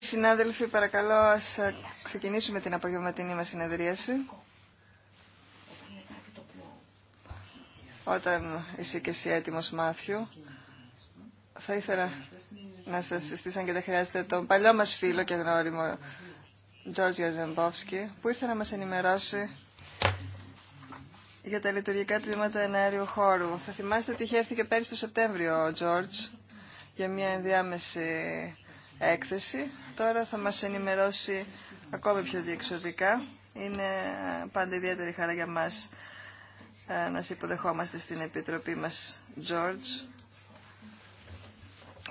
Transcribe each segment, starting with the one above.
Συνάδελφοι, παρακαλώ, ας ε, ξεκινήσουμε την απογευματινή μας συνεδρίαση. Όταν είσαι και εσύ έτοιμος, Μάθιου, θα ήθελα να σας συστήσω, αν και δεν χρειάζεται, τον παλιό μας φίλο και γνώριμο, Τζόρτζ Γιαζεμπόφσκι, που ήρθε να μας ενημερώσει για τα λειτουργικά τμήματα ενέργειου χώρου. Θα θυμάστε ότι είχε έρθει και πέρυσι το Σεπτέμβριο ο Τζόρτζ για μια ενδιάμεση έκθεση, τώρα θα μας ενημερώσει ακόμη πιο διεξοδικά. Είναι ε, πάντα ιδιαίτερη χαρά για μας ε, να σε υποδεχόμαστε στην Επιτροπή μας, George.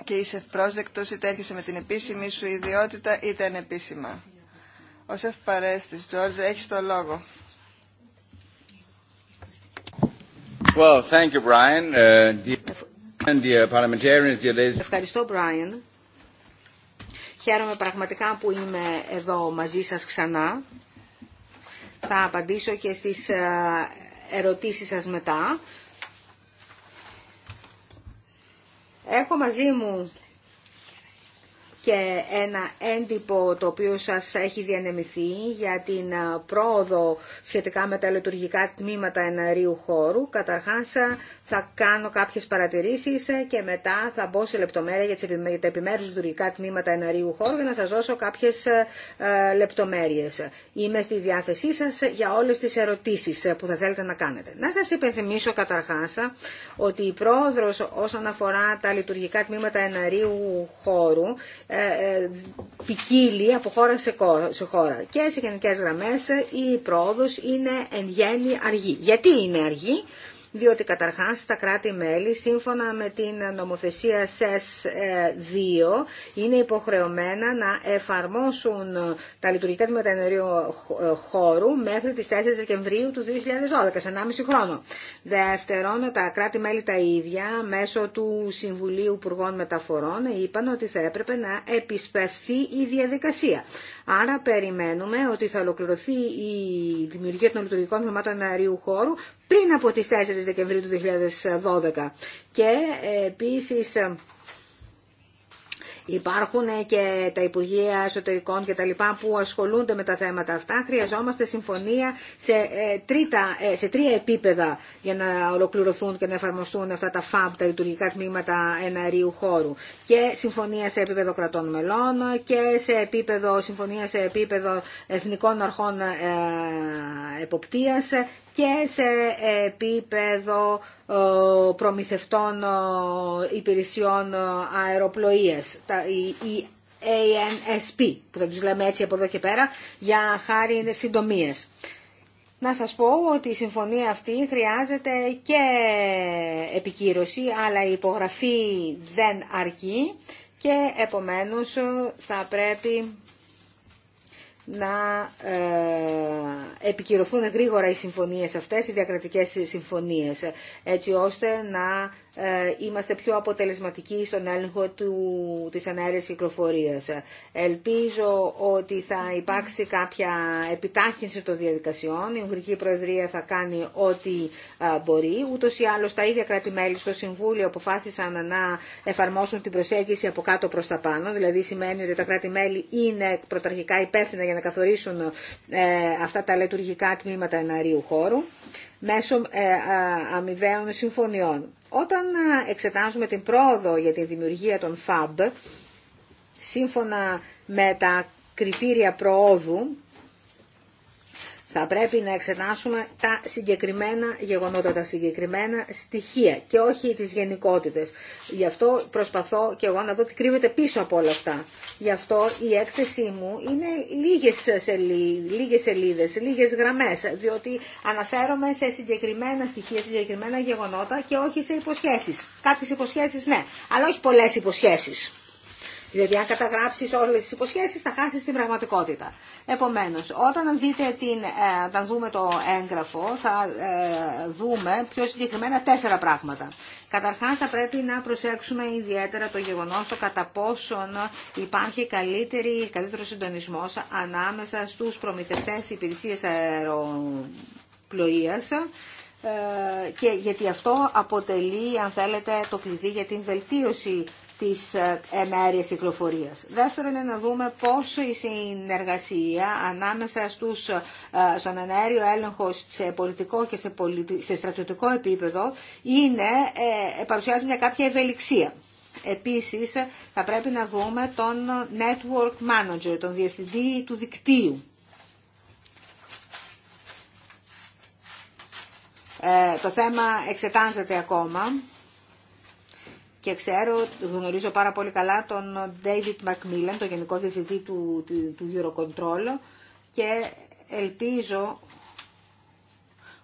Και είσαι ευπρόσδεκτος, είτε έρχεσαι με την επίσημη σου ιδιότητα, είτε ανεπίσημα. Ο Σεφ Παρέστης, George, έχεις το λόγο. Well, thank you, Brian. Uh, dear, parliamentarians, dear ladies. Ευχαριστώ, Brian. Χαίρομαι πραγματικά που είμαι εδώ μαζί σας ξανά. Θα απαντήσω και στις ε, ερωτήσεις σας μετά. Έχω μαζί μου και ένα έντυπο το οποίο σας έχει διανεμηθεί για την ε, πρόοδο σχετικά με τα λειτουργικά τμήματα εναρίου χώρου. Καταρχάς θα κάνω κάποιες παρατηρήσεις και μετά θα μπω σε λεπτομέρεια για τα επιμέρους λειτουργικά τμήματα εναρίου χώρου για να σας δώσω κάποιες ε, λεπτομέρειες. Είμαι στη διάθεσή σας για όλες τις ερωτήσεις που θα θέλετε να κάνετε. Να σας υπενθυμίσω καταρχάς ότι η πρόοδρος όσον αφορά τα λειτουργικά τμήματα εναρίου χώρου ε, ε, ποικίλει από χώρα σε χώρα και σε γενικές γραμμές η πρόοδος είναι εν γέννη αργή. Γιατί είναι αργή? διότι καταρχάς τα κράτη-μέλη σύμφωνα με την νομοθεσία ΣΕΣ 2 ε, είναι υποχρεωμένα να εφαρμόσουν τα λειτουργικά του μετανερίου ε, χώρου μέχρι τις 4 Δεκεμβρίου του 2012, σε 1,5 χρόνο. Δεύτερον, τα κράτη-μέλη τα ίδια μέσω του Συμβουλίου Υπουργών Μεταφορών είπαν ότι θα έπρεπε να επισπευθεί η διαδικασία. Άρα περιμένουμε ότι θα ολοκληρωθεί η δημιουργία των λειτουργικών θεμάτων αερίου χώρου πριν από τις 4 Δεκεμβρίου του 2012. Και ε, επίσης Υπάρχουν ε, και τα Υπουργεία Εσωτερικών και τα λοιπά που ασχολούνται με τα θέματα αυτά. Χρειαζόμαστε συμφωνία σε, ε, τρίτα, ε, σε τρία επίπεδα για να ολοκληρωθούν και να εφαρμοστούν αυτά τα ΦΑΜ, τα λειτουργικά τμήματα εναερίου χώρου. Και συμφωνία σε επίπεδο κρατών μελών και σε επίπεδο, συμφωνία σε επίπεδο εθνικών αρχών εποπτείας και σε επίπεδο ε, προμηθευτών ε, υπηρεσιών ε, αεροπλοείας, η ANSP, που θα τους λέμε έτσι από εδώ και πέρα, για χάρη συντομίες. Να σας πω ότι η συμφωνία αυτή χρειάζεται και επικύρωση, αλλά η υπογραφή δεν αρκεί και επομένως θα πρέπει να ε, επικυρωθούν γρήγορα οι συμφωνίες αυτές, οι διακρατικές συμφωνίες, έτσι ώστε να ε, είμαστε πιο αποτελεσματικοί στον έλεγχο του, της κυκλοφορία. κυκλοφορίας. Ελπίζω ότι θα υπάρξει κάποια επιτάχυνση των διαδικασιών. Η Ουγγρική Προεδρία θα κάνει ό,τι ε, μπορεί. Ούτως ή άλλως τα ίδια κράτη-μέλη στο Συμβούλιο αποφάσισαν να εφαρμόσουν την προσέγγιση από κάτω προς τα πάνω. Δηλαδή σημαίνει ότι τα κράτη-μέλη είναι πρωταρχικά υπεύθυνα για να καθορίσουν ε, αυτά τα λειτουργικά τμήματα εναρίου χώρου μέσω αμοιβαίων συμφωνιών. Όταν ε, εξετάζουμε την πρόοδο για τη δημιουργία των FAB, σύμφωνα με τα κριτήρια προόδου θα πρέπει να εξετάσουμε τα συγκεκριμένα γεγονότα, τα συγκεκριμένα στοιχεία και όχι τις γενικότητες. Γι' αυτό προσπαθώ και εγώ να δω τι κρύβεται πίσω από όλα αυτά. Γι' αυτό η έκθεσή μου είναι λίγες, σελί, λίγες σελίδες, λίγες γραμμές, διότι αναφέρομαι σε συγκεκριμένα στοιχεία, συγκεκριμένα γεγονότα και όχι σε υποσχέσεις. Κάποιες υποσχέσεις ναι, αλλά όχι πολλές υποσχέσεις. Δηλαδή, αν καταγράψει όλε τι υποσχέσει, θα χάσει την πραγματικότητα. Επομένω, όταν, ε, όταν δούμε το έγγραφο, θα ε, δούμε πιο συγκεκριμένα τέσσερα πράγματα. Καταρχάς θα πρέπει να προσέξουμε ιδιαίτερα το γεγονό το κατά πόσον υπάρχει καλύτερη, καλύτερο συντονισμό ανάμεσα στου προμηθευτέ υπηρεσίε αεροπλοεία. Ε, και γιατί αυτό αποτελεί, αν θέλετε, το κλειδί για την βελτίωση της ε, ενέργειας κυκλοφορίας. Δεύτερον είναι να δούμε πόσο η συνεργασία ανάμεσα στους, ε, στον ενέργειο έλεγχο σε πολιτικό και σε, πολιτι... στρατιωτικό επίπεδο είναι, ε, παρουσιάζει μια κάποια ευελιξία. Επίσης θα πρέπει να δούμε τον network manager, τον διευθυντή του δικτύου. το θέμα εξετάζεται ακόμα και ξέρω, γνωρίζω πάρα πολύ καλά τον David McMillan, τον Γενικό Διευθυντή του, του, Eurocontrol και ελπίζω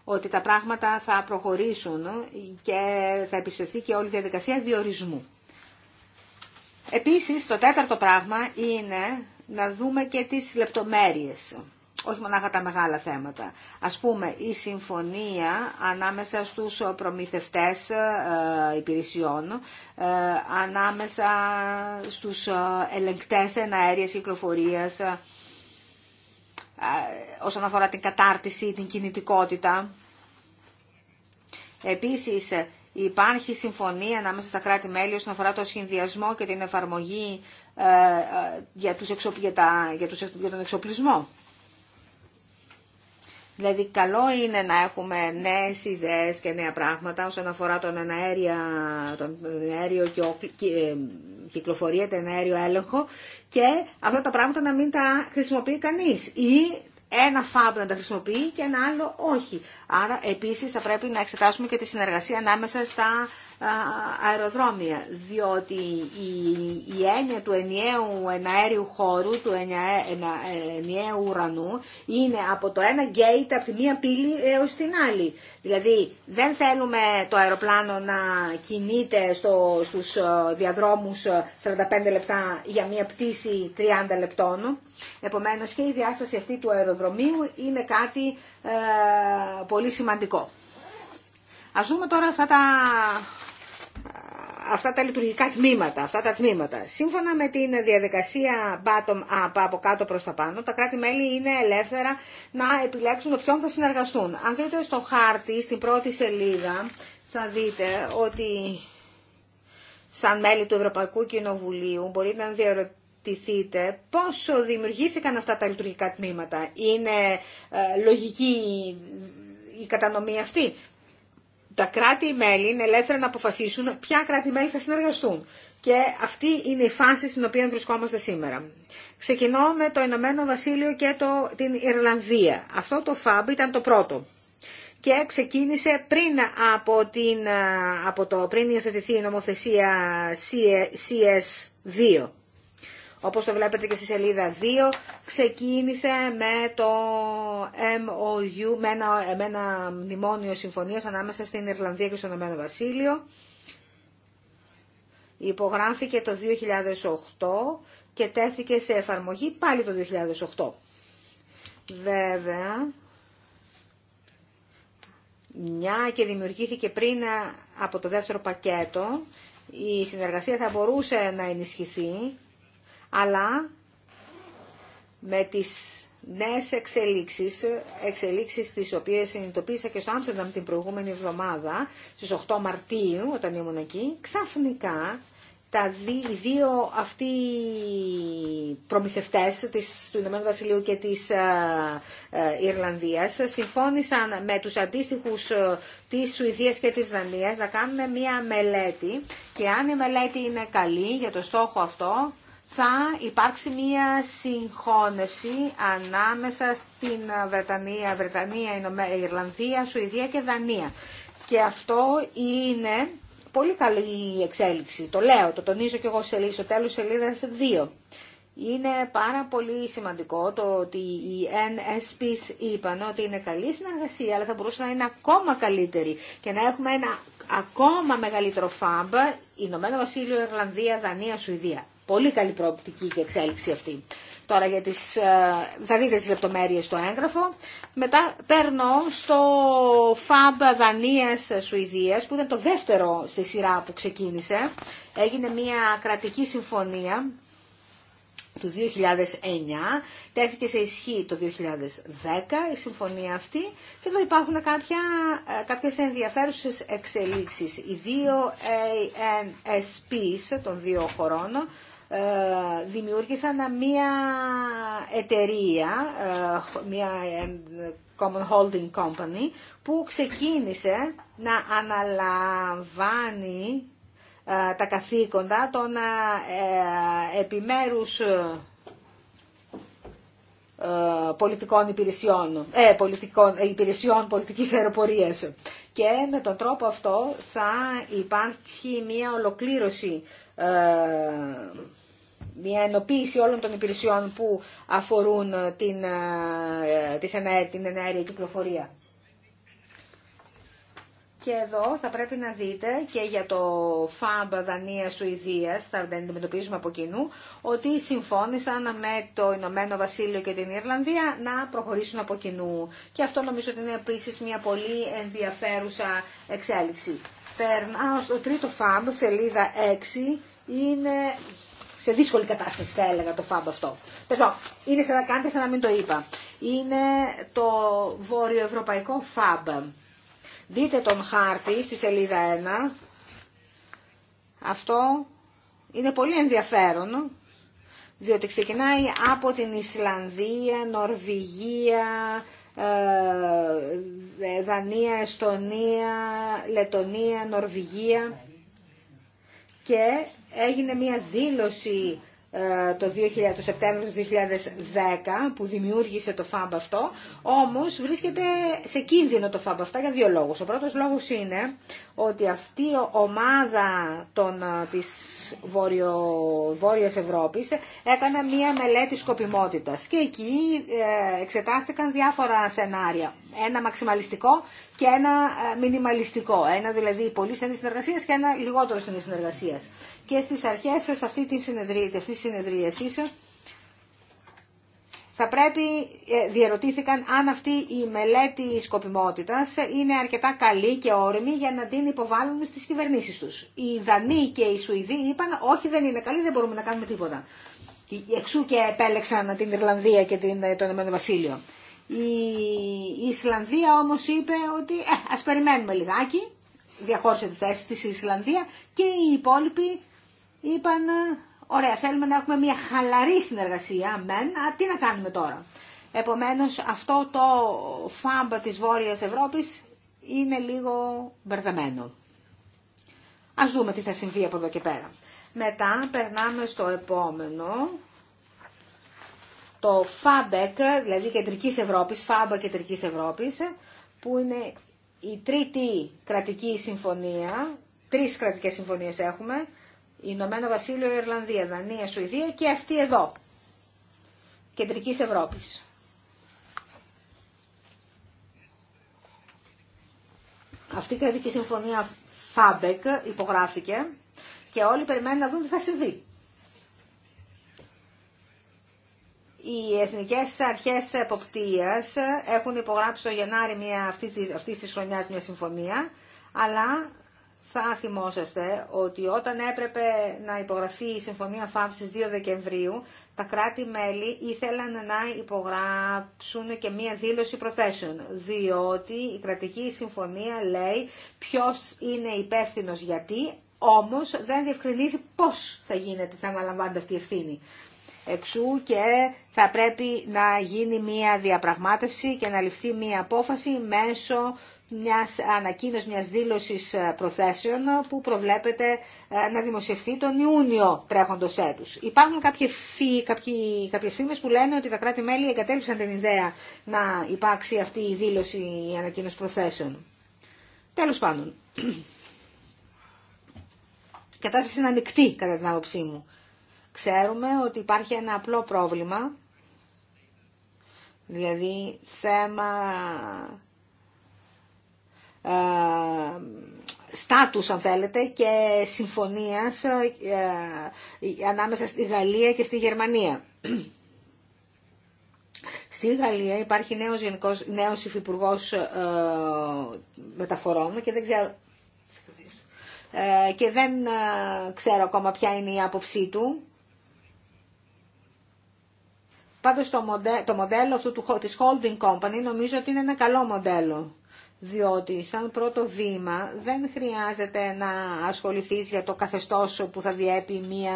ότι τα πράγματα θα προχωρήσουν και θα επιστρεφθεί και όλη η διαδικασία διορισμού. Επίσης, το τέταρτο πράγμα είναι να δούμε και τις λεπτομέρειες όχι μονάχα τα μεγάλα θέματα. Ας πούμε, η συμφωνία ανάμεσα στους προμηθευτές ε, υπηρεσιών, ε, ανάμεσα στους ε, ελεγκτές εναέριας κυκλοφορίας, όσον αφορά την κατάρτιση, την κινητικότητα. Επίσης, υπάρχει συμφωνία ανάμεσα στα κράτη-μέλη όσον αφορά το σχεδιασμό και την εφαρμογή για, τους, για, για, για τον εξοπλισμό. Δηλαδή καλό είναι να έχουμε νέες ιδέες και νέα πράγματα όσον αφορά τον, τον αέριο και ε, κυκλοφορία, τον αέριο έλεγχο και αυτά τα πράγματα να μην τα χρησιμοποιεί κανείς ή ένα φαμπ να τα χρησιμοποιεί και ένα άλλο όχι. Άρα επίσης θα πρέπει να εξετάσουμε και τη συνεργασία ανάμεσα στα αεροδρόμια, διότι η, έννοια του ενιαίου εναέριου χώρου, του ενιαίου ουρανού, είναι από το ένα γκέιτ, από τη μία πύλη έως την άλλη. Δηλαδή δεν θέλουμε το αεροπλάνο να κινείται στο, στους διαδρόμους 45 λεπτά για μία πτήση 30 λεπτών. Επομένως και η διάσταση αυτή του αεροδρομίου είναι κάτι ε, πολύ σημαντικό. Ας δούμε τώρα αυτά τα, αυτά τα λειτουργικά τμήματα, αυτά τα τμήματα. Σύμφωνα με την διαδικασία bottom-up από κάτω προς τα πάνω, τα κράτη-μέλη είναι ελεύθερα να επιλέξουν με ποιον θα συνεργαστούν. Αν δείτε στο χάρτη, στην πρώτη σελίδα, θα δείτε ότι σαν μέλη του Ευρωπαϊκού Κοινοβουλίου μπορείτε να αναρωτηθείτε πόσο δημιουργήθηκαν αυτά τα λειτουργικά τμήματα. Είναι ε, λογική η κατανομή αυτή. Τα κράτη-μέλη είναι ελεύθερα να αποφασίσουν ποια κράτη-μέλη θα συνεργαστούν. Και αυτή είναι η φάση στην οποία βρισκόμαστε σήμερα. Ξεκινώ με το Ηνωμένο Βασίλειο και το, την Ιρλανδία. Αυτό το ΦΑΜΠ ήταν το πρώτο. Και ξεκίνησε πριν από, ε, από το πριν υιοθετηθεί η νομοθεσία CS2. Ε, όπως το βλέπετε και στη σελίδα 2, ξεκίνησε με το MOU, με ένα, με ένα μνημόνιο συμφωνίας ανάμεσα στην Ιρλανδία και στον Ηνωμένο Βασίλειο. Υπογράφηκε το 2008 και τέθηκε σε εφαρμογή πάλι το 2008. Βέβαια, μια και δημιουργήθηκε πριν από το δεύτερο πακέτο, η συνεργασία θα μπορούσε να ενισχυθεί αλλά με τις νέες εξελίξεις, εξελίξεις τις οποίες συνειδητοποίησα και στο Άμστερνταμ την προηγούμενη εβδομάδα, στις 8 Μαρτίου όταν ήμουν εκεί, ξαφνικά τα οι δύο αυτοί προμηθευτές της, του Ηνωμένου Βασιλείου και της ε, ε, Ιρλανδίας συμφώνησαν με τους αντίστοιχους ε, της Σουηδίας και της Δανίας να κάνουν μια μελέτη και αν η μελέτη είναι καλή για το στόχο αυτό θα υπάρξει μία συγχώνευση ανάμεσα στην Βρετανία, Βρετανία, Ιρλανδία, Σουηδία και Δανία. Και αυτό είναι πολύ καλή εξέλιξη. Το λέω, το τονίζω και εγώ στο τέλος σελίδας 2. Είναι πάρα πολύ σημαντικό το ότι οι NSPs είπαν ότι είναι καλή συνεργασία, αλλά θα μπορούσε να είναι ακόμα καλύτερη και να έχουμε ένα ακόμα μεγαλύτερο FAB, Ηνωμένο Βασίλειο, Ιρλανδία, Δανία, Σουηδία. Πολύ καλή προοπτική και εξέλιξη αυτή. Τώρα για τις, ε, θα δείτε τις λεπτομέρειες στο έγγραφο. Μετά παίρνω στο ΦΑΜΠ Δανίας-Σουηδίας που ήταν το δεύτερο στη σειρά που ξεκίνησε. Έγινε μια κρατική συμφωνία του 2009, τέθηκε σε ισχύ το 2010 η συμφωνία αυτή και εδώ υπάρχουν κάποια, ε, κάποιες ενδιαφέρουσες εξελίξεις. Οι δύο ANSPs ε των δύο χωρών ε, δημιούργησαν μία εταιρεία, ε, μία ε, Common Holding Company, που ξεκίνησε να αναλαμβάνει τα καθήκοντα των επιμέρους πολιτικών υπηρεσιών, ε, πολιτικών, υπηρεσιών πολιτικής αεροπορίας. Και με τον τρόπο αυτό θα υπάρχει μια ολοκλήρωση ε, μια ενοποίηση όλων των υπηρεσιών που αφορούν ε, την, ε, την κυκλοφορία. Και εδώ θα πρέπει να δείτε και για το ΦΑΜΠ δανια Σουηδία, θα τα αντιμετωπίζουμε από κοινού, ότι συμφώνησαν με το Ηνωμένο Βασίλειο και την Ιρλανδία να προχωρήσουν από κοινού. Και αυτό νομίζω ότι είναι επίση μια πολύ ενδιαφέρουσα εξέλιξη. Περνάω στο τρίτο φαμπ, σελίδα 6, είναι σε δύσκολη κατάσταση θα έλεγα το φαμπ αυτό. Είναι σαν να κάνετε σαν να μην το είπα. Είναι το βορειοευρωπαϊκό φαμπ. Δείτε τον χάρτη στη σελίδα 1. Αυτό είναι πολύ ενδιαφέρον, διότι ξεκινάει από την Ισλανδία, Νορβηγία, ε, Δανία, Εστονία, Λετονία, Νορβηγία και έγινε μια δήλωση το, 2000, Σεπτέμβριο του 2010 που δημιούργησε το ΦΑΜΠ αυτό, όμως βρίσκεται σε κίνδυνο το ΦΑΜΠ αυτά για δύο λόγους. Ο πρώτος λόγος είναι ότι αυτή η ομάδα των, της Βόρειο, Βόρειας Ευρώπης έκανε μία μελέτη σκοπιμότητας και εκεί ε, εξετάστηκαν διάφορα σενάρια. Ένα μαξιμαλιστικό και ένα ε, μινιμαλιστικό. Ένα δηλαδή πολύ στενή συνεργασία και ένα λιγότερο στενή συνεργασία. Και στι αρχέ σα αυτή τη συνεδρίαση θα πρέπει, ε, διαρωτήθηκαν αν αυτή η μελέτη σκοπιμότητας είναι αρκετά καλή και όρημη για να την υποβάλουν στι κυβερνήσει του. Οι Δανείοι και οι Σουηδοί είπαν όχι δεν είναι καλή, δεν μπορούμε να κάνουμε τίποτα. Εξού και επέλεξαν την Ιρλανδία και την, ε, το Ηνωμένο Βασίλειο. Η Ισλανδία όμως είπε ότι ε, ας περιμένουμε λιγάκι, διαχώρησε τη θέση της η Ισλανδία και οι υπόλοιποι είπαν ε, ωραία θέλουμε να έχουμε μια χαλαρή συνεργασία, μεν, α, τι να κάνουμε τώρα. Επομένως αυτό το φάμπα της Βόρειας Ευρώπης είναι λίγο μπερδεμένο. Ας δούμε τι θα συμβεί από εδώ και πέρα. Μετά περνάμε στο επόμενο το ΦΑΜΠΕΚ, δηλαδή Κεντρική Ευρώπης, ΦΑΜΠΑ Κεντρικής Ευρώπης, που είναι η τρίτη κρατική συμφωνία, τρεις κρατικές συμφωνίες έχουμε, Ηνωμένο Βασίλειο, Ιρλανδία, Δανία, Σουηδία και αυτή εδώ, Κεντρική Ευρώπης. Αυτή η κρατική συμφωνία ΦΑΜΠΕΚ υπογράφηκε και όλοι περιμένουν να δουν τι θα συμβεί. οι Εθνικές Αρχές Εποπτείας έχουν υπογράψει το Γενάρη μια, αυτή, της, αυτή της χρονιάς μια συμφωνία, αλλά θα θυμόσαστε ότι όταν έπρεπε να υπογραφεί η Συμφωνία ΦΑΜ 2 Δεκεμβρίου, τα κράτη-μέλη ήθελαν να υπογράψουν και μία δήλωση προθέσεων, διότι η κρατική συμφωνία λέει ποιος είναι υπεύθυνος γιατί, όμως δεν διευκρινίζει πώς θα γίνεται, θα αναλαμβάνεται αυτή η ευθύνη. Εξού και θα πρέπει να γίνει μια διαπραγμάτευση και να ληφθεί μια απόφαση μέσω μιας ανακοίνωσης, μιας δήλωσης προθέσεων που προβλέπεται ε, να δημοσιευθεί τον Ιούνιο τρέχοντος έτους. Υπάρχουν κάποιοι, κάποιοι, κάποιες φήμες που λένε ότι τα κράτη-μέλη εγκατέλειψαν την ιδέα να υπάρξει αυτή η δήλωση, η ανακοίνωση προθέσεων. Τέλος πάντων, η κατάσταση είναι ανοιχτή κατά την άποψή μου. Ξέρουμε ότι υπάρχει ένα απλό πρόβλημα, δηλαδή θέμα ε, στάτους αν θέλετε και συμφωνίας ε, ε, ανάμεσα στη Γαλλία και στη Γερμανία. Στη Γαλλία υπάρχει νέος, γενικός, νέος υφυπουργός μεταφορών και δεν ξέρω... και δεν ξέρω ακόμα ποια είναι η άποψή του. Πάντως το, μοντέλο αυτού του, της holding company νομίζω ότι είναι ένα καλό μοντέλο. Διότι σαν πρώτο βήμα δεν χρειάζεται να ασχοληθείς για το καθεστώς που θα διέπει μια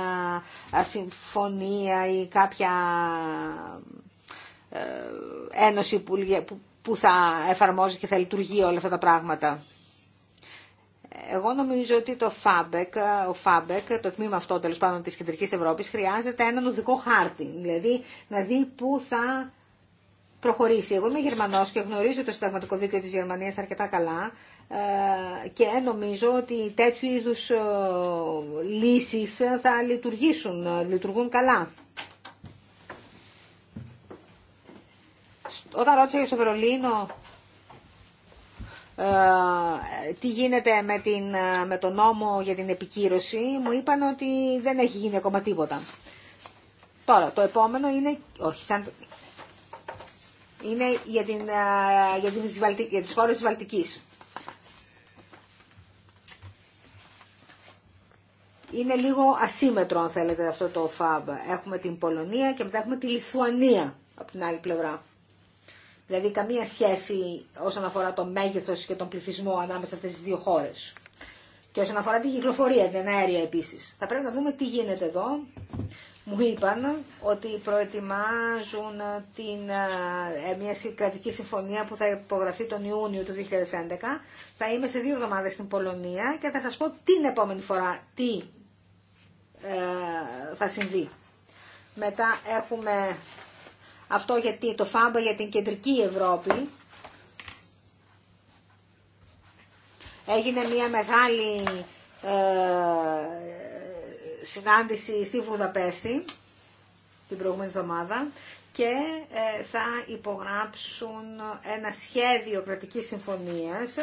συμφωνία ή κάποια ε, ένωση που, που θα εφαρμόζει και θα λειτουργεί όλα αυτά τα πράγματα εγώ νομίζω ότι το ΦΑΜΠΕΚ, ο ΦΑΜΠΕΚ, το τμήμα αυτό τέλο πάντων τη Κεντρική Ευρώπης, χρειάζεται έναν οδικό χάρτη, δηλαδή να δει πού θα προχωρήσει. Εγώ είμαι Γερμανός και γνωρίζω το συνταγματικό δίκαιο της Γερμανίας αρκετά καλά ε, και νομίζω ότι τέτοιου είδους ε, λύσει θα λειτουργήσουν, λειτουργούν καλά. Όταν ρώτησα για στο Βερολίνο ε, τι γίνεται με, την, με τον νόμο για την επικύρωση, μου είπαν ότι δεν έχει γίνει ακόμα τίποτα. Τώρα, το επόμενο είναι, όχι, είναι για, την, ε, για, την, για τις χώρες της Βαλτικής. Είναι λίγο ασύμετρο, αν θέλετε, αυτό το Φάμπ. Έχουμε την Πολωνία και μετά έχουμε τη Λιθουανία από την άλλη πλευρά. Δηλαδή καμία σχέση όσον αφορά το μέγεθος και τον πληθυσμό ανάμεσα σε αυτές τις δύο χώρες. Και όσον αφορά την κυκλοφορία, την αέρια επίσης. Θα πρέπει να δούμε τι γίνεται εδώ. Μου είπαν ότι προετοιμάζουν την, ε, μια κρατική συμφωνία που θα υπογραφεί τον Ιούνιο του 2011. Θα είμαι σε δύο εβδομάδες στην Πολωνία και θα σας πω την επόμενη φορά τι ε, θα συμβεί. Μετά έχουμε αυτό γιατί το ΦΑΜΠΑ για την κεντρική Ευρώπη έγινε μια μεγάλη ε, συνάντηση στη Βουδαπέστη την προηγούμενη εβδομάδα και ε, θα υπογράψουν ένα σχέδιο κρατικής συμφωνίας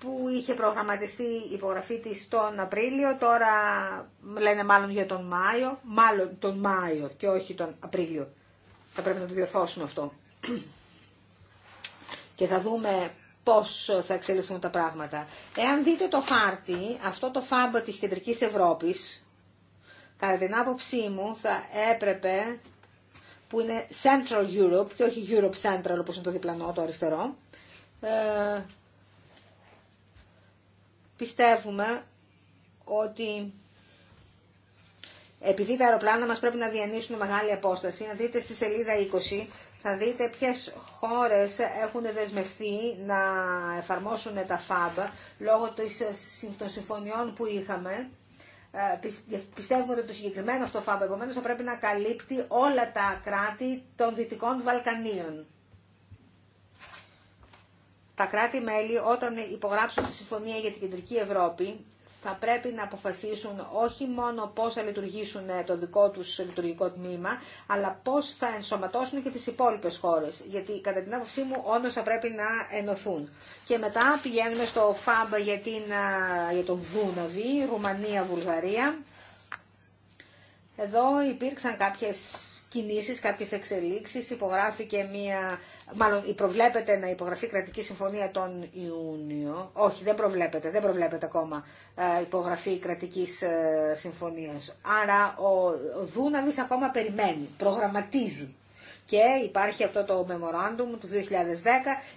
που είχε προγραμματιστεί η υπογραφή της τον Απρίλιο, τώρα λένε μάλλον για τον Μάιο, μάλλον τον Μάιο και όχι τον Απρίλιο. Θα πρέπει να το διορθώσουμε αυτό. Και θα δούμε πώς θα εξελιχθούν τα πράγματα. Εάν δείτε το χάρτη, αυτό το φάμπο της Κεντρικής Ευρώπης, κατά την άποψή μου θα έπρεπε, που είναι Central Europe και όχι Europe Central όπως είναι το διπλανό, το αριστερό, ε, πιστεύουμε ότι επειδή τα αεροπλάνα μας πρέπει να διανύσουν μεγάλη απόσταση, να δείτε στη σελίδα 20, θα δείτε ποιες χώρες έχουν δεσμευθεί να εφαρμόσουν τα ΦΑΜΠ λόγω των συμφωνιών που είχαμε. Ε, πιστεύουμε ότι το συγκεκριμένο αυτό ΦΑΜΠ, επομένως, θα πρέπει να καλύπτει όλα τα κράτη των Δυτικών Βαλκανίων. Τα κράτη-μέλη όταν υπογράψουν τη Συμφωνία για την Κεντρική Ευρώπη θα πρέπει να αποφασίσουν όχι μόνο πώς θα λειτουργήσουν ε, το δικό τους λειτουργικό τμήμα, αλλά πώς θα ενσωματώσουν και τις υπόλοιπες χώρες. Γιατί κατά την άποψή μου όντως θα πρέπει να ενωθούν. Και μετά πηγαίνουμε στο ΦΑΜΠ για, για τον Δούναβη, Ρουμανία-Βουλγαρία. Εδώ υπήρξαν κάποιες κινήσεις, κάποιες εξελίξεις, υπογράφηκε μία μάλλον προβλέπεται να υπογραφεί κρατική συμφωνία τον Ιούνιο, όχι δεν προβλέπεται, δεν προβλέπεται ακόμα ε, υπογραφή κρατικής ε, συμφωνίας. Άρα ο Δούναμις ακόμα περιμένει, προγραμματίζει και υπάρχει αυτό το memorandum του 2010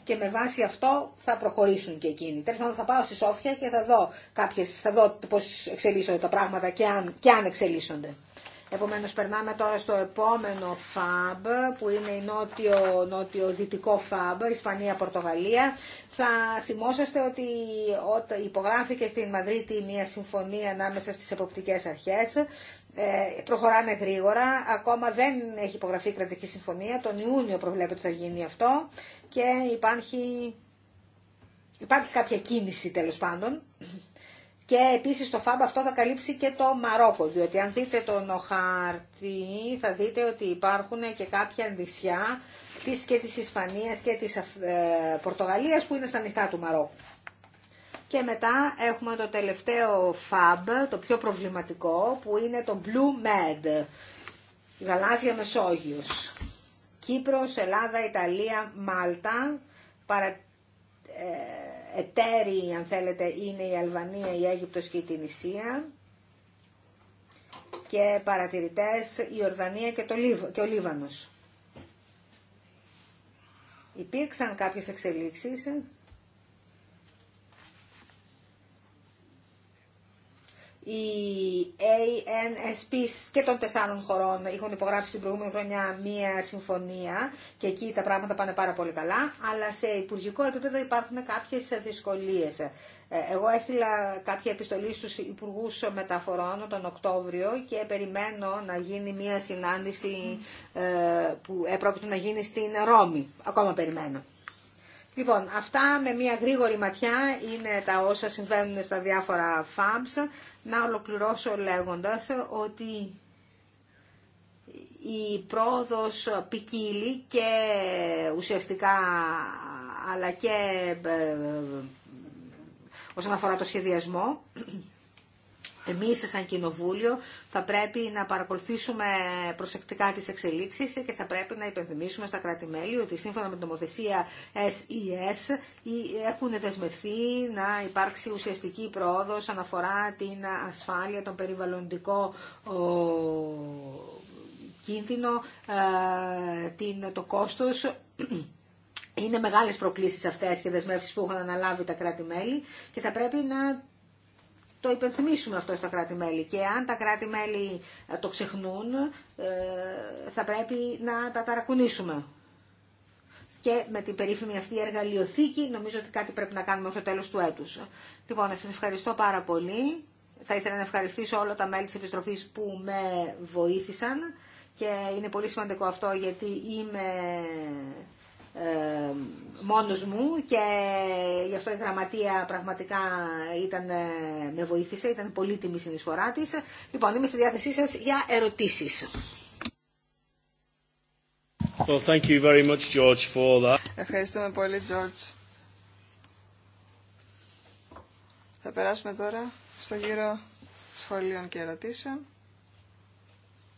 και με βάση αυτό θα προχωρήσουν και εκείνοι. Τέλος θα πάω στη Σόφια και θα δω, κάποιες, δω πώς εξελίσσονται τα πράγματα και αν, και αν εξελίσσονται. Επομένως περνάμε τώρα στο επόμενο φαμπ που είναι η νότιο, νότιο-δυτικό φαμπ, Ισπανία-Πορτογαλία. Θα θυμόσαστε ότι υπογράφηκε στην Μαδρίτη μια συμφωνία ανάμεσα στις εποπτικές αρχές. Ε, προχωράνε γρήγορα, ακόμα δεν έχει υπογραφεί η κρατική συμφωνία, τον Ιούνιο προβλέπεται ότι θα γίνει αυτό και υπάρχει, υπάρχει κάποια κίνηση τέλος πάντων. Και επίσης το FAB αυτό θα καλύψει και το Μαρόκο, διότι αν δείτε τον χάρτη θα δείτε ότι υπάρχουν και κάποια νησιά της και της Ισπανίας και της ε, Πορτογαλίας που είναι στα νυχτά του Μαρόκου. Και μετά έχουμε το τελευταίο FAB, το πιο προβληματικό, που είναι το Blue Med, Γαλάζια Μεσόγειος. Κύπρος, Ελλάδα, Ιταλία, Μάλτα, παρα... Ε, εταίροι, αν θέλετε, είναι η Αλβανία, η Αίγυπτος και η Τινησία και παρατηρητές η Ορδανία και, το και ο Λίβανος. Υπήρξαν κάποιες εξελίξεις οι ANSP και των τεσσάρων χωρών είχαν υπογράψει την προηγούμενη χρονιά μία συμφωνία και εκεί τα πράγματα πάνε πάρα πολύ καλά, αλλά σε υπουργικό επίπεδο υπάρχουν κάποιες δυσκολίες. Ε, εγώ έστειλα κάποια επιστολή στους υπουργούς μεταφορών τον Οκτώβριο και περιμένω να γίνει μία συνάντηση ε, που έπρεπε να γίνει στην Ρώμη. Ακόμα περιμένω. Λοιπόν, αυτά με μια γρήγορη ματιά είναι τα όσα συμβαίνουν στα διάφορα FABs. Να ολοκληρώσω λέγοντας ότι η πρόοδος ποικίλει και ουσιαστικά αλλά και ε, ε, ε, όσον αφορά το σχεδιασμό εμείς σαν Κοινοβούλιο θα πρέπει να παρακολουθήσουμε προσεκτικά τις εξελίξεις και θα πρέπει να υπενθυμίσουμε στα κράτη-μέλη ότι σύμφωνα με την νομοθεσία SES e έχουν δεσμευθεί να υπάρξει ουσιαστική πρόοδος αναφορά την ασφάλεια, τον περιβαλλοντικό κίνδυνο, ε, το κόστος είναι μεγάλες προκλήσεις αυτές και δεσμεύσεις που έχουν αναλάβει τα κράτη-μέλη και θα πρέπει να το υπενθυμίσουμε αυτό στα κράτη-μέλη και αν τα κράτη-μέλη ε, το ξεχνούν ε, θα πρέπει να τα ταρακουνήσουμε. Και με την περίφημη αυτή εργαλειοθήκη νομίζω ότι κάτι πρέπει να κάνουμε στο τέλος του έτους. Λοιπόν, να σας ευχαριστώ πάρα πολύ. Θα ήθελα να ευχαριστήσω όλα τα μέλη της Επιστροφής που με βοήθησαν και είναι πολύ σημαντικό αυτό γιατί είμαι ε, μόνος μου και γι' αυτό η γραμματεία πραγματικά ήταν, ε, με βοήθησε, ήταν πολύτιμη η συνεισφορά της. Λοιπόν, είμαι στη διάθεσή σας για ερωτήσεις. Well, thank you very much, George, for that. Ευχαριστούμε πολύ, George. Θα περάσουμε τώρα στο γύρο σχολείων και ερωτήσεων.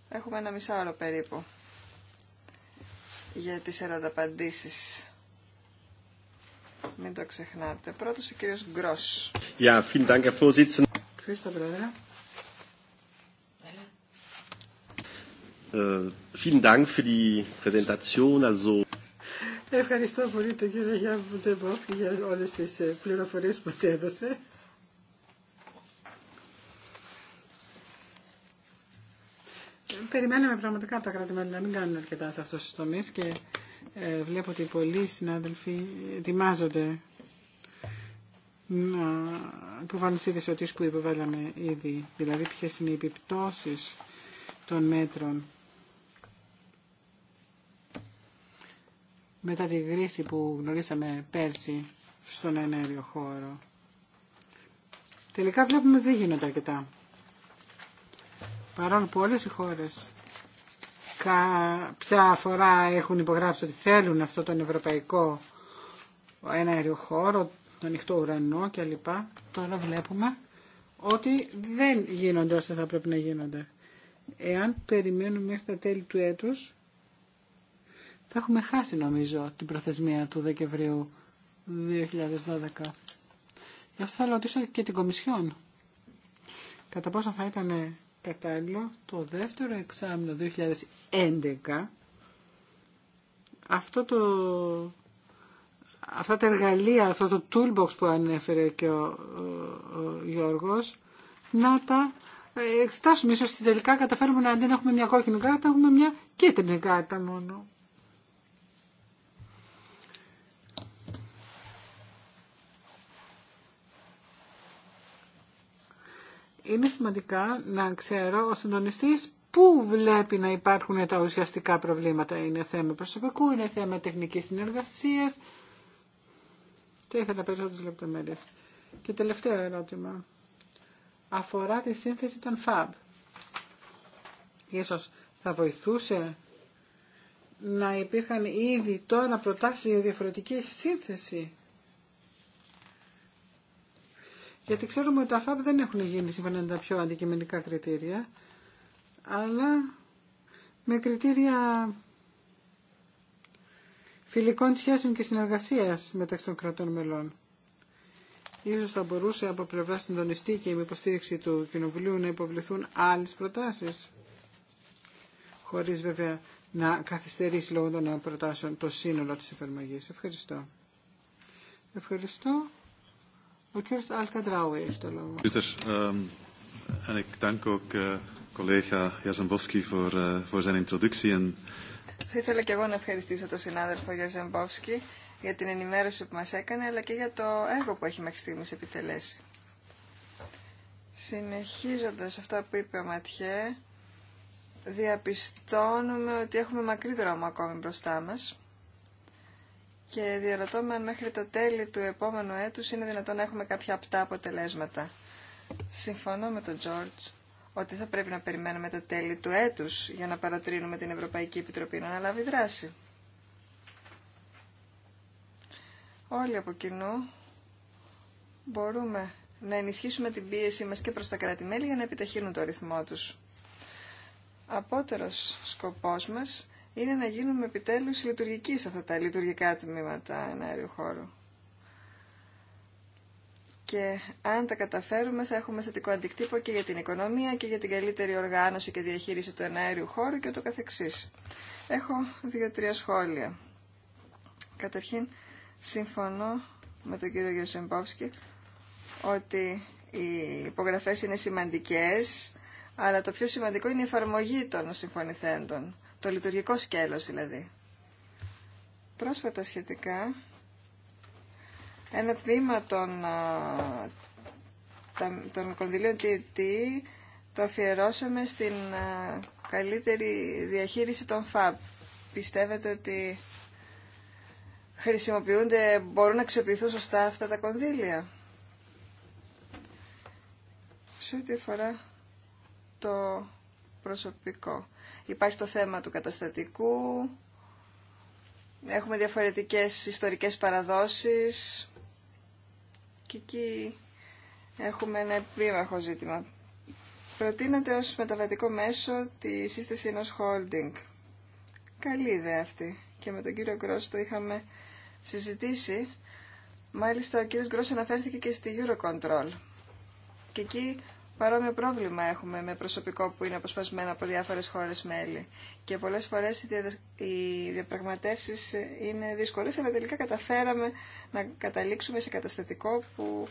Έχουμε ένα μισάωρο περίπου για τις ερωταπαντήσεις. Μην το ξεχνάτε. Πρώτος ο κύριος Γκρός. Ja, vielen Dank, Herr Vorsitzender. Ευχαριστώ, Πρόεδρε. Ε, vielen Dank für die Präsentation. Also Ευχαριστώ πολύ τον κύριο Γιάννη Μπουζεμπόφσκι για όλες τις ε, πληροφορίες που μας έδωσε. Περιμέναμε πραγματικά από τα κράτη-μέλη να μην κάνουν αρκετά σε αυτού του τομεί και ε, βλέπω ότι πολλοί συνάδελφοι ετοιμάζονται να υποβάλουν σύνδεση ότι που υποβάλαμε ήδη, δηλαδή ποιε είναι οι επιπτώσει των μέτρων μετά τη κρίση που γνωρίσαμε πέρσι στον ενέργειο χώρο. Τελικά βλέπουμε ότι δεν γίνονται αρκετά. Παρόλο που όλες οι χώρες ποια φορά έχουν υπογράψει ότι θέλουν αυτό τον ευρωπαϊκό ένα αεριοχώρο, τον ανοιχτό ουρανό κλπ. Τώρα βλέπουμε ότι δεν γίνονται όσα θα πρέπει να γίνονται. Εάν περιμένουμε μέχρι τα τέλη του έτους, θα έχουμε χάσει νομίζω την προθεσμία του Δεκεμβρίου 2012. Γι' αυτό θα ρωτήσω και την Κομισιόν. Κατά πόσο θα ήταν κατάλληλο το δεύτερο εξάμεινο 2011 αυτό το, αυτά τα εργαλεία, αυτό το toolbox που ανέφερε και ο, ο, Γιώργος να τα ε, εξετάσουμε. Ίσως τελικά καταφέρουμε να αντί να έχουμε μια κόκκινη κάρτα, έχουμε μια κίτρινη κάρτα μόνο. είναι σημαντικά να ξέρω ο συντονιστής πού βλέπει να υπάρχουν τα ουσιαστικά προβλήματα. Είναι θέμα προσωπικού, είναι θέμα τεχνικής συνεργασίας. Και ήθελα περισσότερες λεπτομέρειες. Και τελευταίο ερώτημα. Αφορά τη σύνθεση των FAB. Ίσως θα βοηθούσε να υπήρχαν ήδη τώρα προτάσεις για διαφορετική σύνθεση γιατί ξέρουμε ότι τα ΦΑΠ δεν έχουν γίνει σύμφωνα με τα πιο αντικειμενικά κριτήρια, αλλά με κριτήρια φιλικών σχέσεων και συνεργασίας μεταξύ των κρατών μελών. Ίσως θα μπορούσε από πλευρά συντονιστή και με υποστήριξη του Κοινοβουλίου να υποβληθούν άλλες προτάσεις, χωρίς βέβαια να καθυστερήσει λόγω των προτάσεων το σύνολο της εφαρμογής. Ευχαριστώ. Ευχαριστώ. Ο έχει το Θα ήθελα και εγώ να ευχαριστήσω τον συνάδελφο Γιαζεμπόφσκι για την ενημέρωση που μας έκανε, αλλά και για το έργο που έχει μέχρι στιγμής επιτελέσει. Συνεχίζοντας αυτά που είπε ο Ματιέ, διαπιστώνουμε ότι έχουμε μακρύ δρόμο ακόμη μπροστά μας και διαρωτώ με αν μέχρι τα τέλη του επόμενου έτους είναι δυνατόν να έχουμε κάποια απτά αποτελέσματα. Συμφωνώ με τον Τζόρτζ ότι θα πρέπει να περιμένουμε τα τέλη του έτους για να παρατρύνουμε την Ευρωπαϊκή Επιτροπή να αναλάβει δράση. Όλοι από κοινού μπορούμε να ενισχύσουμε την πίεση μας και προς τα κράτη-μέλη για να επιταχύνουν το ρυθμό τους. Απότερος σκοπός μας είναι να γίνουμε επιτέλους λειτουργικοί σε αυτά τα λειτουργικά τμήματα εναέριου χώρου. Και αν τα καταφέρουμε θα έχουμε θετικό αντικτύπο και για την οικονομία και για την καλύτερη οργάνωση και διαχείριση του εναέριου χώρου και ούτω καθεξής. Έχω δύο-τρία σχόλια. Καταρχήν, συμφωνώ με τον κύριο Γιωσεμπόφσκι ότι οι υπογραφές είναι σημαντικές, αλλά το πιο σημαντικό είναι η εφαρμογή των συμφωνηθέντων το λειτουργικό σκέλος δηλαδή. Πρόσφατα σχετικά, ένα τμήμα των, των κονδυλίων το αφιερώσαμε στην καλύτερη διαχείριση των FAB. Πιστεύετε ότι χρησιμοποιούνται, μπορούν να αξιοποιηθούν σωστά αυτά τα κονδύλια. Σε ό,τι αφορά το προσωπικό. Υπάρχει το θέμα του καταστατικού, έχουμε διαφορετικές ιστορικές παραδόσεις και εκεί έχουμε ένα επίμαχο ζήτημα. Προτείνεται ως μεταβατικό μέσο τη σύσταση ενός holding. Καλή ιδέα αυτή και με τον κύριο Γκρός το είχαμε συζητήσει. Μάλιστα ο κύριος Γκρός αναφέρθηκε και στη Eurocontrol. Και εκεί παρόμοιο πρόβλημα έχουμε με προσωπικό που είναι αποσπασμένο από διάφορες χώρες μέλη. Και πολλές φορές οι διαπραγματεύσεις είναι δύσκολες, αλλά τελικά καταφέραμε να καταλήξουμε σε καταστατικό που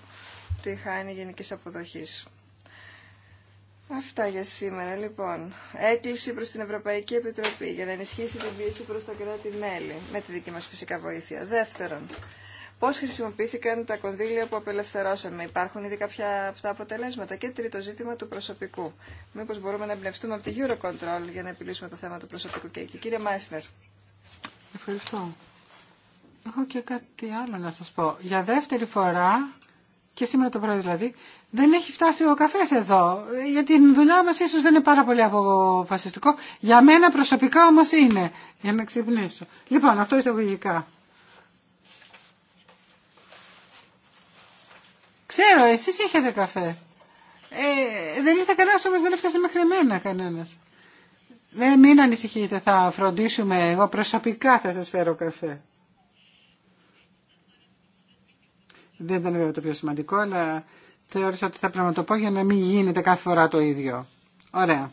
τη χάνει γενικής αποδοχής. Αυτά για σήμερα. Λοιπόν, έκκληση προς την Ευρωπαϊκή Επιτροπή για να ενισχύσει την πίεση προς τα κράτη-μέλη, με τη δική μας φυσικά βοήθεια. Δεύτερον, Πώ χρησιμοποιήθηκαν τα κονδύλια που απελευθερώσαμε. Υπάρχουν ήδη κάποια αυτά αποτελέσματα. Και τρίτο ζήτημα του προσωπικού. Μήπω μπορούμε να εμπνευστούμε από τη Eurocontrol για να επιλύσουμε το θέμα του προσωπικού και εκεί. Κύριε Μάισνερ. Ευχαριστώ. Έχω και κάτι άλλο να σα πω. Για δεύτερη φορά, και σήμερα το πρωί δηλαδή, δεν έχει φτάσει ο καφέ εδώ. Γιατί η δουλειά μα ίσω δεν είναι πάρα πολύ αποφασιστικό. Για μένα προσωπικά όμω είναι. Για να ξυπνήσω. Λοιπόν, αυτό εισαγωγικά. Ξέρω, εσείς έχετε καφέ. Ε, δεν ήρθε κανένα όμω δεν έφτασε μέχρι εμένα κανένα. Ε, μην ανησυχείτε, θα φροντίσουμε. Εγώ προσωπικά θα σας φέρω καφέ. Δεν ήταν βέβαια το πιο σημαντικό, αλλά θεώρησα ότι θα πρέπει να το πω για να μην γίνεται κάθε φορά το ίδιο. Ωραία.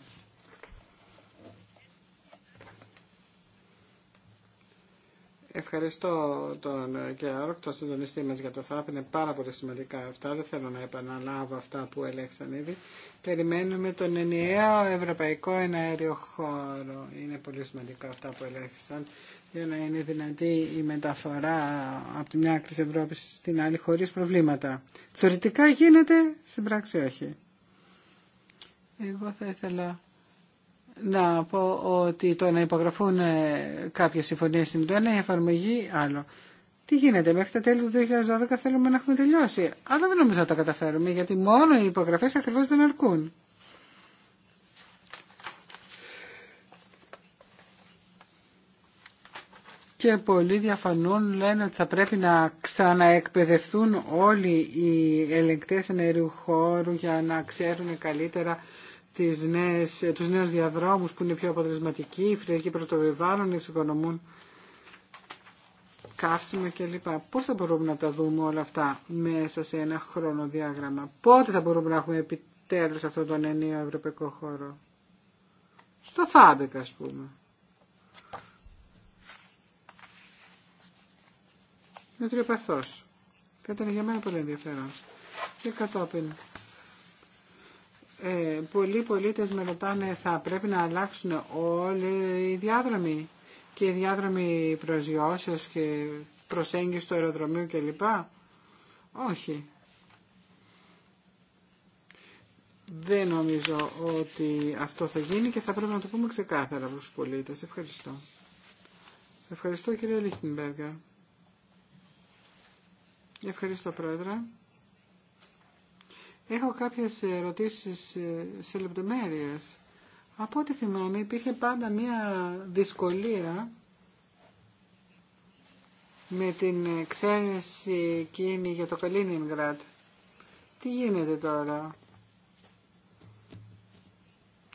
Ευχαριστώ τον ε, κ. τον συντονιστή μας για το ΘΑΠ. Είναι πάρα πολύ σημαντικά αυτά. Δεν θέλω να επαναλάβω αυτά που ελέγξαν ήδη. Περιμένουμε τον ενιαίο ευρωπαϊκό εναέριο χώρο. Είναι πολύ σημαντικά αυτά που ελέγξαν για να είναι δυνατή η μεταφορά από τη μια άκρη της Ευρώπης στην άλλη χωρίς προβλήματα. Θεωρητικά γίνεται, στην πράξη όχι. Εγώ θα ήθελα να πω ότι το να υπογραφούν ε, κάποιες συμφωνίες είναι το ένα, η εφαρμογή άλλο. Τι γίνεται, μέχρι τα τέλη του 2012 θέλουμε να έχουμε τελειώσει. Αλλά δεν νομίζω να τα καταφέρουμε, γιατί μόνο οι υπογραφές ακριβώς δεν αρκούν. Και πολλοί διαφανούν, λένε ότι θα πρέπει να ξαναεκπαιδευτούν όλοι οι ελεγκτές ενεργού χώρου για να ξέρουν καλύτερα τις νέες, τους νέους διαδρόμους που είναι πιο αποτελεσματικοί, οι φιλιακοί προς το περιβάλλον, εξοικονομούν καύσιμα κλπ. Πώς θα μπορούμε να τα δούμε όλα αυτά μέσα σε ένα χρονοδιάγραμμα. Πότε θα μπορούμε να έχουμε επιτέλους αυτόν τον ενίο ευρωπαϊκό χώρο. Στο ΦΑΜΠΕΚ ας πούμε. Με τριοπαθός. Θα ήταν για μένα πολύ ενδιαφέρον. Και κατόπιν ε, πολλοί πολίτες με ρωτάνε θα πρέπει να αλλάξουν όλοι οι διάδρομοι και οι διάδρομοι προσγειώσεως και προσέγγιση του αεροδρομίου κλπ. Όχι. Δεν νομίζω ότι αυτό θα γίνει και θα πρέπει να το πούμε ξεκάθαρα τους πολίτες. Ευχαριστώ. Ευχαριστώ κύριε Λίχτινμπεργα. Ευχαριστώ πρόεδρε. Έχω κάποιες ερωτήσεις ε, σε λεπτομέρειες. Από ό,τι θυμάμαι υπήρχε πάντα μία δυσκολία με την ξένηση εκείνη για το Καλίνιγκρατ. Τι γίνεται τώρα.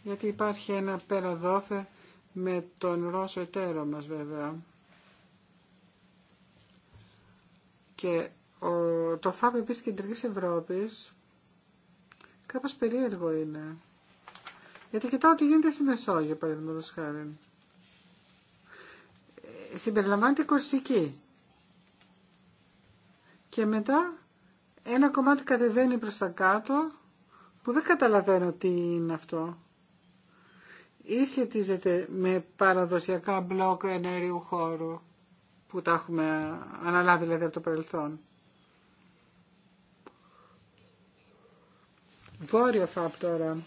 Γιατί υπάρχει ένα πέρα με τον Ρώσο εταίρο μας βέβαια. Και ο, το ΦΑΠ επίσης Κεντρικής Ευρώπης Κάπω περίεργο είναι. Γιατί κοιτάω τι γίνεται στη Μεσόγειο, παραδείγματο χάρη. Ε, συμπεριλαμβάνεται η Κορσική. Και μετά ένα κομμάτι κατεβαίνει προς τα κάτω που δεν καταλαβαίνω τι είναι αυτό. Ή σχετίζεται με παραδοσιακά μπλοκ ενέργειου χώρου που τα έχουμε αναλάβει δηλαδή από το παρελθόν. Βόρειο ΦΑΠ τώρα.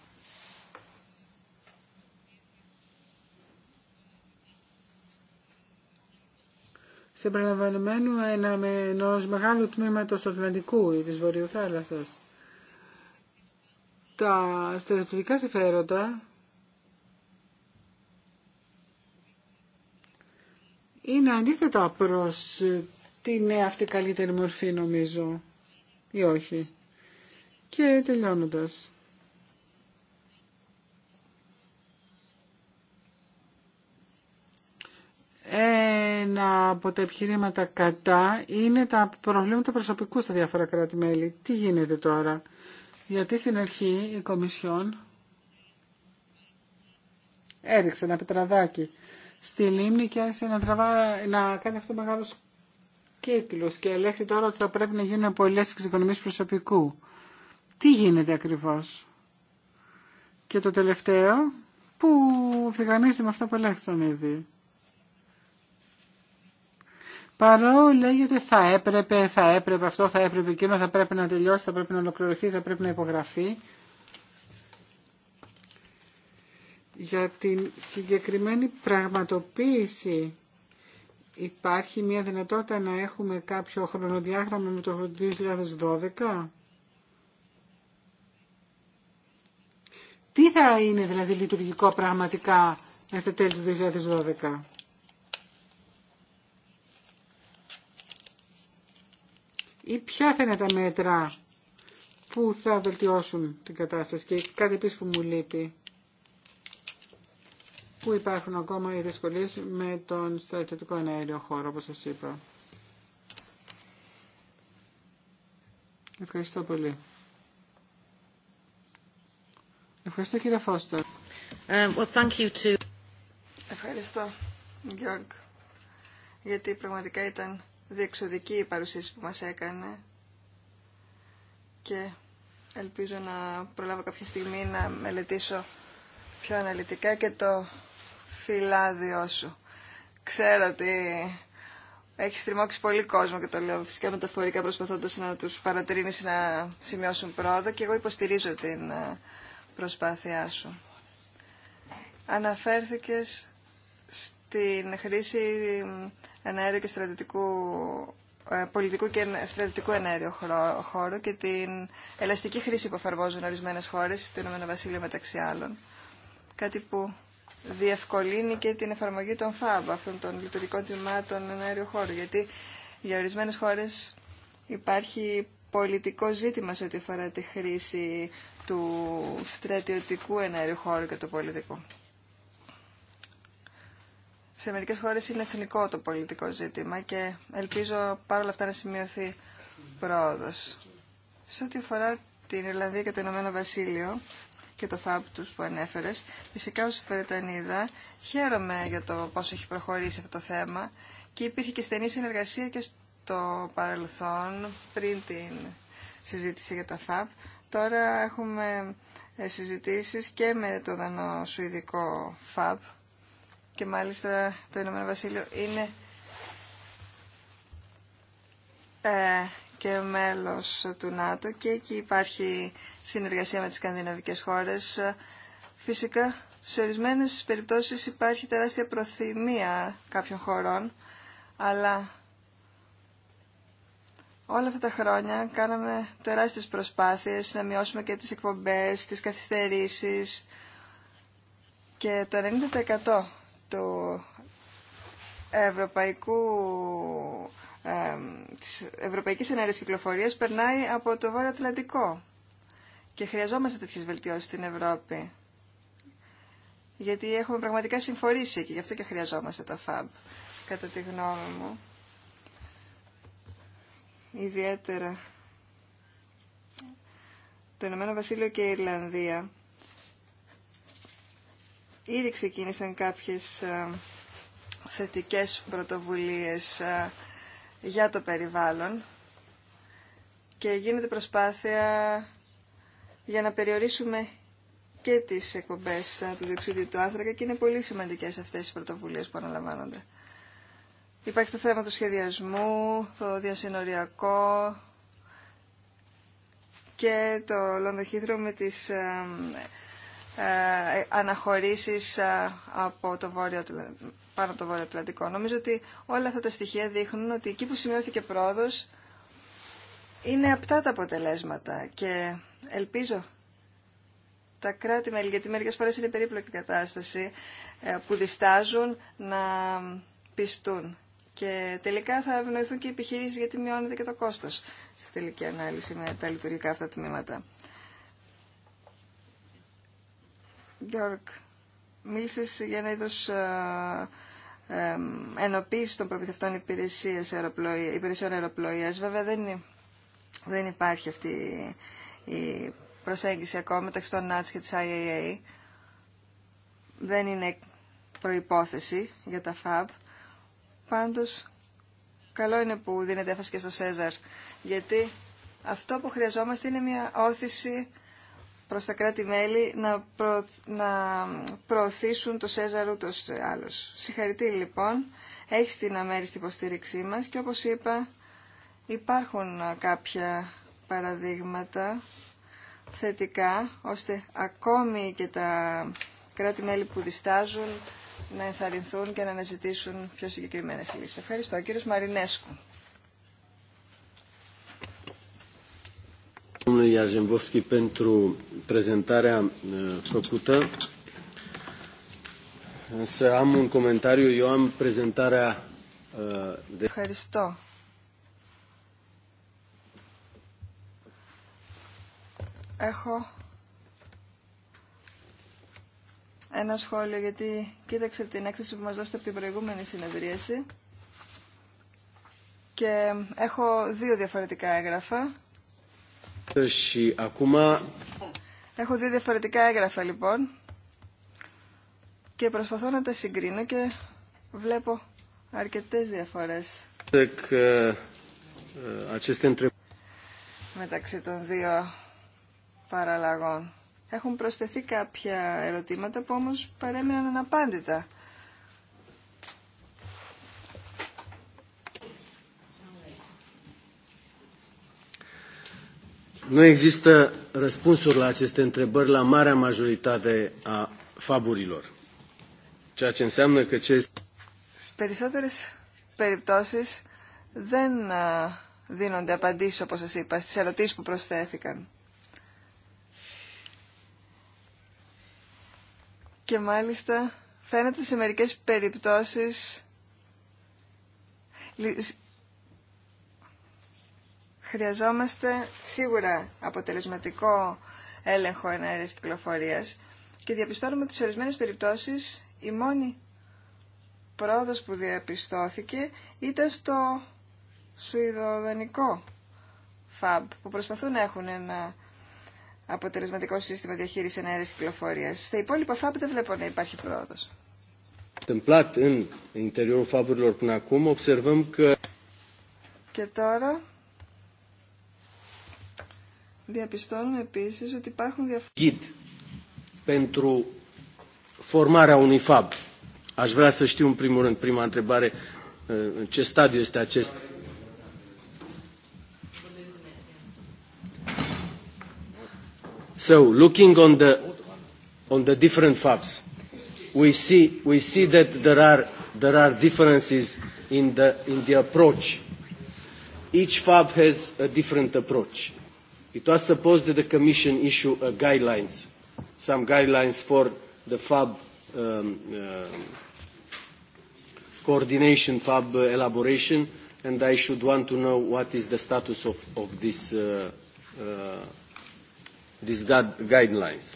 σε ένα με ενό μεγάλου τμήματος του Ατλαντικού ή τη Βορειοθάλασσα. Τα στρατιωτικά συμφέροντα είναι αντίθετα προς την αυτή καλύτερη μορφή νομίζω ή όχι. Και τελειώνοντας. Ένα από τα επιχειρήματα κατά είναι τα προβλήματα προσωπικού στα διάφορα κράτη-μέλη. Τι γίνεται τώρα. Γιατί στην αρχή η Κομισιόν έριξε ένα πετραδάκι στη λίμνη και άρχισε να, κάνει αυτό μεγάλο κύκλο και ελέγχει τώρα ότι θα πρέπει να γίνουν πολλέ εξοικονομίε προσωπικού τι γίνεται ακριβώς. Και το τελευταίο που θυγανίζει με αυτά που ελέγχθησαν ήδη. Παρό λέγεται θα έπρεπε, θα έπρεπε αυτό, θα έπρεπε εκείνο, θα πρέπει να τελειώσει, θα πρέπει να ολοκληρωθεί, θα πρέπει να υπογραφεί. Για την συγκεκριμένη πραγματοποίηση υπάρχει μια δυνατότητα να έχουμε κάποιο χρονοδιάγραμμα με το 2012. Τι θα είναι δηλαδή λειτουργικό πραγματικά μέχρι το τέλη του 2012. Ή ποια θα είναι τα μέτρα που θα βελτιώσουν την κατάσταση και κάτι επίση που μου λείπει που υπάρχουν ακόμα οι δυσκολίες με τον στρατιωτικό αέριο χώρο όπως σας είπα. Ευχαριστώ πολύ. Ευχαριστώ κύριε Φώστερ. Um, thank Ευχαριστώ, Γιώργ, γιατί πραγματικά ήταν διεξοδική η παρουσίαση που μας έκανε και ελπίζω να προλάβω κάποια στιγμή να μελετήσω πιο αναλυτικά και το φυλάδιό σου. Ξέρω ότι έχει τριμώξει πολύ κόσμο και το λέω φυσικά μεταφορικά προσπαθώντας να τους παρατρύνεις να σημειώσουν πρόοδο και εγώ υποστηρίζω την ε, προσπάθειά σου. Αναφέρθηκες στην χρήση ενέργειου και ε, πολιτικού και στρατιωτικού ενέργειου χώρου και την ελαστική χρήση που εφαρμόζουν ορισμένε χώρε, το Ηνωμένο Βασίλειο μεταξύ άλλων. Κάτι που διευκολύνει και την εφαρμογή των ΦΑΒ, αυτών των λειτουργικών τμήματων ενέργειου χώρου. Γιατί για ορισμένε χώρε υπάρχει πολιτικό ζήτημα σε ό,τι αφορά τη χρήση του στρατιωτικού ενέργειου χώρου και του πολιτικού. Σε μερικέ χώρε είναι εθνικό το πολιτικό ζήτημα και ελπίζω παρόλα αυτά να σημειωθεί πρόοδο. Σε ό,τι αφορά την Ιρλανδία και το Ηνωμένο Βασίλειο και το ΦΑΠ τους που ανέφερε, φυσικά ω Βρετανίδα χαίρομαι για το πώ έχει προχωρήσει αυτό το θέμα και υπήρχε και στενή συνεργασία και στο παρελθόν πριν την συζήτηση για τα ΦΑΠ Τώρα έχουμε ε, συζητήσεις και με το δανό-σουηδικό ΦΑΠ και μάλιστα το Ηνωμένο Βασίλειο είναι ε, και μέλος του ΝΑΤΟ και εκεί υπάρχει συνεργασία με τις σκανδιναβικές χώρες. Φυσικά, σε ορισμένες περιπτώσεις υπάρχει τεράστια προθυμία κάποιων χωρών, αλλά Όλα αυτά τα χρόνια κάναμε τεράστιες προσπάθειες να μειώσουμε και τις εκπομπές, τις καθυστερήσεις και το 90% του ευρωπαϊκού, ε, της ευρωπαϊκής ενέργειας κυκλοφορίας περνάει από το Βόρειο Ατλαντικό και χρειαζόμαστε τέτοιες βελτιώσεις στην Ευρώπη γιατί έχουμε πραγματικά συμφορήσει εκεί, γι' αυτό και χρειαζόμαστε τα FAB κατά τη γνώμη μου ιδιαίτερα το Ηνωμένο Βασίλειο και η Ιρλανδία ήδη ξεκίνησαν κάποιες ε, θετικές πρωτοβουλίες ε, για το περιβάλλον και γίνεται προσπάθεια για να περιορίσουμε και τις εκπομπές ε, του διοξιδίου του άνθρακα και είναι πολύ σημαντικές αυτές οι πρωτοβουλίες που αναλαμβάνονται. Υπάρχει το θέμα του σχεδιασμού, το διασυνοριακό και το Λονδοχύθρο με τις ε, ε, ε, αναχωρήσεις από το βόρειο, πάνω από το Βόρειο Ατλαντικό. Νομίζω ότι όλα αυτά τα στοιχεία δείχνουν ότι εκεί που σημειώθηκε πρόοδος είναι απτά τα αποτελέσματα και ελπίζω τα κράτη-μέλη, γιατί μερικές φορές είναι περίπλοκη κατάσταση, που διστάζουν να πιστούν. Και τελικά θα ευνοηθούν και οι επιχειρήσει γιατί μειώνεται και το κόστο στη τελική ανάλυση με τα λειτουργικά αυτά τμήματα. Γιώργ, μίλησε για ένα είδο ε, ε, ενοποίηση των προμηθευτών υπηρεσιών αεροπλοεία. Βέβαια δεν, δεν υπάρχει αυτή η προσέγγιση ακόμα μεταξύ των ΝΑΤΣ και της IAA. Δεν είναι προϋπόθεση για τα FAB. Πάντως, καλό είναι που δίνεται έφαση και στο Σέζαρ, γιατί αυτό που χρειαζόμαστε είναι μια όθηση προς τα κράτη-μέλη να, να προωθήσουν το Σέζαρ ούτως άλλως. Συγχαρητή, λοιπόν, έχει την αμέριστη υποστήριξή μας και όπως είπα υπάρχουν κάποια παραδείγματα θετικά, ώστε ακόμη και τα κράτη-μέλη που διστάζουν να ενθαρρυνθούν και να αναζητήσουν πιο συγκεκριμένε λύσει. Ευχαριστώ. Κύριος Μαρινέσκου. pentru prezentarea Ευχαριστώ. Έχω ένα σχόλιο, γιατί κοίταξε την έκθεση που μας δώσετε από την προηγούμενη συνεδρίαση και έχω δύο διαφορετικά έγγραφα. Έχω δύο διαφορετικά έγγραφα λοιπόν και προσπαθώ να τα συγκρίνω και βλέπω αρκετές διαφορές. Μεταξύ των δύο παραλλαγών. Έχουν προσθεθεί κάποια ερωτήματα που όμως παρέμειναν αναπάντητα. Nu există răspunsuri Στις περισσότερες περιπτώσεις δεν δίνονται απαντήσει, όπω σα είπα, στι ερωτήσει που προσθέθηκαν. και μάλιστα φαίνεται σε μερικές περιπτώσεις χρειαζόμαστε σίγουρα αποτελεσματικό έλεγχο εναέρειας κυκλοφορίας και διαπιστώνουμε ότι σε ορισμένε περιπτώσεις η μόνη πρόοδος που διαπιστώθηκε ήταν στο σουηδοδανικό FAB που προσπαθούν να έχουν ένα αποτελεσματικό σύστημα διαχείρισης ενέργειας κυκλοφορίας. Στα υπόλοιπα ΦΑΠ δεν βλέπω να υπάρχει πρόοδος. Και τώρα διαπιστώνουμε επίσης ότι υπάρχουν διαφορετικές So looking on the on the different FABs, we see we see that there are there are differences in the in the approach. Each FAB has a different approach. It was supposed that the Commission issue guidelines, some guidelines for the FAB coordination, FAB elaboration, and I should want to know what is the status of of this these guidelines.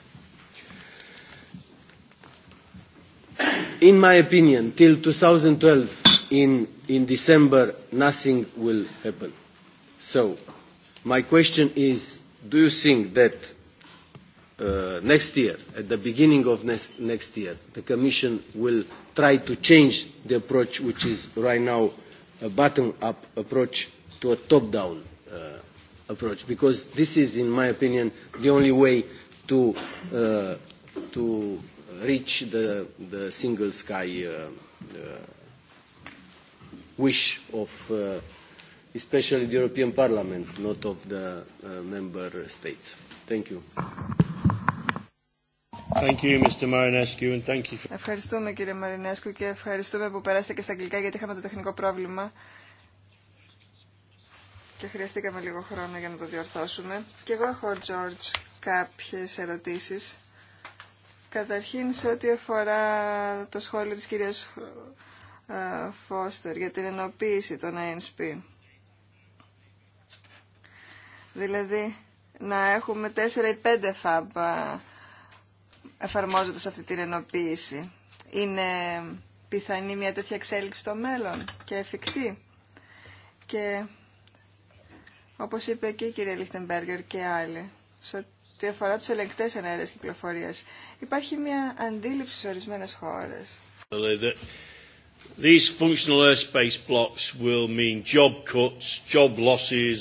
In my opinion, till 2012, in in December, nothing will happen. So, my question is: Do you think that next year, at the beginning of next year, the Commission will try to change the approach, which is right now a bottom-up approach, to a top-down approach because this is in my opinion the only way to to reach the the single sky wish of especially the European Parliament not of the member states thank you Thank you, Mr. Marinescu, and thank you for... Ευχαριστούμε κύριε Μαρινέσκου και ευχαριστούμε που περάσετε και στα αγγλικά γιατί είχαμε το τεχνικό πρόβλημα και χρειαστήκαμε λίγο χρόνο για να το διορθώσουμε. Και εγώ έχω, George, κάποιες ερωτήσεις. Καταρχήν, σε ό,τι αφορά το σχόλιο της κυρίας ε, Φώστερ για την ενοποίηση των ANSP. Δηλαδή, να έχουμε τέσσερα ή πέντε FAB ε, εφαρμόζοντας αυτή την ενοποίηση. Είναι πιθανή μια τέτοια εξέλιξη στο μέλλον και εφικτή. Και όπως είπε και η κυρία Λιχτεμπέργκερ και άλλοι, σε ό,τι αφορά τους ελεγκτές ενέργειας κυκλοφορίας. Υπάρχει μια αντίληψη σε ορισμένες χώρες. These functional airspace blocks will mean job cuts, job losses,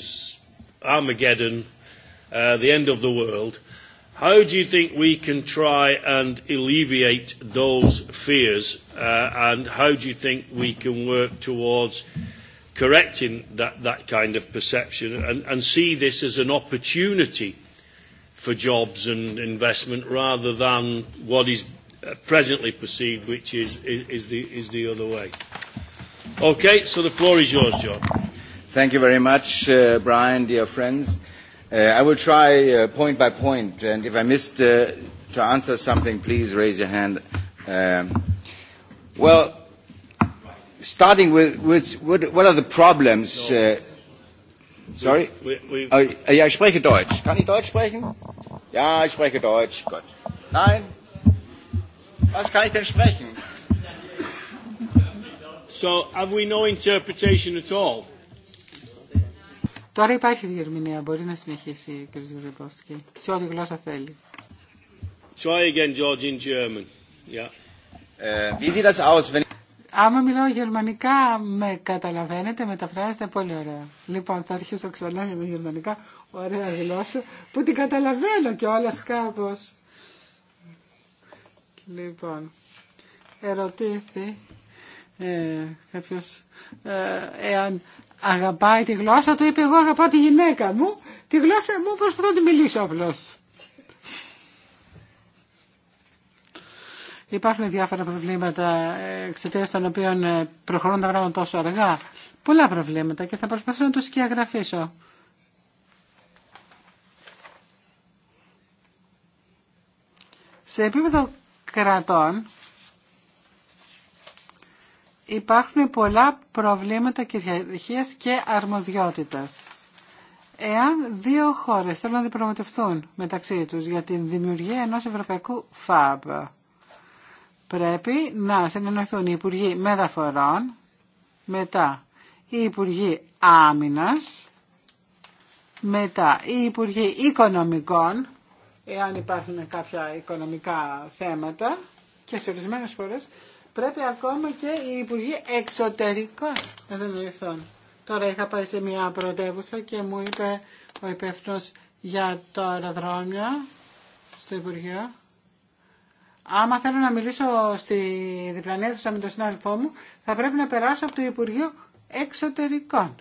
Armageddon, uh, the end of the world. How do you think we can try and alleviate those fears uh, and how do you think we can work towards correcting that that kind of perception and and see this as an opportunity for jobs and investment rather than what is presently perceived, which is the other way. Okay, so the floor is yours, John. Thank you very much, Brian, dear friends. I will try point by point, and if I missed to answer something, please raise your hand. Well, starting with, with what, what are the problems? Uh, sorry? Oh, ja, ich spreche Deutsch. Kann ich Deutsch sprechen? Ja, ich spreche Deutsch. Gott. Nein? Was kann ich denn sprechen? So, have we no interpretation at all? Τώρα υπάρχει διερμηνία. Μπορεί να συνεχίσει ο κ. Γρυμπόσκη. Σε ό,τι γλώσσα θέλει. Try again, George, in German. Yeah. Uh, wie sieht das aus, wenn... Άμα μιλάω γερμανικά με καταλαβαίνετε, μεταφράζεται πολύ ωραία. Λοιπόν, θα αρχίσω ξανά για τα γερμανικά, ωραία γλώσσα, που την καταλαβαίνω κιόλα κάπω. Λοιπόν, ερωτήθη ε, κάποιο ε, εάν αγαπάει τη γλώσσα του, είπε εγώ αγαπάω τη γυναίκα μου, τη γλώσσα μου προσπαθώ να τη μιλήσω απλώς. Υπάρχουν διάφορα προβλήματα εξαιτία των οποίων ε, προχωρούν τα πράγματα τόσο αργά. Πολλά προβλήματα και θα προσπαθήσω να τους σκιαγραφίσω. Σε επίπεδο κρατών υπάρχουν πολλά προβλήματα κυριαρχίας και αρμοδιότητας. Εάν δύο χώρες θέλουν να διπλωματευτούν μεταξύ τους για την δημιουργία ενός ευρωπαϊκού ΦΑΜΠ, πρέπει να συνενωθούν οι Υπουργοί Μεταφορών, μετά οι Υπουργοί Άμυνας, μετά οι Υπουργοί Οικονομικών, εάν υπάρχουν κάποια οικονομικά θέματα και σε ορισμένε φορές πρέπει ακόμα και οι Υπουργοί Εξωτερικών να συνεννοηθούν. Τώρα είχα πάει σε μια πρωτεύουσα και μου είπε ο υπεύθυνο για το αεροδρόμιο στο Υπουργείο Άμα θέλω να μιλήσω στη διπλανή αίθουσα με τον συνάδελφό μου, θα πρέπει να περάσω από το Υπουργείο Εξωτερικών.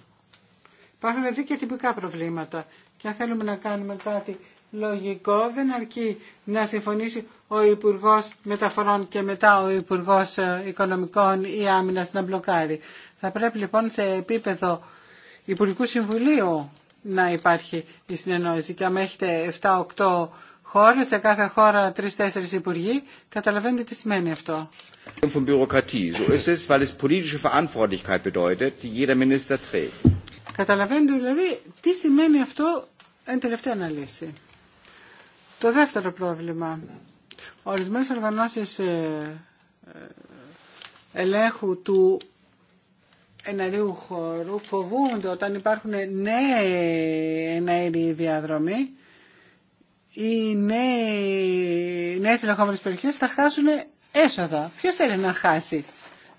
Υπάρχουν δηλαδή και τυπικά προβλήματα. Και αν θέλουμε να κάνουμε κάτι λογικό, δεν αρκεί να συμφωνήσει ο Υπουργό Μεταφορών και μετά ο Υπουργό ε, Οικονομικών ή Άμυνα να μπλοκάρει. Θα πρέπει λοιπόν σε επίπεδο Υπουργικού Συμβουλίου να υπάρχει η συνεννόηση. Και αν έχετε 7-8 χώρες, σε κάθε χώρα τρεις-τέσσερις υπουργοί. Καταλαβαίνετε τι σημαίνει αυτό. Καταλαβαίνετε δηλαδή τι σημαίνει αυτό εν τελευταία αναλύση. Το δεύτερο πρόβλημα. Ορισμένες οργανώσεις ε, ε, ελέγχου του εναερίου χώρου φοβούνται όταν υπάρχουν νέοι διάδρομοι οι νέε νέες περιοχέ θα χάσουν έσοδα. Ποιο θέλει να χάσει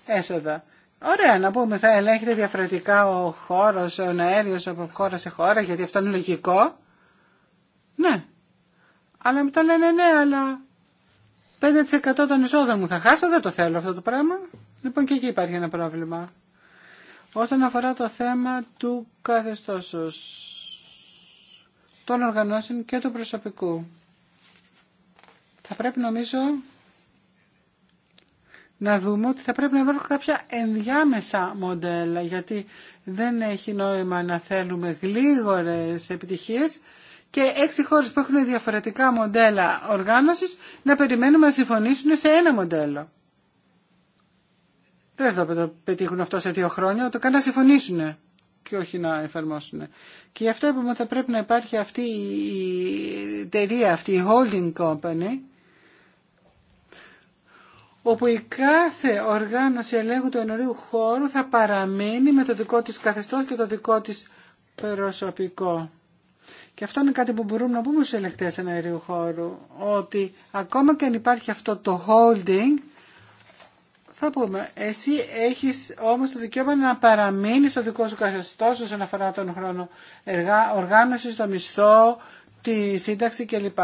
έσοδα. Ωραία, να πούμε, θα ελέγχεται διαφορετικά ο χώρο, ο αέριο από χώρα σε χώρα, γιατί αυτό είναι λογικό. Ναι. Αλλά μετά λένε ναι, αλλά 5% των εισόδων μου θα χάσω, δεν το θέλω αυτό το πράγμα. Λοιπόν και εκεί υπάρχει ένα πρόβλημα. Όσον αφορά το θέμα του καθεστώσεως των οργανώσεων και του προσωπικού. Θα πρέπει νομίζω να δούμε ότι θα πρέπει να υπάρχουν κάποια ενδιάμεσα μοντέλα, γιατί δεν έχει νόημα να θέλουμε γλίγορες επιτυχίες και έξι χώρες που έχουν διαφορετικά μοντέλα οργάνωσης να περιμένουμε να συμφωνήσουν σε ένα μοντέλο. Δεν θα το πετύχουν αυτό σε δύο χρόνια, ούτε καν να συμφωνήσουν και όχι να εφαρμόσουν. Και γι' αυτό είπαμε θα πρέπει να υπάρχει αυτή η εταιρεία, αυτή η holding company, όπου η κάθε οργάνωση ελέγχου του ενωρίου χώρου θα παραμείνει με το δικό της καθεστώς και το δικό της προσωπικό. Και αυτό είναι κάτι που μπορούμε να πούμε στους ελεκτές ενωρίου χώρου, ότι ακόμα και αν υπάρχει αυτό το holding, θα πούμε, εσύ έχεις όμως το δικαίωμα να παραμείνεις στο δικό σου καθεστώς όσον αφορά τον χρόνο εργά, οργάνωση, το μισθό, τη σύνταξη κλπ.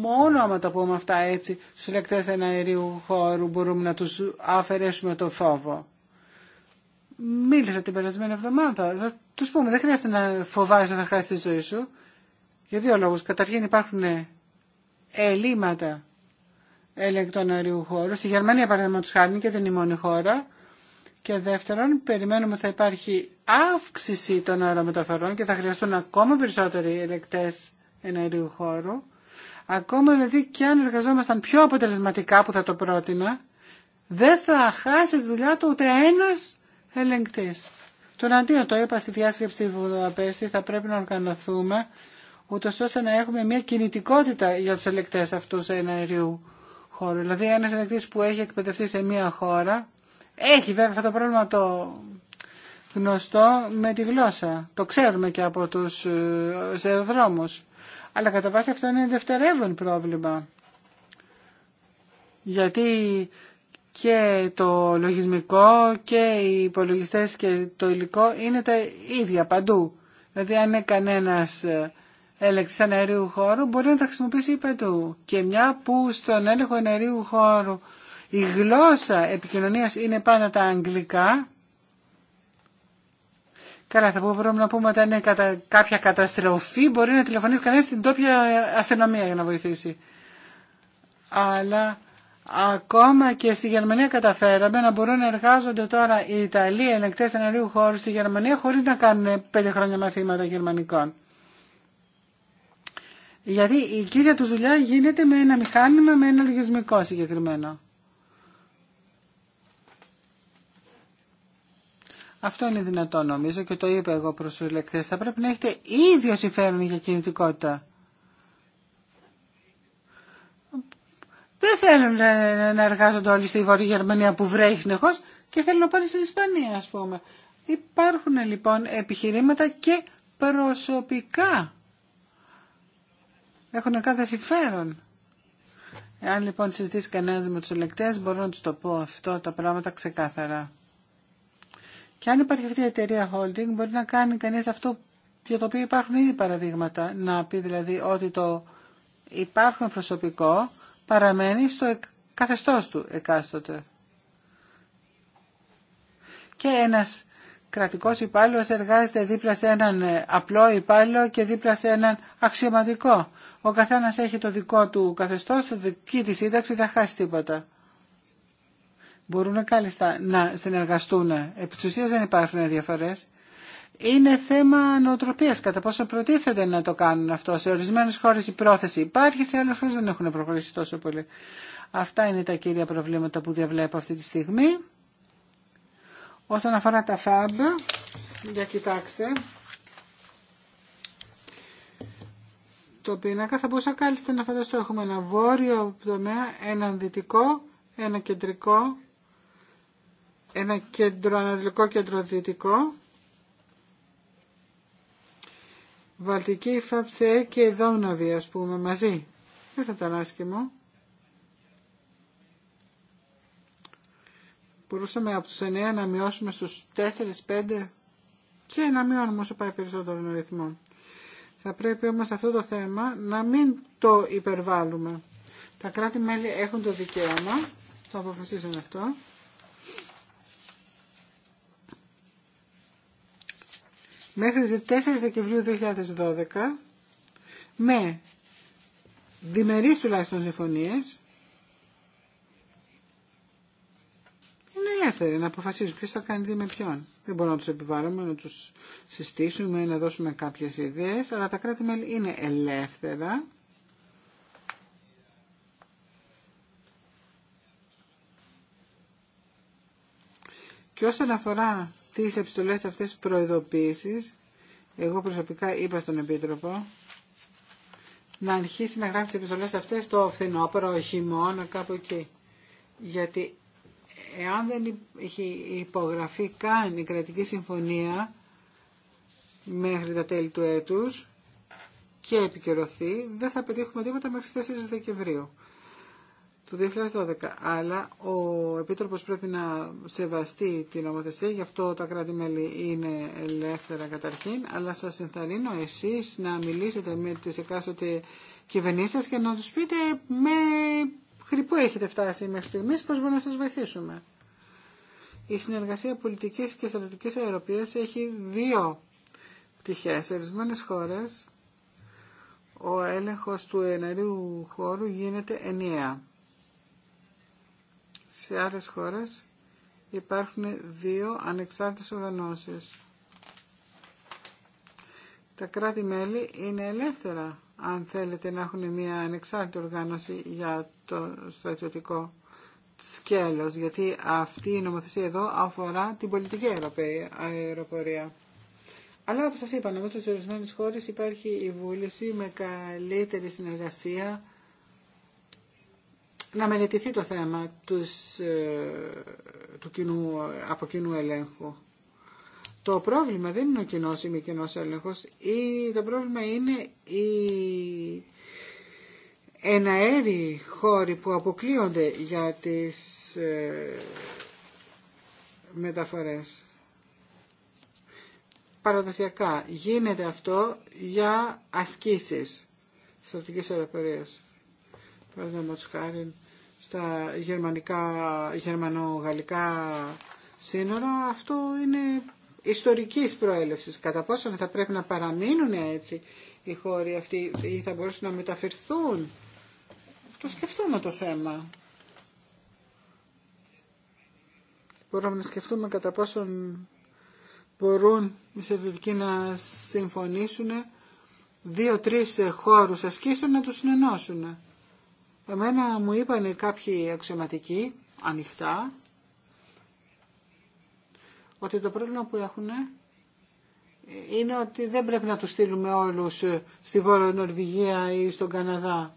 Μόνο άμα τα πούμε αυτά έτσι στους λεκτές αερίου χώρου μπορούμε να τους αφαιρέσουμε το φόβο. Μίλησα την περασμένη εβδομάδα. τους πούμε, δεν χρειάζεται να φοβάσαι να χάσει τη ζωή σου. Για δύο λόγους. Καταρχήν υπάρχουν ελλείμματα ελεγκτών αερίου χώρου. Στη Γερμανία, παραδείγματο χάρη, και δεν είναι η μόνη χώρα. Και δεύτερον, περιμένουμε ότι θα υπάρχει αύξηση των αερομεταφορών και θα χρειαστούν ακόμα περισσότεροι ελεκτέ εναερίου χώρου. Ακόμα δηλαδή και αν εργαζόμασταν πιο αποτελεσματικά που θα το πρότεινα, δεν θα χάσει τη δουλειά του ούτε ένα ελεγκτή. Τον αντίο το είπα στη διάσκεψη στη Βουδαπέστη, θα πρέπει να οργανωθούμε ούτω ώστε να έχουμε μια κινητικότητα για του ελεκτέ αυτού εναερίου Δηλαδή ένας ελεκτής που έχει εκπαιδευτεί σε μία χώρα έχει βέβαια αυτό το πρόβλημα το γνωστό με τη γλώσσα. Το ξέρουμε και από τους αεροδρόμους. Αλλά κατά βάση αυτό είναι δευτερεύον πρόβλημα. Γιατί και το λογισμικό και οι υπολογιστές και το υλικό είναι τα ίδια παντού. Δηλαδή αν είναι κανένας ε, Ελεκτή αερίου χώρου μπορεί να τα χρησιμοποιήσει ΠΕΤΟΥ Και μια που στον έλεγχο αερίου χώρου η γλώσσα επικοινωνίας είναι πάντα τα αγγλικά, Καλά, θα μπορούμε να πούμε όταν είναι κατα... κάποια καταστροφή μπορεί να τηλεφωνήσει κανείς στην τόπια αστυνομία για να βοηθήσει. Αλλά ακόμα και στη Γερμανία καταφέραμε να μπορούν να εργάζονται τώρα οι Ιταλοί ελεκτές ενεργού χώρου στη Γερμανία χωρίς να κάνουν πέντε χρόνια μαθήματα γερμανικών. Γιατί η κύρια του δουλειά γίνεται με ένα μηχάνημα, με ένα λογισμικό συγκεκριμένο. Αυτό είναι δυνατό νομίζω και το είπα εγώ προς τους ελεκτές. Θα πρέπει να έχετε ίδιο συμφέρον για κινητικότητα. Δεν θέλουν να εργάζονται όλοι στη Βορρή Γερμανία που βρέχει συνεχώ και θέλουν να πάνε στην Ισπανία ας πούμε. Υπάρχουν λοιπόν επιχειρήματα και προσωπικά έχουν κάθε συμφέρον. Εάν λοιπόν συζητήσει κανένα με του ελεκτέ, μπορώ να του το πω αυτό τα πράγματα ξεκάθαρα. Και αν υπάρχει αυτή η εταιρεία holding, μπορεί να κάνει κανεί αυτό για το οποίο υπάρχουν ήδη παραδείγματα. Να πει δηλαδή ότι το υπάρχον προσωπικό παραμένει στο καθεστώς του εκάστοτε. Και ένας κρατικός υπάλληλο εργάζεται δίπλα σε έναν ε, απλό υπάλληλο και δίπλα σε έναν αξιωματικό. Ο καθένας έχει το δικό του καθεστώς, το δική τη σύνταξη δεν χάσει τίποτα. Μπορούν κάλλιστα να συνεργαστούν. Επί της δεν υπάρχουν διαφορές. Είναι θέμα νοοτροπίας, κατά πόσο προτίθεται να το κάνουν αυτό. Σε ορισμένες χώρες η πρόθεση υπάρχει, σε άλλες χώρες δεν έχουν προχωρήσει τόσο πολύ. Αυτά είναι τα κύρια προβλήματα που διαβλέπω αυτή τη στιγμή. Όσον αφορά τα FAB, για κοιτάξτε, το πίνακα θα μπορούσα κάλλιστα να φανταστώ. Έχουμε ένα βόρειο τομέα, ένα δυτικό, ένα κεντρικό, ένα κέντρο ανατολικό, κέντρο δυτικό. Βαλτική, Φαψέ και Δόμναβη, ας πούμε, μαζί. Δεν θα ήταν άσχημο. μπορούσαμε από τους 9 να μειώσουμε στους 4-5 και να μειώνουμε όσο πάει περισσότερο τον ρυθμό. Θα πρέπει όμως αυτό το θέμα να μην το υπερβάλλουμε. Τα κράτη-μέλη έχουν το δικαίωμα, το αποφασίζουν αυτό. Μέχρι 4 Δεκεμβρίου 2012, με διμερείς τουλάχιστον συμφωνίες, είναι ελεύθεροι να αποφασίζουν ποιος θα κάνει τι με ποιον. Δεν μπορούμε να τους επιβάλλουμε, να τους συστήσουμε, να δώσουμε κάποιες ιδέες, αλλά τα κράτη-μέλη είναι ελεύθερα Και όσον αφορά τις επιστολές αυτές προειδοποίησης, εγώ προσωπικά είπα στον Επίτροπο να αρχίσει να γράφει τι επιστολές αυτές το φθινόπωρο, χειμώνα, κάπου εκεί. Γιατί εάν δεν έχει υπογραφεί καν η κρατική συμφωνία μέχρι τα τέλη του έτους και επικαιρωθεί, δεν θα πετύχουμε τίποτα μέχρι τις 4 Δεκεμβρίου του 2012. Αλλά ο Επίτροπος πρέπει να σεβαστεί την νομοθεσία, γι' αυτό τα κράτη-μέλη είναι ελεύθερα καταρχήν, αλλά σας ενθαρρύνω εσείς να μιλήσετε με τις εκάστοτε κυβερνήσεις και να τους πείτε με πού έχετε φτάσει μέχρι στιγμής, πώς μπορούμε να σας βοηθήσουμε. Η συνεργασία πολιτικής και στρατιωτικής αεροπορία έχει δύο πτυχέ. Σε ορισμένε χώρες ο έλεγχος του ενεργού χώρου γίνεται ενιαία. Σε άλλε χώρες υπάρχουν δύο ανεξάρτητες οργανώσεις. Τα κράτη-μέλη είναι ελεύθερα αν θέλετε να έχουν μια ανεξάρτητη οργάνωση για το στρατιωτικό σκέλος, γιατί αυτή η νομοθεσία εδώ αφορά την πολιτική αεροπορία. Αλλά όπως σας είπα, νομίζω σε ορισμένες χώρες υπάρχει η βούληση με καλύτερη συνεργασία να μελετηθεί το θέμα τους, ε, του κοινού, από κοινού ελέγχου. Το πρόβλημα δεν είναι ο κοινό ή μη κοινό έλεγχο. Το πρόβλημα είναι οι εναέριοι χώροι που αποκλείονται για τις ε, μεταφορές. Παραδοσιακά γίνεται αυτό για ασκήσεις στρατηγικής αεροπορίας. Παραδείγματο χάρη στα γερμανικά, σύνορα αυτό είναι ιστορικής προέλευσης. Κατά πόσο θα πρέπει να παραμείνουν έτσι οι χώροι αυτοί ή θα μπορούσαν να μεταφερθούν. Το σκεφτούμε το θέμα. Μπορούμε να σκεφτούμε κατά πόσον μπορούν οι Σερβικοί να συμφωνήσουν δύο-τρεις χώρους ασκήσεων να τους συνενώσουν. Εμένα μου είπαν κάποιοι αξιωματικοί, ανοιχτά, ότι το πρόβλημα που έχουν είναι ότι δεν πρέπει να τους στείλουμε όλους ε, στη Βόρεια Νορβηγία ή στον Καναδά.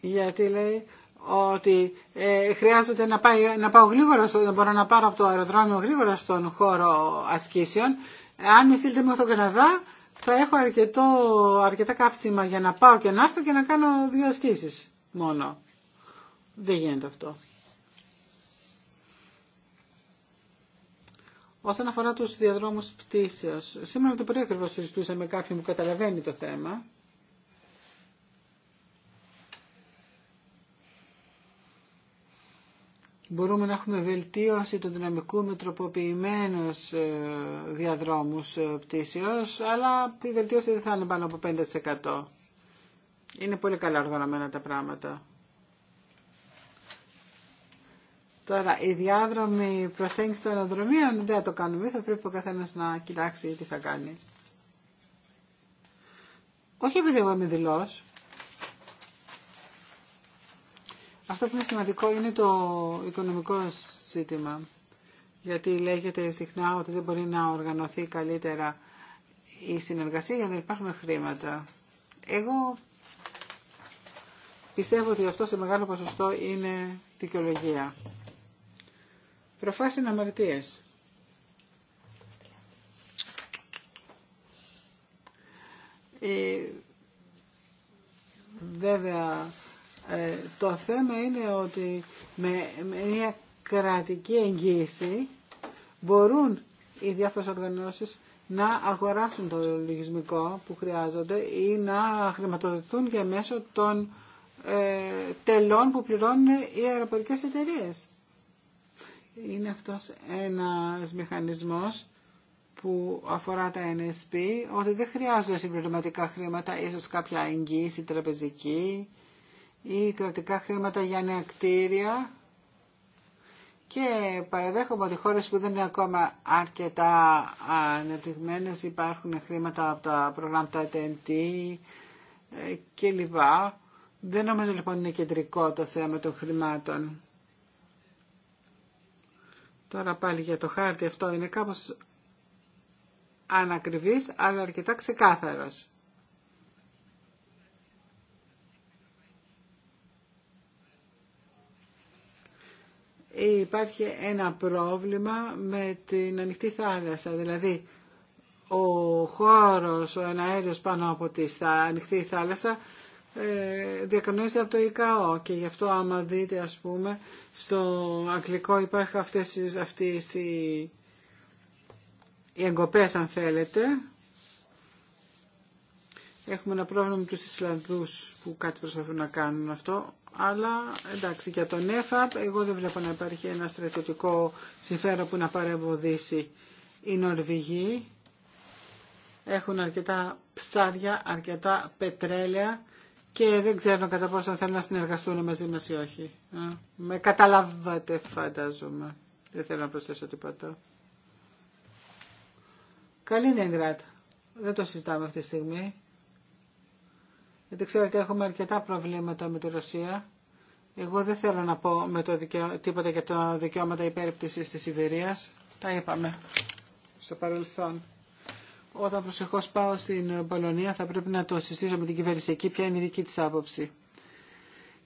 Γιατί λέει ότι ε, χρειάζεται να, να πάω γρήγορα, να μπορώ να πάρω από το αεροδρόμιο γρήγορα στον χώρο ασκήσεων. Αν με στείλετε μέχρι τον Καναδά θα έχω αρκετό, αρκετά καύσιμα για να πάω και να έρθω και να κάνω δύο ασκήσεις μόνο. Δεν γίνεται αυτό. Όσον αφορά τους διαδρόμους πτήσεως, σήμερα το πρωί ακριβώς συζητούσαμε με κάποιον που καταλαβαίνει το θέμα. Μπορούμε να έχουμε βελτίωση του δυναμικού με τροποποιημένους ε, διαδρόμους ε, πτήσεως, αλλά η βελτίωση δεν θα είναι πάνω από 5%. Είναι πολύ καλά οργανωμένα τα πράγματα. Τώρα, η διάδρομη προσέγγιση των αεροδρομίων δεν το κάνουμε Θα πρέπει ο καθένα να κοιτάξει τι θα κάνει. Όχι επειδή εγώ είμαι δηλό. Αυτό που είναι σημαντικό είναι το οικονομικό ζήτημα. Γιατί λέγεται συχνά ότι δεν μπορεί να οργανωθεί καλύτερα η συνεργασία για να υπάρχουν χρήματα. Εγώ πιστεύω ότι αυτό σε μεγάλο ποσοστό είναι δικαιολογία προφάσιν αμαρτίας. Ε, βέβαια, ε, το θέμα είναι ότι με, μια κρατική εγγύηση μπορούν οι διάφορες οργανώσεις να αγοράσουν το λογισμικό που χρειάζονται ή να χρηματοδοτηθούν για μέσω των ε, τελών που πληρώνουν οι αεροπορικές εταιρείες είναι αυτός ένας μηχανισμός που αφορά τα NSP, ότι δεν χρειάζονται συμπληρωματικά χρήματα, ίσως κάποια εγγύηση τραπεζική ή κρατικά χρήματα για νέα κτίρια. Και παραδέχομαι ότι χώρες που δεν είναι ακόμα αρκετά ανεπτυγμένες υπάρχουν χρήματα από τα προγράμματα TNT ε, κλπ. Δεν νομίζω λοιπόν είναι κεντρικό το θέμα των χρημάτων. Τώρα πάλι για το χάρτη αυτό είναι κάπως ανακριβής, αλλά αρκετά ξεκάθαρος. Υπάρχει ένα πρόβλημα με την ανοιχτή θάλασσα, δηλαδή ο χώρος, ο αέριος πάνω από τη ανοιχτή θάλασσα ε, διακανονίζεται από το ΙΚΑΟ και γι' αυτό άμα δείτε ας πούμε στο αγγλικό υπάρχουν αυτές, αυτές οι, οι εγκοπές αν θέλετε έχουμε ένα πρόβλημα με τους Ισλανδούς που κάτι προσπαθούν να κάνουν αυτό αλλά εντάξει για τον ΕΦΑΠ εγώ δεν βλέπω να υπάρχει ένα στρατιωτικό συμφέρον που να παρεμποδίσει η Νορβηγή έχουν αρκετά ψάρια, αρκετά πετρέλαια και δεν ξέρω κατά πόσο θέλω να συνεργαστούν μαζί μας ή όχι. Με καταλάβατε φαντάζομαι. Δεν θέλω να προσθέσω τίποτα. Καλή είναι Δεν το συζητάμε αυτή τη στιγμή. Γιατί ξέρετε έχουμε αρκετά προβλήματα με τη Ρωσία. Εγώ δεν θέλω να πω με το τίποτα για τα δικαιώματα υπέρπτυσης της Ιβηρίας. Τα είπαμε στο παρελθόν όταν προσεχώς πάω στην Πολωνία θα πρέπει να το συστήσω με την κυβέρνηση εκεί ποια είναι η δική τη άποψη.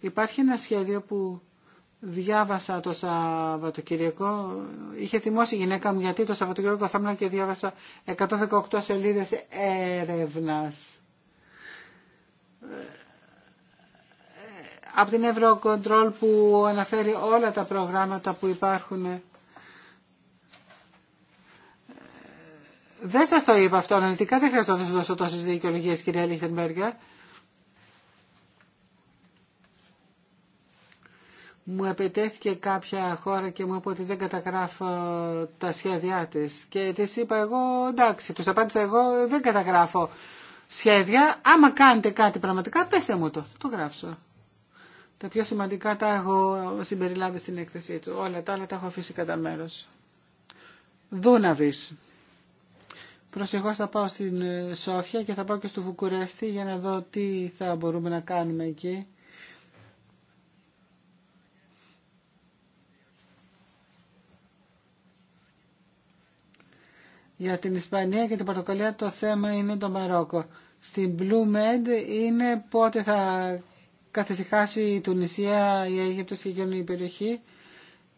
Υπάρχει ένα σχέδιο που διάβασα το Σαββατοκυριακό. Είχε θυμώσει η γυναίκα μου γιατί το Σαββατοκυριακό θα ήμουν και διάβασα 118 σελίδε έρευνα. Ε, ε, Από την Eurocontrol που αναφέρει όλα τα προγράμματα που υπάρχουν ε, Δεν σα το είπα αυτό αναλυτικά, δεν χρειάζεται να σα δώσω τόσε δικαιολογίε κυρία Λίχτενμπέργκερ. μου επιτέθηκε κάποια χώρα και μου είπε ότι δεν καταγράφω τα σχέδιά τη. Και τη είπα εγώ, εντάξει, του απάντησα εγώ, δεν καταγράφω σχέδια. Άμα κάνετε κάτι πραγματικά, πέστε μου το, θα το γράψω. Τα πιο σημαντικά τα έχω συμπεριλάβει στην έκθεσή του. Όλα τα άλλα τα έχω αφήσει κατά μέρο. Δούναβης. Προσεχώς θα πάω στην ε, Σόφια και θα πάω και στο Βουκουρέστι για να δω τι θα μπορούμε να κάνουμε εκεί. Για την Ισπανία και την Πορτοκαλία το θέμα είναι το Μαρόκο. Στην Blue Med είναι πότε θα καθησυχάσει η Τουνησία, η Αίγυπτος και η περιοχή.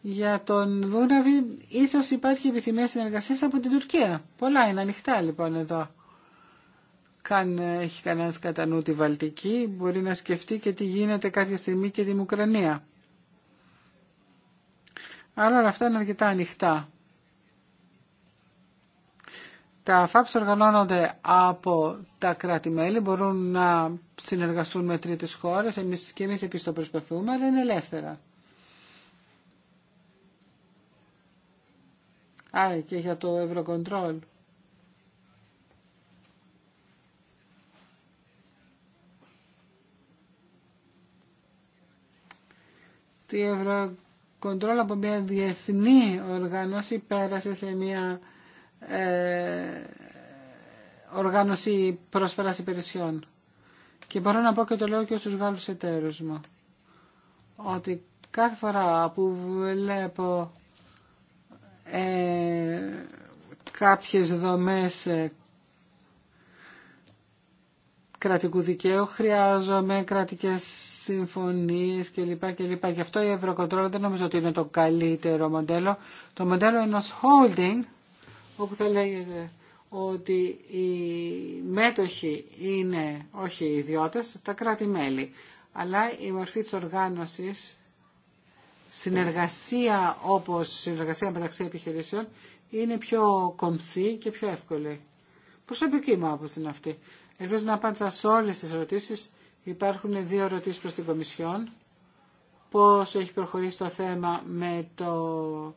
Για τον Δούναβη ίσως υπάρχει επιθυμία συνεργασία από την Τουρκία. Πολλά είναι ανοιχτά λοιπόν εδώ. Καν έχει κανένας κατά νου τη Βαλτική, μπορεί να σκεφτεί και τι γίνεται κάποια στιγμή και την Ουκρανία. Αλλά όλα αυτά είναι αρκετά ανοιχτά. Τα ΦΑΠΣ οργανώνονται από τα κράτη-μέλη, μπορούν να συνεργαστούν με τρίτες χώρες, εμείς και εμείς επίσης το προσπαθούμε, αλλά είναι ελεύθερα. Α, και για το Ευρωκοντρόλ. Το Ευρωκοντρόλ από μια διεθνή οργάνωση πέρασε σε μια ε, οργάνωση πρόσφερας υπηρεσιών. Και μπορώ να πω και το λέω και στους Γάλλους εταίρους μου, ότι κάθε φορά που βλέπω ε, κάποιες δομές ε, κρατικού δικαίου, χρειάζομαι κρατικές συμφωνίες κλπ. και Γι' αυτό η ευρωκοντρόλα δεν νομίζω ότι είναι το καλύτερο μοντέλο. Το μοντέλο ενός holding, όπου θα λέγεται ότι οι μέτοχοι είναι όχι οι ιδιώτες, τα κράτη-μέλη. Αλλά η μορφή της οργάνωσης συνεργασία όπως συνεργασία μεταξύ επιχειρήσεων είναι πιο κομψή και πιο εύκολη. Προσωπική μου άποψη είναι αυτή. Ελπίζω να απάντησα σε όλες τις ερωτήσεις. Υπάρχουν δύο ερωτήσεις προς την Κομισιόν. Πώς έχει προχωρήσει το θέμα με το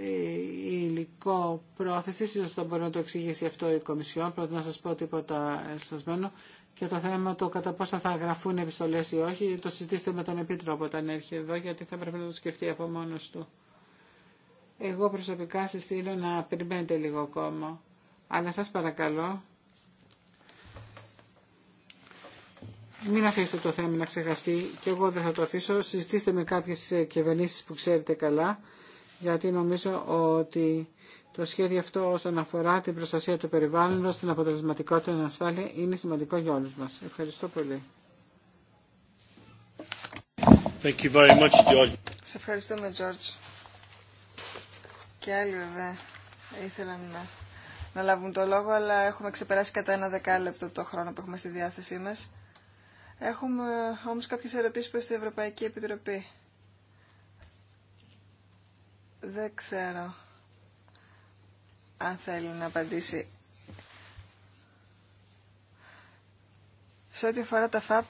ε, υλικό πρόθεση, ίσως θα μπορεί να το εξηγήσει αυτό η Κομισιόν, πρώτα να σας πω τίποτα ελθασμένο και το θέμα του κατά πόσο θα γραφούν επιστολέ ή όχι, το συζητήστε με τον Επίτροπο όταν έρχεται εδώ, γιατί θα πρέπει να το σκεφτεί από μόνο του. Εγώ προσωπικά συστήνω να περιμένετε λίγο ακόμα. Αλλά σας παρακαλώ, μην αφήσετε το θέμα να ξεχαστεί και εγώ δεν θα το αφήσω. Συζητήστε με κάποιες κυβερνήσει που ξέρετε καλά, γιατί νομίζω ότι το σχέδιο αυτό όσον αφορά την προστασία του περιβάλλοντος, την αποτελεσματικότητα και την ασφάλεια είναι σημαντικό για όλους μας. Ευχαριστώ πολύ. Thank you very much, George. Σε ευχαριστούμε, George. Και άλλοι βέβαια ήθελαν να, να λάβουν το λόγο, αλλά έχουμε ξεπεράσει κατά ένα δεκάλεπτο το χρόνο που έχουμε στη διάθεσή μας. Έχουμε όμως κάποιες ερωτήσεις προς την Ευρωπαϊκή Επιτροπή. Δεν ξέρω αν θέλει να απαντήσει. Σε ό,τι αφορά τα FAP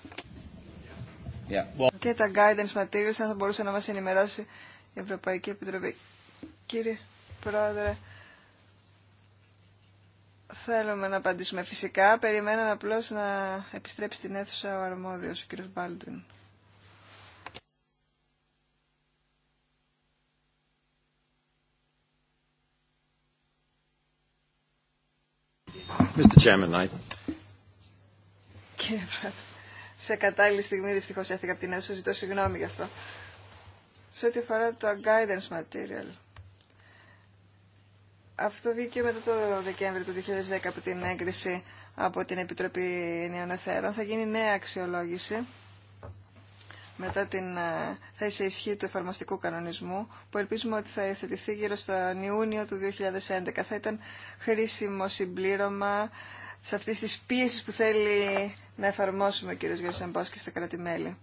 και τα guidance materials, αν θα μπορούσε να μας ενημερώσει η Ευρωπαϊκή Επιτροπή. Κύριε Πρόεδρε, θέλουμε να απαντήσουμε φυσικά. Περιμέναμε απλώς να επιστρέψει στην αίθουσα ο αρμόδιος, ο κύριος Μπάλτουιν. Mr. Chairman, Κύριε Πρόεδρε, σε κατάλληλη στιγμή δυστυχώ έφυγα από την αίθουσα, ζητώ συγγνώμη γι' αυτό. Σε ό,τι αφορά το guidance material. Αυτό βγήκε μετά το Δεκέμβριο του 2010 από την έγκριση από την Επιτροπή Εθερών, Θα γίνει νέα αξιολόγηση μετά την ε, θέση ισχύ του εφαρμοστικού κανονισμού, που ελπίζουμε ότι θα εθετηθεί γύρω στον Ιούνιο του 2011. Θα ήταν χρήσιμο συμπλήρωμα σε αυτή τις πίεσεις που θέλει να εφαρμόσουμε ο κύριος Γερσεμπός και στα κράτη-μέλη.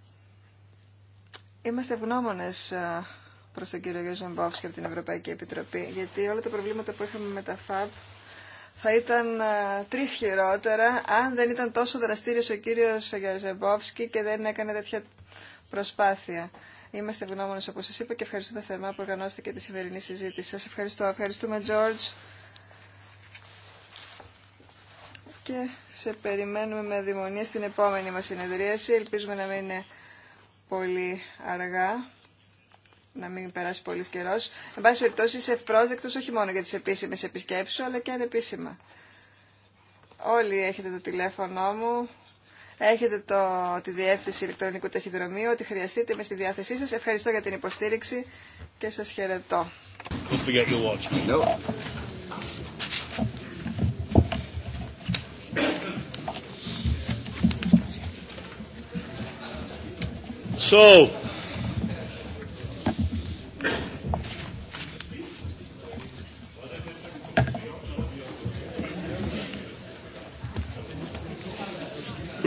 Είμαστε ευγνώμονε ε, προς τον κύριο Γερσεμπόφσκι από την Ευρωπαϊκή Επιτροπή, γιατί όλα τα προβλήματα που είχαμε με τα ΦΑΠ θα ήταν ε, τρει χειρότερα αν δεν ήταν τόσο δραστηριο ο κύριος Γερζεμπόφσκι και δεν έκανε τέτοια προσπάθεια. Είμαστε ευγνώμονε, όπω σα είπα και ευχαριστούμε θερμά που οργανώσετε και τη σημερινή συζήτηση. Σα ευχαριστώ. Ευχαριστούμε George και σε περιμένουμε με δημονία στην επόμενη μα συνεδρίαση. Ελπίζουμε να μην είναι πολύ αργά, να μην περάσει πολύ καιρό. Εν πάση περιπτώσει, είσαι ευπρόσδεκτο όχι μόνο για τι επίσημε επισκέψει, αλλά και ανεπίσημα. Όλοι έχετε το τηλέφωνό μου. Έχετε το, τη διεύθυνση ηλεκτρονικού ταχυδρομείου. Ό,τι χρειαστείτε με στη διάθεσή σας. Ευχαριστώ για την υποστήριξη και σας χαιρετώ.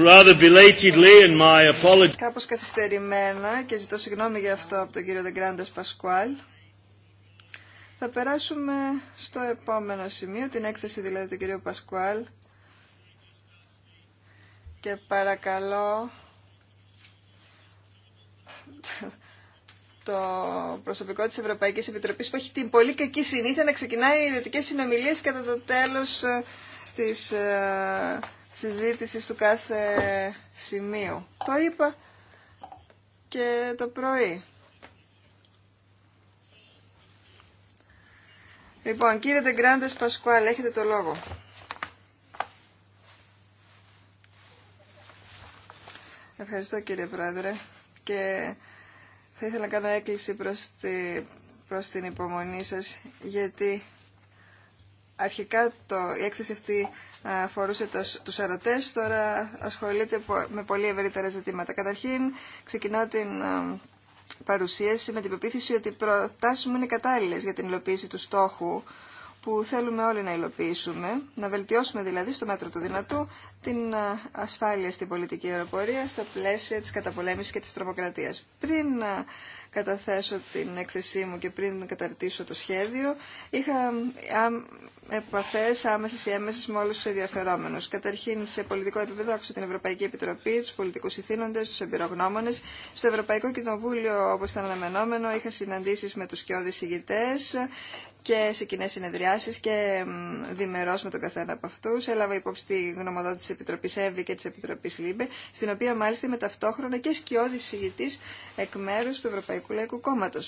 Rather belatedly my Κάπως καθυστερημένα και ζητώ συγγνώμη για αυτό από τον κύριο Δεγκράντες Πασκουάλ. Θα περάσουμε στο επόμενο σημείο, την έκθεση δηλαδή του κυρίου Πασκουάλ. Και παρακαλώ το προσωπικό της Ευρωπαϊκής Επιτροπής που έχει την πολύ κακή συνήθεια να ξεκινάει ιδιωτικές συνομιλίες κατά το τέλος ε, της ε, συζήτηση του κάθε σημείου. Το είπα και το πρωί. Λοιπόν, κύριε Τεγκράντε Πασκουάλ, έχετε το λόγο. Ευχαριστώ κύριε Πρόεδρε και θα ήθελα να κάνω έκκληση προς, προς την υπομονή σας γιατί Αρχικά το, η έκθεση αυτή αφορούσε τους ερωτές, τώρα ασχολείται με πολύ ευρύτερα ζητήματα. Καταρχήν ξεκινάω την παρουσίαση με την πεποίθηση ότι οι προτάσεις μου είναι κατάλληλες για την υλοποίηση του στόχου που θέλουμε όλοι να υλοποιήσουμε, να βελτιώσουμε δηλαδή στο μέτρο του δυνατού την ασφάλεια στην πολιτική αεροπορία στα πλαίσια της καταπολέμησης και της τρομοκρατίας. Πριν καταθέσω την έκθεσή μου και πριν καταρτήσω το σχέδιο, είχα επαφέ άμεση ή έμεσε με όλου του ενδιαφερόμενου. Καταρχήν, σε πολιτικό επίπεδο, άκουσα την Ευρωπαϊκή Επιτροπή, του πολιτικού ηθήνοντε, του εμπειρογνώμονε. Στο Ευρωπαϊκό Κοινοβούλιο, όπω ήταν αναμενόμενο, είχα συναντήσει με του κοιόδη ηγητέ και σε κοινέ συνεδριάσει και διμερώ με τον καθένα από αυτού. Έλαβα υπόψη τη γνωμοδότηση τη Επιτροπή ΕΒΗ και τη Επιτροπή ΛΥΜΠΕ, στην οποία μάλιστα είμαι ταυτόχρονα και σκιώδη ηγητή εκ μέρου του Ευρωπαϊκού Λαϊκού Κόμματο.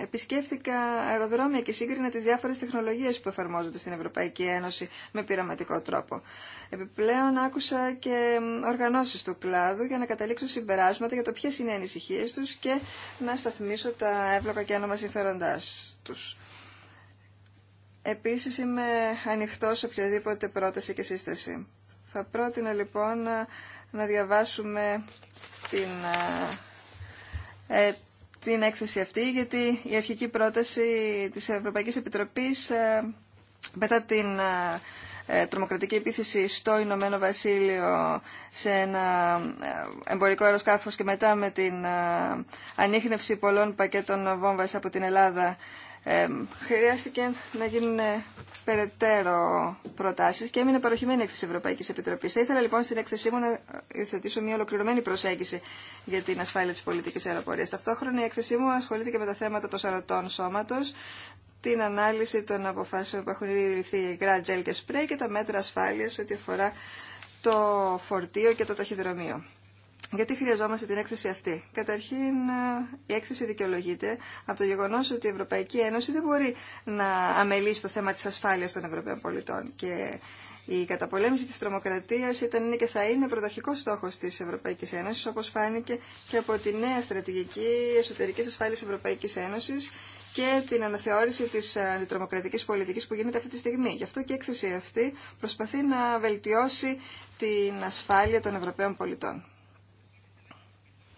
Επισκέφθηκα αεροδρόμια και σύγκρινα τις διάφορες τεχνολογίες που εφαρμόζονται στην Ευρωπαϊκή Ένωση με πειραματικό τρόπο. Επιπλέον άκουσα και οργανώσεις του κλάδου για να καταλήξω συμπεράσματα για το ποιες είναι οι ανησυχίες τους και να σταθμίσω τα εύλογα και άνομα συμφέροντά τους. Επίσης είμαι ανοιχτός σε οποιαδήποτε πρόταση και σύσταση. Θα πρότεινα λοιπόν να διαβάσουμε την ε, ε, την έκθεση αυτή, γιατί η αρχική πρόταση της Ευρωπαϊκής Επιτροπής ε, μετά την ε, τρομοκρατική επίθεση στο Ηνωμένο Βασίλειο σε ένα ε, εμπορικό αεροσκάφος και μετά με την ανείχνευση πολλών πακέτων βόμβας από την Ελλάδα ε, χρειάστηκε να γίνουν ε, περαιτέρω προτάσεις και έμεινε παροχημένη η έκθεση Ευρωπαϊκής Επιτροπής. Θα ήθελα λοιπόν στην έκθεσή μου να υιοθετήσω μια ολοκληρωμένη προσέγγιση για την ασφάλεια της πολιτικής αεροπορίας. Ταυτόχρονα η έκθεσή μου ασχολήθηκε με τα θέματα των σαρωτών σώματος, την ανάλυση των αποφάσεων που έχουν ήδη ληφθεί για Gel και Spray και τα μέτρα ασφάλειας ό,τι αφορά το φορτίο και το ταχυδρομείο. Γιατί χρειαζόμαστε την έκθεση αυτή. Καταρχήν, ε, η έκθεση δικαιολογείται από το γεγονό ότι η Ευρωπαϊκή Ένωση δεν μπορεί να αμελήσει το θέμα τη ασφάλεια των Ευρωπαίων πολιτών. Και η καταπολέμηση τη τρομοκρατία ήταν και θα είναι πρωταρχικό στόχο τη Ευρωπαϊκή Ένωση, όπω φάνηκε και από τη νέα στρατηγική εσωτερική ασφάλεια Ευρωπαϊκή Ένωση και την αναθεώρηση τη αντιτρομοκρατική πολιτική που γίνεται αυτή τη στιγμή. Γι' αυτό και η έκθεση αυτή προσπαθεί να βελτιώσει την ασφάλεια των Ευρωπαίων πολιτών.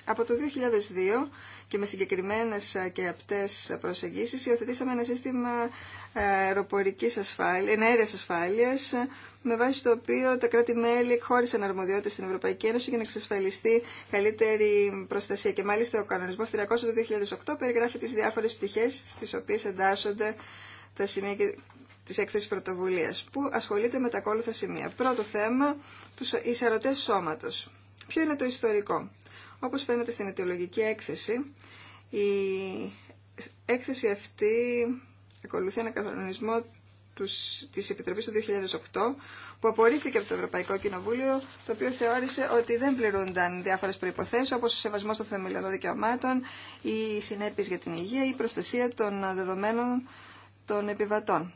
Από το 2002 και με συγκεκριμένες ε, και απτές προσεγγίσεις υιοθετήσαμε ένα σύστημα ε, αεροπορικής ασφάλειας, ασφάλειας με βάση το οποίο τα κράτη-μέλη χώρισαν αρμοδιότητες στην Ευρωπαϊκή Ένωση για να εξασφαλιστεί καλύτερη προστασία. Και μάλιστα ο κανονισμός 300 του 2008 περιγράφει τις διάφορες πτυχές στις οποίες εντάσσονται τα σημεία τη έκθεση πρωτοβουλία, που ασχολείται με τα ακόλουθα σημεία. Πρώτο θέμα, του εισαρωτέ σώματο. Ποιο είναι το ιστορικό. Όπως φαίνεται στην αιτιολογική έκθεση, η έκθεση αυτή ακολουθεί ένα καθορισμό της Επιτροπής του 2008 που απορρίφθηκε από το Ευρωπαϊκό Κοινοβούλιο το οποίο θεώρησε ότι δεν πληρούνταν διάφορες προϋποθέσεις όπως ο σεβασμός των θεμελιωδών δικαιωμάτων, οι συνέπειες για την υγεία ή η προστασία των δεδομένων των επιβατών.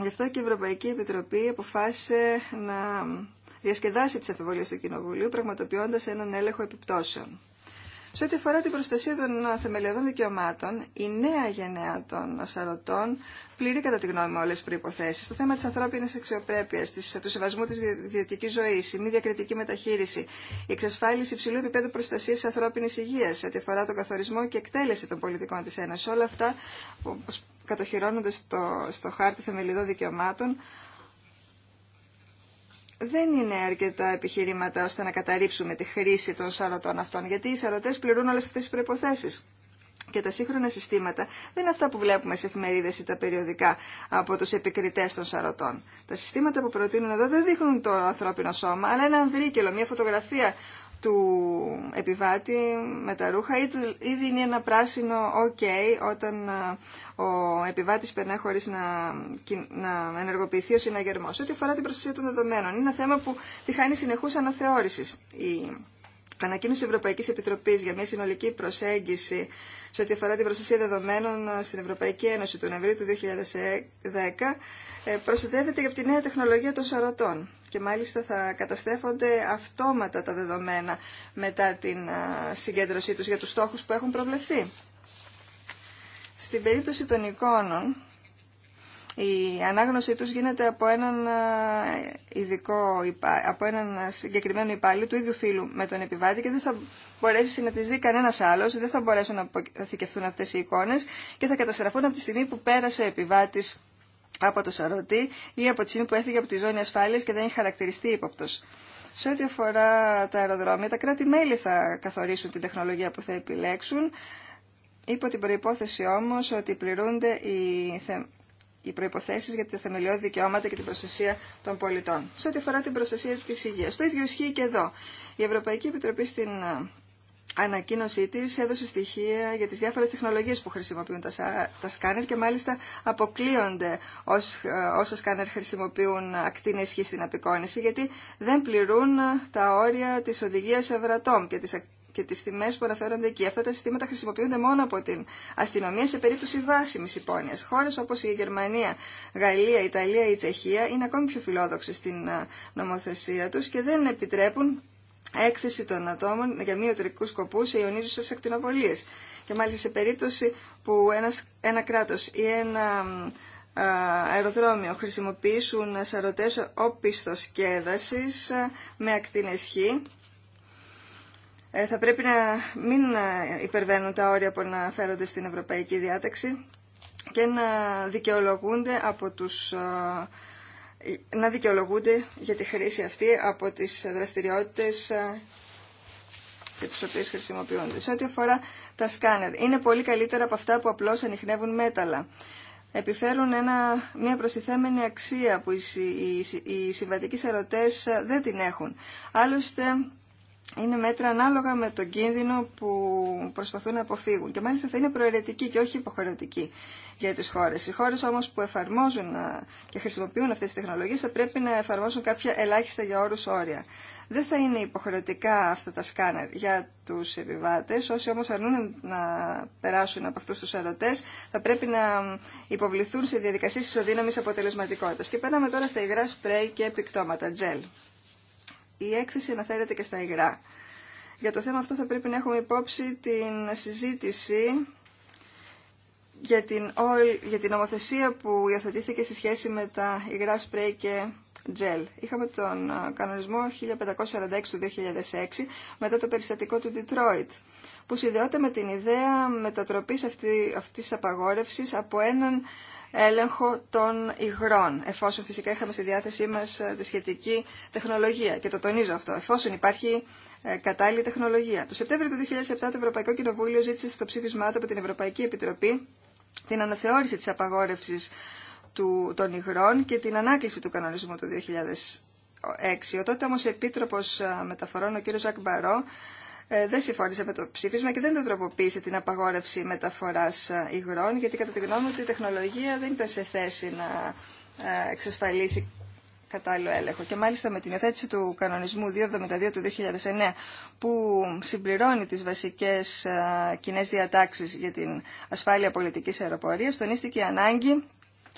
Γι' αυτό και η Ευρωπαϊκή Επιτροπή αποφάσισε να διασκεδάσει τι αφιβολίε του Κοινοβουλίου, πραγματοποιώντα έναν έλεγχο επιπτώσεων. Σε ό,τι αφορά την προστασία των θεμελιωδών δικαιωμάτων, η νέα γενναία των ασαρωτών πληρεί κατά τη γνώμη μου όλε τι προποθέσει. Το θέμα τη ανθρώπινη αξιοπρέπεια, του σεβασμού τη ιδιωτική ζωή, η μη διακριτική μεταχείριση, η εξασφάλιση υψηλού επίπεδου προστασία τη ανθρώπινη υγεία, σε ό,τι αφορά τον καθορισμό και εκτέλεση των πολιτικών τη Ένωση. Όλα αυτά κατοχυρώνονται στο, στο χάρτη θεμελιωδών δικαιωμάτων δεν είναι αρκετά επιχειρήματα ώστε να καταρρύψουμε τη χρήση των σαρωτών αυτών, γιατί οι σαρωτές πληρούν όλες αυτές τις προϋποθέσεις. Και τα σύγχρονα συστήματα δεν είναι αυτά που βλέπουμε σε εφημερίδες ή τα περιοδικά από του επικριτέ των σαρωτών. Τα συστήματα που προτείνουν εδώ δεν δείχνουν το ανθρώπινο σώμα, αλλά ένα ανδρίκελο, μια φωτογραφία του επιβάτη με τα ρούχα ή δίνει ένα πράσινο ok όταν ε, ο επιβάτης περνά χωρίς να, να ενεργοποιηθεί ο συναγερμός. Ό,τι αφορά την προστασία των δεδομένων. Είναι ένα θέμα που τη χάνει συνεχούς αναθεώρησης. Η ανακοίνωση Ευρωπαϊκής Επιτροπής για μια συνολική προσέγγιση σε ό,τι αφορά την προστασία δεδομένων ε, στην Ευρωπαϊκή Ένωση του Νευρίου του 2010 ε, προστατεύεται για τη νέα τεχνολογία των σαρωτών και μάλιστα θα καταστρέφονται αυτόματα τα δεδομένα μετά την συγκέντρωσή τους για τους στόχους που έχουν προβλεφθεί. Στην περίπτωση των εικόνων, η ανάγνωσή τους γίνεται από έναν, ειδικό, από έναν συγκεκριμένο υπάλληλο του ίδιου φίλου με τον επιβάτη και δεν θα μπορέσει να τις δει κανένας άλλος, δεν θα μπορέσουν να αποθηκευτούν αυτές οι εικόνες και θα καταστραφούν από τη στιγμή που πέρασε ο επιβάτης από το Σαρωτή ή από τη στιγμή που έφυγε από τη ζώνη ασφάλεια και δεν έχει χαρακτηριστεί ύποπτο. Σε ό,τι αφορά τα αεροδρόμια, τα κράτη-μέλη θα καθορίσουν την τεχνολογία που θα επιλέξουν, υπό την προϋπόθεση όμως ότι πληρούνται οι, θε... οι προϋποθέσεις για τα θεμελιώδη δικαιώματα και την προστασία των πολιτών. Σε ό,τι αφορά την προστασία της υγείας, το ίδιο ισχύει και εδώ. Η Ευρωπαϊκή Επιτροπή στην ανακοίνωσή τη έδωσε στοιχεία για τι διάφορε τεχνολογίε που χρησιμοποιούν τα σκάνερ και μάλιστα αποκλείονται ως, ε, όσα σκάνερ χρησιμοποιούν ακτίνε ισχύ στην απεικόνηση γιατί δεν πληρούν ε, τα όρια τη οδηγία Ευρατόμ και τις, και τις τιμές που αναφέρονται εκεί. Αυτά τα συστήματα χρησιμοποιούνται μόνο από την αστυνομία σε περίπτωση βάσιμη υπόνοιας. Χώρες όπως η Γερμανία, Γαλλία, Ιταλία ή Τσεχία είναι ακόμη πιο φιλόδοξες στην ε, νομοθεσία τους και δεν επιτρέπουν έκθεση των ατόμων για μη σκοπού σκοπούς σε ιονίζουσες ακτινοβολίες. Και μάλιστα σε περίπτωση που ένας, ένα κράτος ή ένα αεροδρόμιο χρησιμοποιήσουν σαρωτές οπισθοσκέδασης με ακτινεσχή, ε, θα πρέπει να μην υπερβαίνουν τα όρια που αναφέρονται στην Ευρωπαϊκή Διάταξη και να δικαιολογούνται από τους να δικαιολογούνται για τη χρήση αυτή από τις δραστηριότητες και ε, τις οποίες χρησιμοποιούνται. Σε ό,τι αφορά τα σκάνερ, είναι πολύ καλύτερα από αυτά που απλώς ανοιχνεύουν μέταλλα. Επιφέρουν ένα, μια προστιθέμενη αξία που οι, οι, οι συμβατικοί σαρωτές ε, δεν την έχουν. Άλλωστε, είναι μέτρα ανάλογα με τον κίνδυνο που προσπαθούν να αποφύγουν. Και μάλιστα θα είναι προαιρετική και όχι υποχρεωτική για τι χώρε. Οι χώρε όμω που εφαρμόζουν ε, και χρησιμοποιούν αυτέ τι τεχνολογίε, θα πρέπει να εφαρμόσουν κάποια ελάχιστα για όρους όρια. Δεν θα είναι υποχρεωτικά αυτά τα σκάνερ για του επιβάτες. Όσοι όμω αρνούν να περάσουν από αυτού του ερωτέ, θα πρέπει να υποβληθούν σε διαδικασίε ισοδύναμη αποτελεσματικότητα. Και πέραμε τώρα στα υγρά σπρέι και επικτώματα, τζέλ. Η έκθεση αναφέρεται και στα υγρά. Για το θέμα αυτό θα πρέπει να έχουμε υπόψη την συζήτηση για την, για την νομοθεσία που υιοθετήθηκε σε σχέση με τα υγρά σπρέι και Gel. Είχαμε τον κανονισμό 1546 του 2006 μετά το περιστατικό του Detroit που συνδεόταν με την ιδέα μετατροπής αυτή, αυτής της απαγόρευσης από έναν έλεγχο των υγρών, εφόσον φυσικά είχαμε στη διάθεσή μας ε, τη σχετική τεχνολογία. Και το τονίζω αυτό, εφόσον υπάρχει ε, κατάλληλη τεχνολογία. Το Σεπτέμβριο του 2007 το Ευρωπαϊκό Κοινοβούλιο ζήτησε στο ψήφισμά του από την Ευρωπαϊκή Επιτροπή την αναθεώρηση της απαγόρευσης του, των υγρών και την ανάκληση του κανονισμού του 2006. Ο τότε όμως Επίτροπος ε, Μεταφορών, ο κ. Ζακ Μπαρό, ε, δεν συμφώνησε με το ψήφισμα και δεν το τροποποίησε την απαγόρευση μεταφοράς ε, υγρών, γιατί κατά τη γνώμη μου η τεχνολογία δεν ήταν σε θέση να ε, εξασφαλίσει κατάλληλο έλεγχο. Και μάλιστα με την υιοθέτηση του κανονισμού 272 του 2009 που συμπληρώνει τις βασικές κοινέ διατάξεις για την ασφάλεια πολιτικής αεροπορίας, τονίστηκε η ανάγκη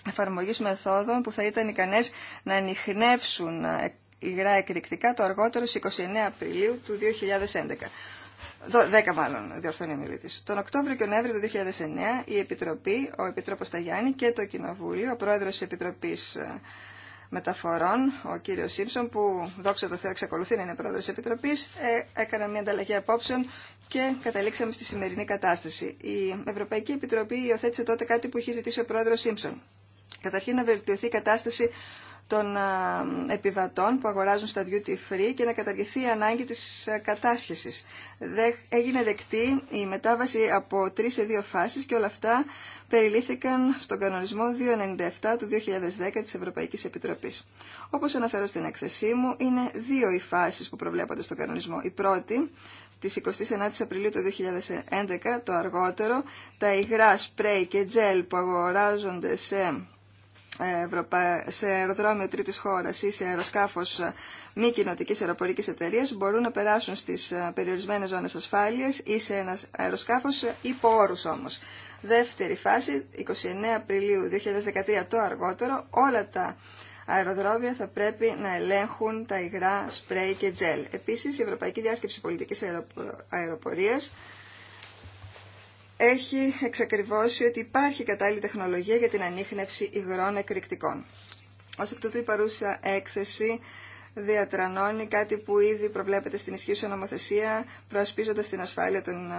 εφαρμογής μεθόδων που θα ήταν ικανές να ανοιχνεύσουν υγρά εκρηκτικά το αργότερο στις 29 Απριλίου του 2011. 10 μάλλον, διορθώνει ο μιλητή. Τον Οκτώβριο και τον Νοέμβριο του 2009 η Επιτροπή, ο Επιτρόπος Ταγιάννη και το Κοινοβούλιο, ο πρόεδρο τη Επιτροπής ε, Μεταφορών, ο κύριος Σίμψον, που δόξα τω Θεώ εξακολουθεί να είναι πρόεδρο τη Επιτροπή, ε, έκαναν μια ανταλλαγή απόψεων και καταλήξαμε στη σημερινή κατάσταση. Η Ευρωπαϊκή Επιτροπή υιοθέτησε τότε κάτι που είχε ζητήσει ο πρόεδρο Σίμψον. Καταρχήν να βελτιωθεί η κατάσταση των επιβατών που αγοράζουν στα duty free και να καταργηθεί η ανάγκη της κατάσχεσης. Έγινε δεκτή η μετάβαση από τρεις σε δύο φάσεις και όλα αυτά περιλήθηκαν στον κανονισμό 297 του 2010 της Ευρωπαϊκής Επιτροπής. Όπως αναφέρω στην έκθεσή μου, είναι δύο οι φάσεις που προβλέπονται στον κανονισμό. Η πρώτη, τις 29 η Απριλίου του 2011, το αργότερο, τα υγρά, σπρέι και τζέλ που αγοράζονται σε σε αεροδρόμιο τρίτης χώρας ή σε αεροσκάφο μη κοινοτική αεροπορικής εταιρεία μπορούν να περάσουν στις ε, περιορισμένες ζώνες ασφάλειας ή σε ένα αεροσκάφος υπό όρου όμω. Δεύτερη φάση, 29 Απριλίου 2013 το αργότερο, όλα τα αεροδρόμια θα πρέπει να ελέγχουν τα υγρά, σπρέι και τζέλ. Επίσης, η Ευρωπαϊκή Διάσκεψη Πολιτικής Αεροπορίας έχει εξακριβώσει ότι υπάρχει κατάλληλη τεχνολογία για την ανείχνευση υγρών εκρηκτικών. Ως εκ τούτου η παρούσα έκθεση διατρανώνει κάτι που ήδη προβλέπεται στην ισχύουσα νομοθεσία, προασπίζοντας την ασφάλεια των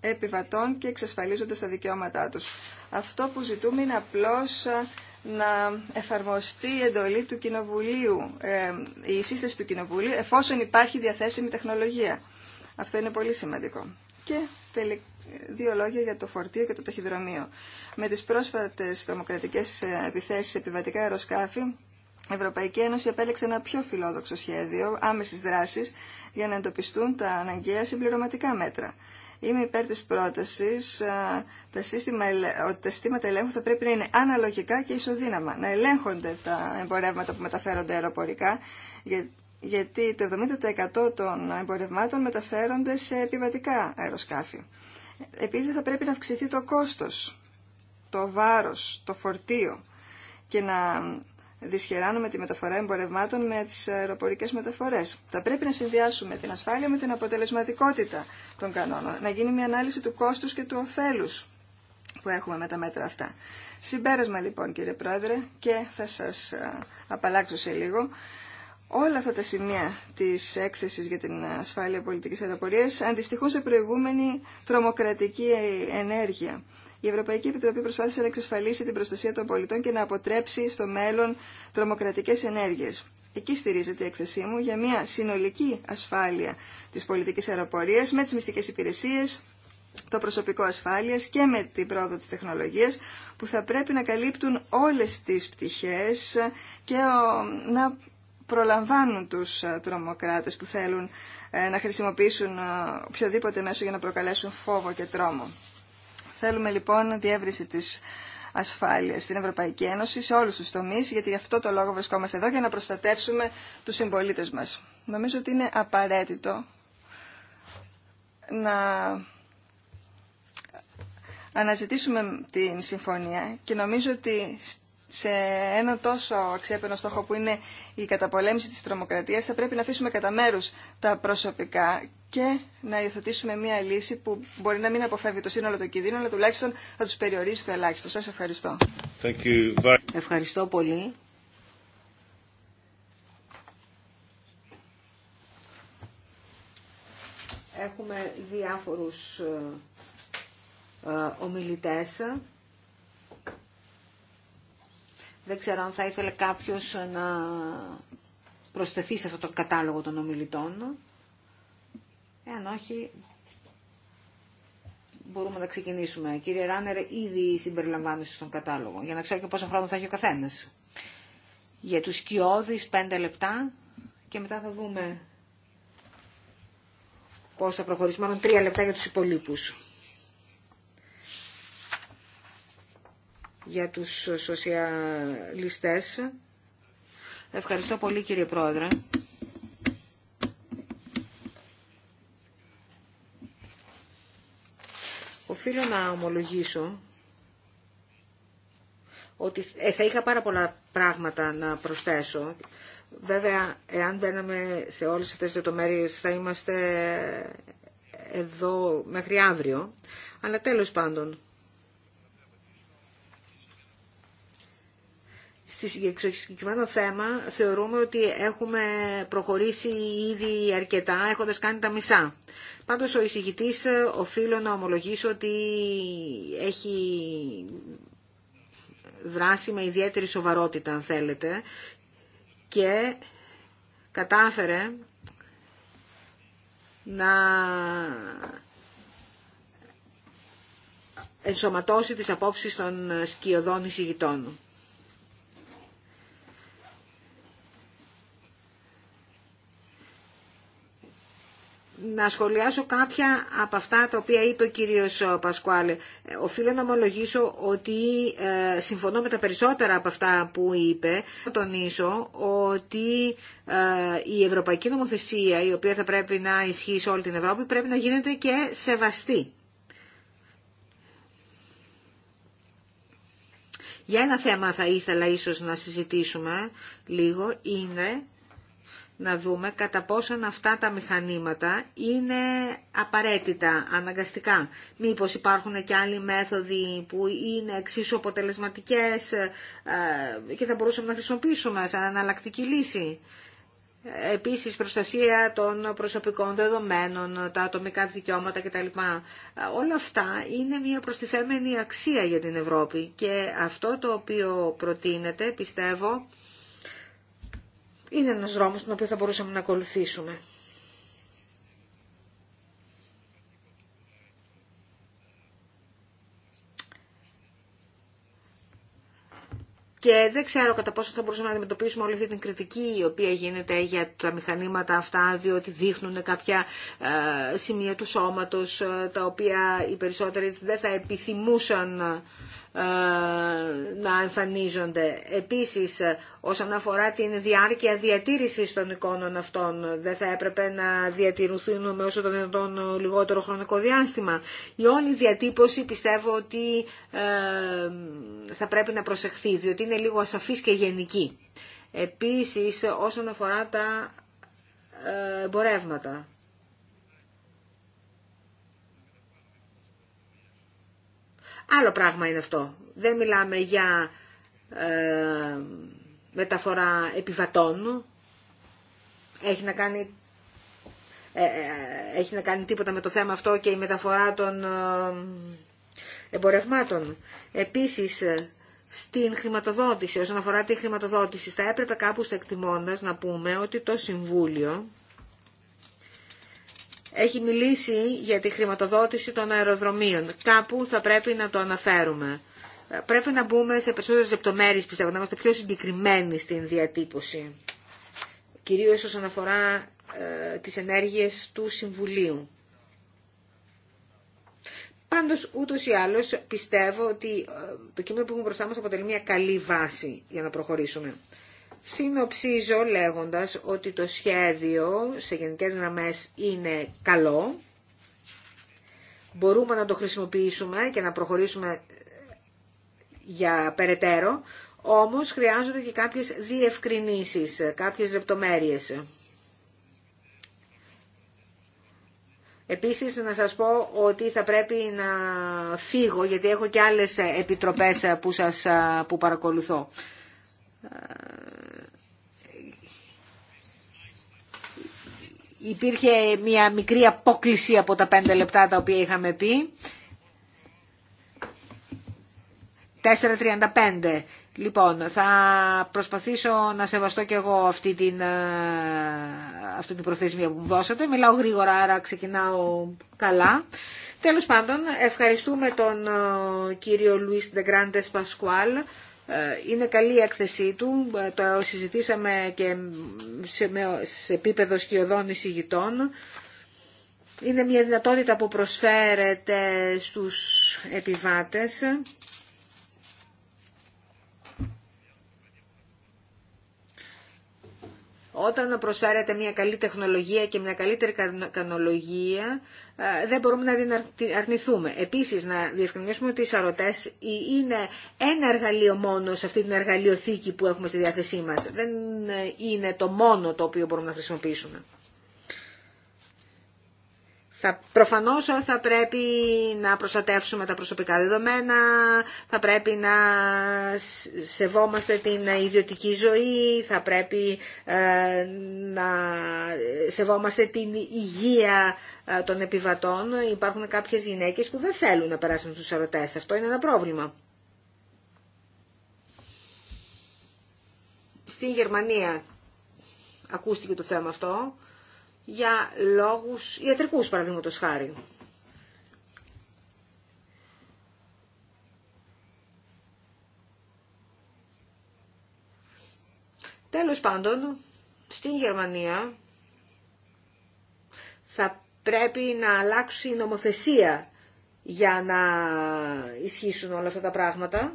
ε, επιβατών και εξασφαλίζοντας τα δικαιώματά τους. Αυτό που ζητούμε είναι απλώς ε, να εφαρμοστεί η εντολή του Κοινοβουλίου, ε, η σύσταση του Κοινοβουλίου, εφόσον υπάρχει διαθέσιμη τεχνολογία. Αυτό είναι πολύ σημαντικό. Και τελικά δύο λόγια για το φορτίο και το ταχυδρομείο. Με τις πρόσφατες τρομοκρατικές ε, επιθέσεις σε επιβατικά αεροσκάφη, η Ευρωπαϊκή Ένωση επέλεξε ένα πιο φιλόδοξο σχέδιο άμεσης δράσης για να εντοπιστούν τα αναγκαία συμπληρωματικά μέτρα. Είμαι υπέρ της πρότασης ε, τα σύστημα, ότι τα συστήματα ελέγχου θα πρέπει να είναι αναλογικά και ισοδύναμα, να ελέγχονται τα εμπορεύματα που μεταφέρονται αεροπορικά, γιατί το 70% των εμπορευμάτων μεταφέρονται σε επιβατικά αεροσκάφη. Επίσης θα πρέπει να αυξηθεί το κόστος, το βάρος, το φορτίο και να δυσχεράνουμε τη μεταφορά εμπορευμάτων με τις αεροπορικές μεταφορές. Θα πρέπει να συνδυάσουμε την ασφάλεια με την αποτελεσματικότητα των κανόνων, να γίνει μια ανάλυση του κόστους και του ωφέλους που έχουμε με τα μέτρα αυτά. Συμπέρασμα λοιπόν κύριε Πρόεδρε και θα σας απαλλάξω σε λίγο. Όλα αυτά τα σημεία της έκθεσης για την ασφάλεια πολιτικής αεροπορίας αντιστοιχούν σε προηγούμενη τρομοκρατική ενέργεια. Η Ευρωπαϊκή Επιτροπή προσπάθησε να εξασφαλίσει την προστασία των πολιτών και να αποτρέψει στο μέλλον τρομοκρατικές ενέργειες. Εκεί στηρίζεται η έκθεσή μου για μια συνολική ασφάλεια της πολιτικής αεροπορίας με τις μυστικές υπηρεσίες, το προσωπικό ασφάλειας και με την πρόοδο της τεχνολογίας που θα πρέπει να καλύπτουν όλες τις πτυχές και να προλαμβάνουν τους ε, τρομοκράτες που θέλουν ε, να χρησιμοποιήσουν ε, οποιοδήποτε μέσο για να προκαλέσουν φόβο και τρόμο. Θέλουμε λοιπόν διεύρυνση της ασφάλειας στην Ευρωπαϊκή Ένωση σε όλους τους τομείς, γιατί γι' αυτό το λόγο βρισκόμαστε εδώ για να προστατεύσουμε τους συμπολίτε μας. Νομίζω ότι είναι απαραίτητο να αναζητήσουμε την συμφωνία και νομίζω ότι σε ένα τόσο αξιέπαινο στόχο που είναι η καταπολέμηση της τρομοκρατίας θα πρέπει να αφήσουμε κατά μέρου τα προσωπικά και να υιοθετήσουμε μια λύση που μπορεί να μην αποφεύγει το σύνολο των κινδύνων αλλά τουλάχιστον θα τους περιορίσει το ελάχιστο. Σας ευχαριστώ. Ευχαριστώ πολύ. Έχουμε διάφορους ε, ε, ομιλητές. Δεν ξέρω αν θα ήθελε κάποιος να προσθεθεί σε αυτό το κατάλογο των ομιλητών. Εάν όχι, μπορούμε να ξεκινήσουμε. Κύριε Ράνερ, ήδη συμπεριλαμβάνεσαι στον κατάλογο, για να ξέρω και πόσο χρόνο θα έχει ο καθένας. Για τους σκιώδεις, πέντε λεπτά και μετά θα δούμε πώς θα προχωρήσουμε. Μάλλον τρία λεπτά για τους υπολείπους. για τους σοσιαλιστές. Ευχαριστώ πολύ κύριε Πρόεδρε. Οφείλω να ομολογήσω ότι ε, θα είχα πάρα πολλά πράγματα να προσθέσω. Βέβαια, εάν μπαίναμε σε όλες αυτές τις λεπτομέρειες θα είμαστε εδώ μέχρι αύριο. Αλλά τέλος πάντων, στη συγκεκριμένο θέμα θεωρούμε ότι έχουμε προχωρήσει ήδη αρκετά έχοντας κάνει τα μισά. Πάντως ο εισηγητής ε, οφείλω να ομολογήσω ότι έχει δράσει με ιδιαίτερη σοβαρότητα αν θέλετε και κατάφερε να ενσωματώσει τις απόψεις των σκιωδών εισηγητών. να σχολιάσω κάποια από αυτά τα οποία είπε ο κύριος ε, Πασκουάλε. Ε, οφείλω να ομολογήσω ότι ε, συμφωνώ με τα περισσότερα από αυτά που είπε. τονίσω ότι η ευρωπαϊκή νομοθεσία η οποία θα πρέπει να ισχύει σε όλη την Ευρώπη πρέπει να γίνεται και σεβαστή. Για ένα θέμα θα ήθελα ίσως να συζητήσουμε λίγο είναι να δούμε κατά πόσον αυτά τα μηχανήματα είναι απαραίτητα, αναγκαστικά. Μήπως υπάρχουν και άλλοι μέθοδοι που είναι εξίσου αποτελεσματικές ε, και θα μπορούσαμε να χρησιμοποιήσουμε σαν αναλλακτική λύση. Επίσης προστασία των προσωπικών δεδομένων, τα ατομικά δικαιώματα κτλ. Όλα αυτά είναι μια προστιθέμενη αξία για την Ευρώπη και αυτό το οποίο προτείνεται πιστεύω είναι ένας δρόμος τον οποίο θα μπορούσαμε να ακολουθήσουμε. Και δεν ξέρω κατά πόσο θα μπορούσαμε να αντιμετωπίσουμε όλη αυτή την κριτική η οποία γίνεται για τα μηχανήματα αυτά, διότι δείχνουν κάποια ε, σημεία του σώματος, ε, τα οποία οι περισσότεροι δεν θα επιθυμούσαν ε, ε, να εμφανίζονται. Επίσης, ε, όσον αφορά την διάρκεια διατήρησης των εικόνων αυτών, δεν θα έπρεπε να διατηρηθούν με όσο το δυνατόν λιγότερο χρονικό διάστημα. Η όλη διατύπωση πιστεύω ότι ε, θα πρέπει να προσεχθεί, διότι είναι λίγο ασαφής και γενική. Επίσης, όσον αφορά τα εμπορεύματα, Άλλο πράγμα είναι αυτό. Δεν μιλάμε για ε, μεταφορά επιβατών. Έχει να κάνει ε, ε, έχει να κάνει τίποτα με το θέμα αυτό και η μεταφορά των ε, εμπορευμάτων. Επίσης, στην χρηματοδότηση, όσον αφορά τη χρηματοδότηση, θα έπρεπε κάπου στα εκτιμώντας να πούμε ότι το Συμβούλιο έχει μιλήσει για τη χρηματοδότηση των αεροδρομίων. Κάπου θα πρέπει να το αναφέρουμε. Πρέπει να μπούμε σε περισσότερες λεπτομέρειες, πιστεύω, να είμαστε πιο συγκεκριμένοι στην διατύπωση. Κυρίως όσον αφορά ε, τις ενέργειες του Συμβουλίου. Πάντως, ούτως ή άλλως, πιστεύω ότι ε, το κείμενο που έχουμε μπροστά μας αποτελεί μια καλή βάση για να προχωρήσουμε. Συνοψίζω λέγοντας ότι το σχέδιο σε γενικές γραμμές είναι καλό, μπορούμε να το χρησιμοποιήσουμε και να προχωρήσουμε ε, για περαιτέρω, όμως χρειάζονται και κάποιες διευκρινήσεις, κάποιες λεπτομέρειες. Επίσης να σας πω ότι θα πρέπει να φύγω γιατί έχω και άλλες επιτροπές που, σας, ε, που παρακολουθώ. Ε, υπήρχε μια μικρή απόκληση από τα πέντε λεπτά τα οποία είχαμε πει. 4.35. Λοιπόν, θα προσπαθήσω να σεβαστώ και εγώ αυτή την, ε, αυτή την προθεσμία που μου δώσατε. Μιλάω γρήγορα, άρα ξεκινάω καλά. Τέλος πάντων, ευχαριστούμε τον ε, κύριο Λουίς Ντεγκράντες Πασκουάλ ε, είναι καλή η έκθεσή του, ε, το συζητήσαμε και σε επίπεδο σκιωδών εισηγητών. Είναι μια δυνατότητα που προσφέρεται στους επιβάτες Όταν προσφέρεται μια καλή τεχνολογία και μια καλύτερη κανολογία, ε, δεν μπορούμε να την αρνηθούμε. Επίσης, να διευκρινίσουμε ότι οι σαρωτές είναι ένα εργαλείο μόνο σε αυτή την εργαλειοθήκη που έχουμε στη διάθεσή μας. Δεν ε, είναι το μόνο το οποίο μπορούμε να χρησιμοποιήσουμε. Θα, προφανώς θα πρέπει να προστατεύσουμε τα προσωπικά δεδομένα, θα πρέπει να σεβόμαστε την ιδιωτική ζωή, θα πρέπει ε, να σεβόμαστε την υγεία ε, των επιβατών. Υπάρχουν κάποιες γυναίκες που δεν θέλουν να περάσουν τους ερωτές. Αυτό είναι ένα πρόβλημα. Στη Γερμανία ακούστηκε το θέμα αυτό για λόγους ιατρικούς παραδείγματος χάρη. Τέλος πάντων, στην Γερμανία θα πρέπει να αλλάξει η νομοθεσία για να ισχύσουν όλα αυτά τα πράγματα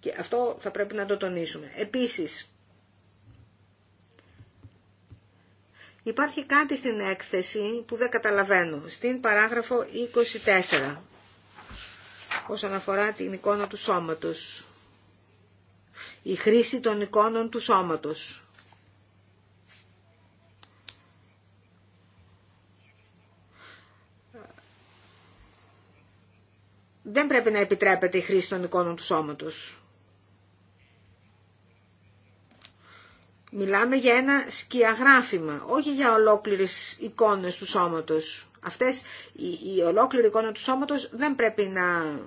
και αυτό θα πρέπει να το τονίσουμε. Επίσης, Υπάρχει κάτι στην έκθεση που δεν καταλαβαίνω. Στην παράγραφο 24 όσον αφορά την εικόνα του σώματος. Η χρήση των εικόνων του σώματος. Δεν πρέπει να επιτρέπεται η χρήση των εικόνων του σώματος. Μιλάμε για ένα σκιαγράφημα, όχι για ολόκληρες εικόνες του σώματος. Αυτές, η, η ολόκληρη εικόνα του σώματος δεν πρέπει να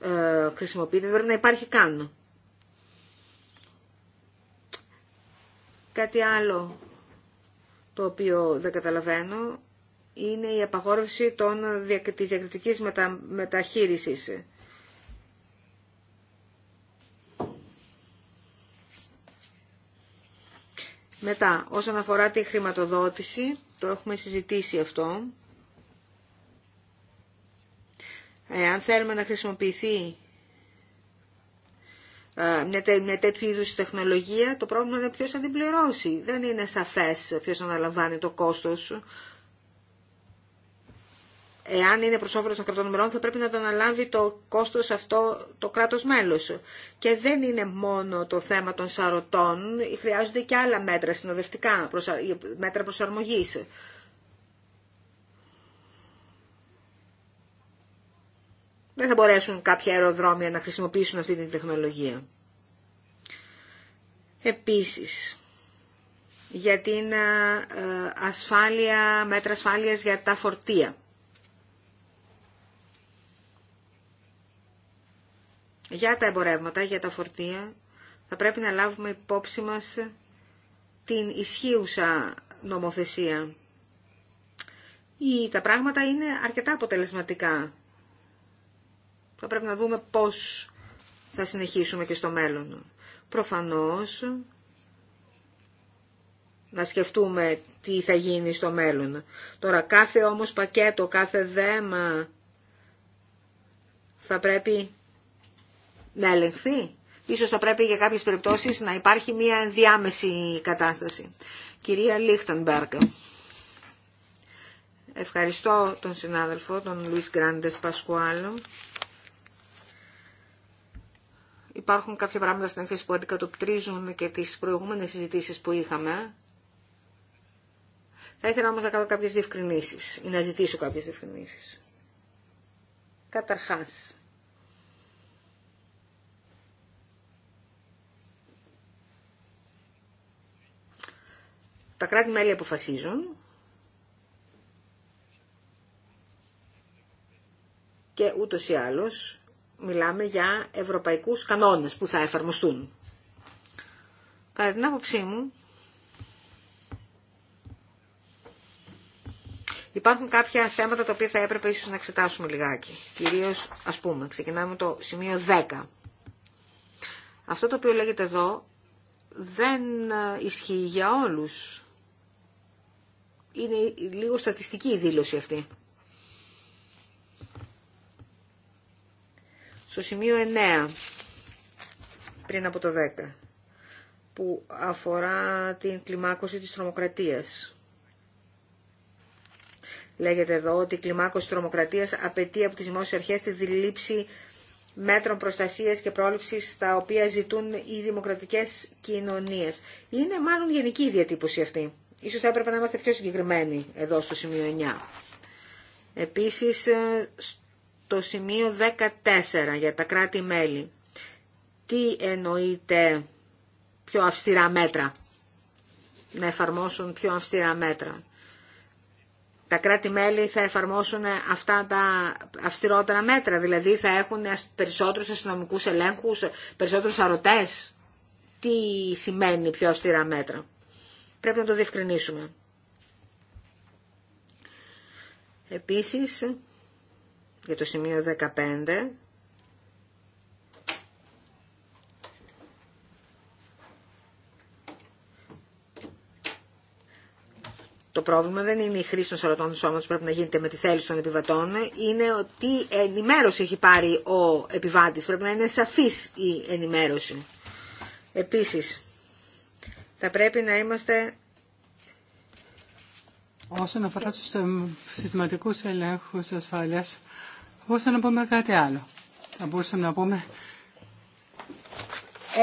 ε, χρησιμοποιείται, δεν πρέπει να υπάρχει καν. Κάτι άλλο το οποίο δεν καταλαβαίνω είναι η απαγόρευση των, της διακριτικής μετα, μεταχείρισης. Μετά, όσον αφορά τη χρηματοδότηση, το έχουμε συζητήσει αυτό. Αν θέλουμε να χρησιμοποιηθεί ε, μια τέτοιου είδους τεχνολογία, το πρόβλημα είναι ποιος θα την πληρώσει. Δεν είναι σαφές ποιος αναλαμβάνει το κόστος εάν είναι προ όφελο των κρατών μελών, θα πρέπει να το αναλάβει το κόστο αυτό το κράτο μέλο. Και δεν είναι μόνο το θέμα των σαρωτών, χρειάζονται και άλλα μέτρα συνοδευτικά, μέτρα προσαρμογή. Δεν θα μπορέσουν κάποια αεροδρόμια να χρησιμοποιήσουν αυτή την τεχνολογία. Επίσης, για την ε, ασφάλεια, μέτρα ασφάλειας για τα φορτία. για τα εμπορεύματα, για τα φορτία, θα πρέπει να λάβουμε υπόψη μας την ισχύουσα νομοθεσία. Ή τα πράγματα είναι αρκετά αποτελεσματικά. Θα πρέπει να δούμε πώς θα συνεχίσουμε και στο μέλλον. Προφανώς, να σκεφτούμε τι θα γίνει στο μέλλον. Τώρα κάθε όμως πακέτο, κάθε δέμα θα πρέπει να ελεγχθεί. Ίσως θα πρέπει για κάποιες περιπτώσεις να υπάρχει μια ενδιάμεση κατάσταση. Κυρία Λίχτενμπεργκ. Ευχαριστώ τον συνάδελφο, τον Λουίς Γκράντες Πασκουάλο. Υπάρχουν κάποια πράγματα στην εκθέση που αντικατοπτρίζουν και τις προηγούμενες συζητήσεις που είχαμε. Θα ήθελα όμως να κάνω κάποιες διευκρινήσεις ή να ζητήσω κάποιες διευκρινήσεις. Καταρχάς, Τα κράτη-μέλη αποφασίζουν και ούτως ή άλλως μιλάμε για ευρωπαϊκούς κανόνες που θα εφαρμοστούν. Κατά την άποψή μου, Υπάρχουν κάποια θέματα τα οποία θα έπρεπε ίσως να εξετάσουμε λιγάκι. Κυρίως, ας πούμε, ξεκινάμε με το σημείο 10. Αυτό το οποίο λέγεται εδώ δεν ε, ισχύει για όλους είναι λίγο στατιστική η δήλωση αυτή. Στο σημείο 9, πριν από το 10, που αφορά την κλιμάκωση της τρομοκρατίας. Λέγεται εδώ ότι η κλιμάκωση της τρομοκρατίας απαιτεί από τις δημόσιες αρχές τη δηλήψη μέτρων προστασίας και πρόληψης τα οποία ζητούν οι δημοκρατικές κοινωνίες. Είναι μάλλον γενική η διατύπωση αυτή. Ίσως θα έπρεπε να είμαστε πιο συγκεκριμένοι εδώ στο σημείο 9. Επίσης, ε, στο σημείο 14 για τα κράτη-μέλη. Τι εννοείται πιο αυστηρά μέτρα, να εφαρμόσουν πιο αυστηρά μέτρα. Τα κράτη-μέλη θα εφαρμόσουν αυτά τα αυστηρότερα μέτρα, δηλαδή θα έχουν περισσότερους αστυνομικούς ελέγχους, περισσότερους αρωτές. Τι σημαίνει πιο αυστηρά μέτρα. Πρέπει να το διευκρινίσουμε. Επίσης, για το σημείο 15, Το πρόβλημα δεν είναι η χρήση των σαρωτών του σώματος που πρέπει να γίνεται με τη θέληση των επιβατών, είναι ότι ενημέρωση έχει πάρει ο επιβάτης. Πρέπει να είναι σαφής η ενημέρωση. Επίσης, θα πρέπει να είμαστε... Όσον αφορά τους συστηματικούς ελέγχους ασφάλειας, μπορούσα να πούμε κάτι άλλο. Θα μπορούσαμε να πούμε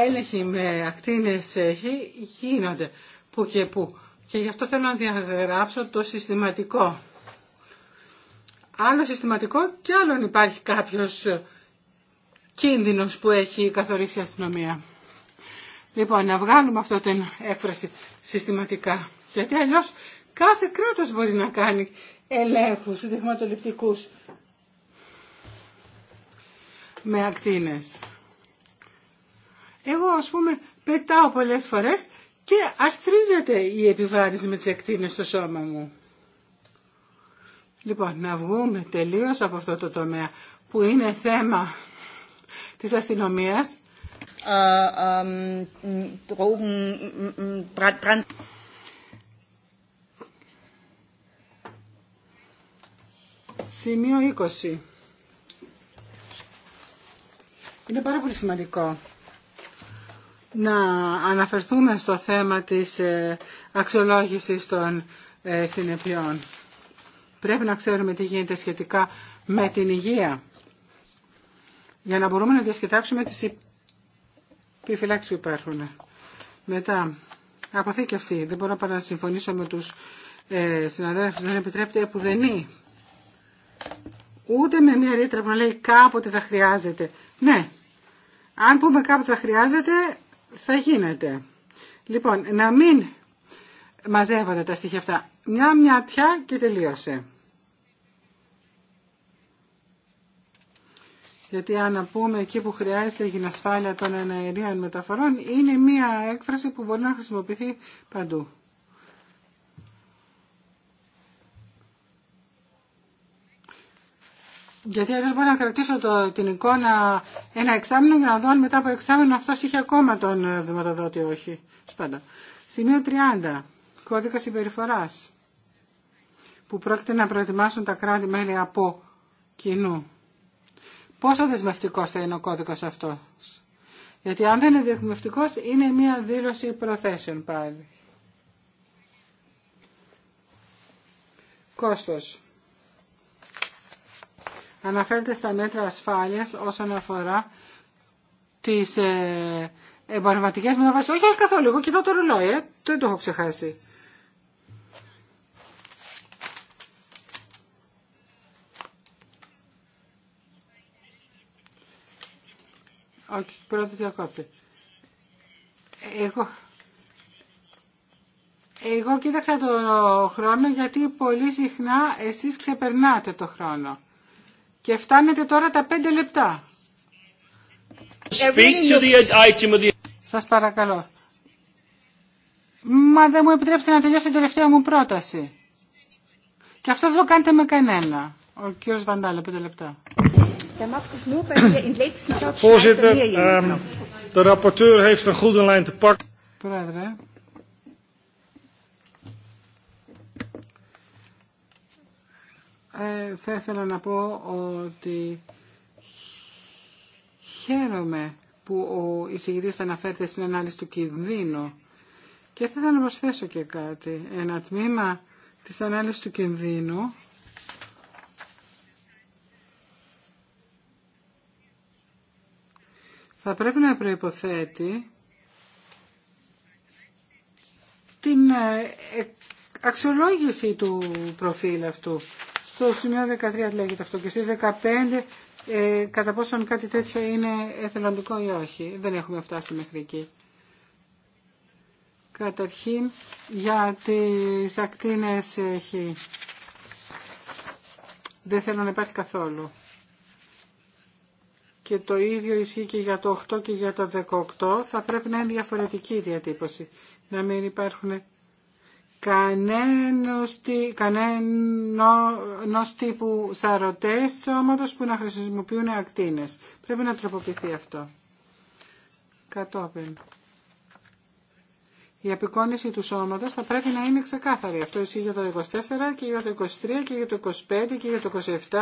έλεγχοι με ακτίνες έχει γίνονται που και που. Και γι' αυτό θέλω να διαγράψω το συστηματικό. Άλλο συστηματικό και άλλον υπάρχει κάποιος ε, κίνδυνος που έχει καθορίσει η αστυνομία. Λοιπόν, να βγάλουμε αυτό την έκφραση συστηματικά. Γιατί αλλιώς κάθε κράτος μπορεί να κάνει ελέγχους δειγματοληπτικούς με ακτίνες. Εγώ ας πούμε πετάω πολλές φορές και αστρίζεται η επιβάρηση με τις ακτίνες στο σώμα μου. Λοιπόν, να βγούμε τελείως από αυτό το τομέα που είναι θέμα της αστυνομίας Drogen, Brand. Σημείο 20. Είναι πάρα πολύ σημαντικό να αναφερθούμε στο θέμα της ε, αξιολόγησης των ε, συνεπειών. Πρέπει να ξέρουμε τι γίνεται σχετικά με την υγεία για να μπορούμε να διασκεδάξουμε τις επιφυλάξει που υπάρχουν. Μετά, αποθήκευση. αυτή. Δεν μπορώ παρά να συμφωνήσω με τους ε, συναδέλφους. Δεν επιτρέπεται επουδενή. Ούτε με μια ρήτρα που να λέει κάποτε θα χρειάζεται. Ναι, αν πούμε κάποτε θα χρειάζεται, θα γίνεται. Λοιπόν, να μην μαζεύονται τα στοιχεία αυτά. Μια μιατιά και τελείωσε. Γιατί αν πούμε εκεί που χρειάζεται η ασφάλεια των εναερίων μεταφορών είναι μία έκφραση που μπορεί να χρησιμοποιηθεί παντού. Γιατί αλλιώ μπορώ να κρατήσω το, την εικόνα ένα εξάμεινο για να δω αν μετά από εξάμεινο αυτό είχε ακόμα τον δημοτοδότη, ε, ή όχι. Σπάντα. Σημείο 30. Κώδικα συμπεριφορά. Που πρόκειται να προετοιμάσουν τα κράτη-μέλη από κοινού. Πόσο δεσμευτικό θα είναι ο κώδικο αυτός. Γιατί αν δεν είναι δεσμευτικό, είναι μια δήλωση προθέσεων πάλι. Κόστος. Αναφέρεται στα μέτρα ασφάλεια όσον αφορά τις ε, εμπορευματικέ μεταβάσει. Όχι, όχι καθόλου. Εγώ κοιτάω το ρολόι, ε. δεν το έχω ξεχάσει. Εγώ... Εγώ κοίταξα το χρόνο γιατί πολύ συχνά εσείς ξεπερνάτε το χρόνο. Και φτάνετε τώρα τα πέντε λεπτά. Speak Σας παρακαλώ. Μα δεν μου επιτρέψετε να τελειώσω την τελευταία μου πρόταση. Και αυτό δεν το κάνετε με κανένα. Ο κύριος Βαντάλα, πέντε λεπτά. Voorzitter, ehm, de rapporteur heeft een goede lijn te pakken. Ε, θα ήθελα να πω ότι χαίρομαι που ο εισηγητής αναφέρεται στην ανάλυση του κινδύνου και θα ήθελα να προσθέσω και κάτι. Ένα τμήμα της ανάλυσης του κινδύνου θα πρέπει να προϋποθέτει την ε, ε, αξιολόγηση του προφίλ αυτού. Στο σημείο 13 λέγεται αυτό και στη 15 ε, κατά πόσον κάτι τέτοιο είναι εθελοντικό ή όχι. Δεν έχουμε φτάσει μέχρι εκεί. Καταρχήν για τις ακτίνες εχει Δεν θέλω να υπάρχει καθόλου και το ίδιο ισχύει και για το 8 και για το 18, θα πρέπει να είναι διαφορετική η διατύπωση. Να μην υπάρχουν κανένας τύπου σαρωτές σώματος που να χρησιμοποιούν ακτίνες. Πρέπει να τροποποιηθεί αυτό. Κατόπιν. Η απεικόνιση του σώματος θα πρέπει να είναι ξεκάθαρη. Αυτό ισχύει για το 24 και για το 23 και για το 25 και για το 27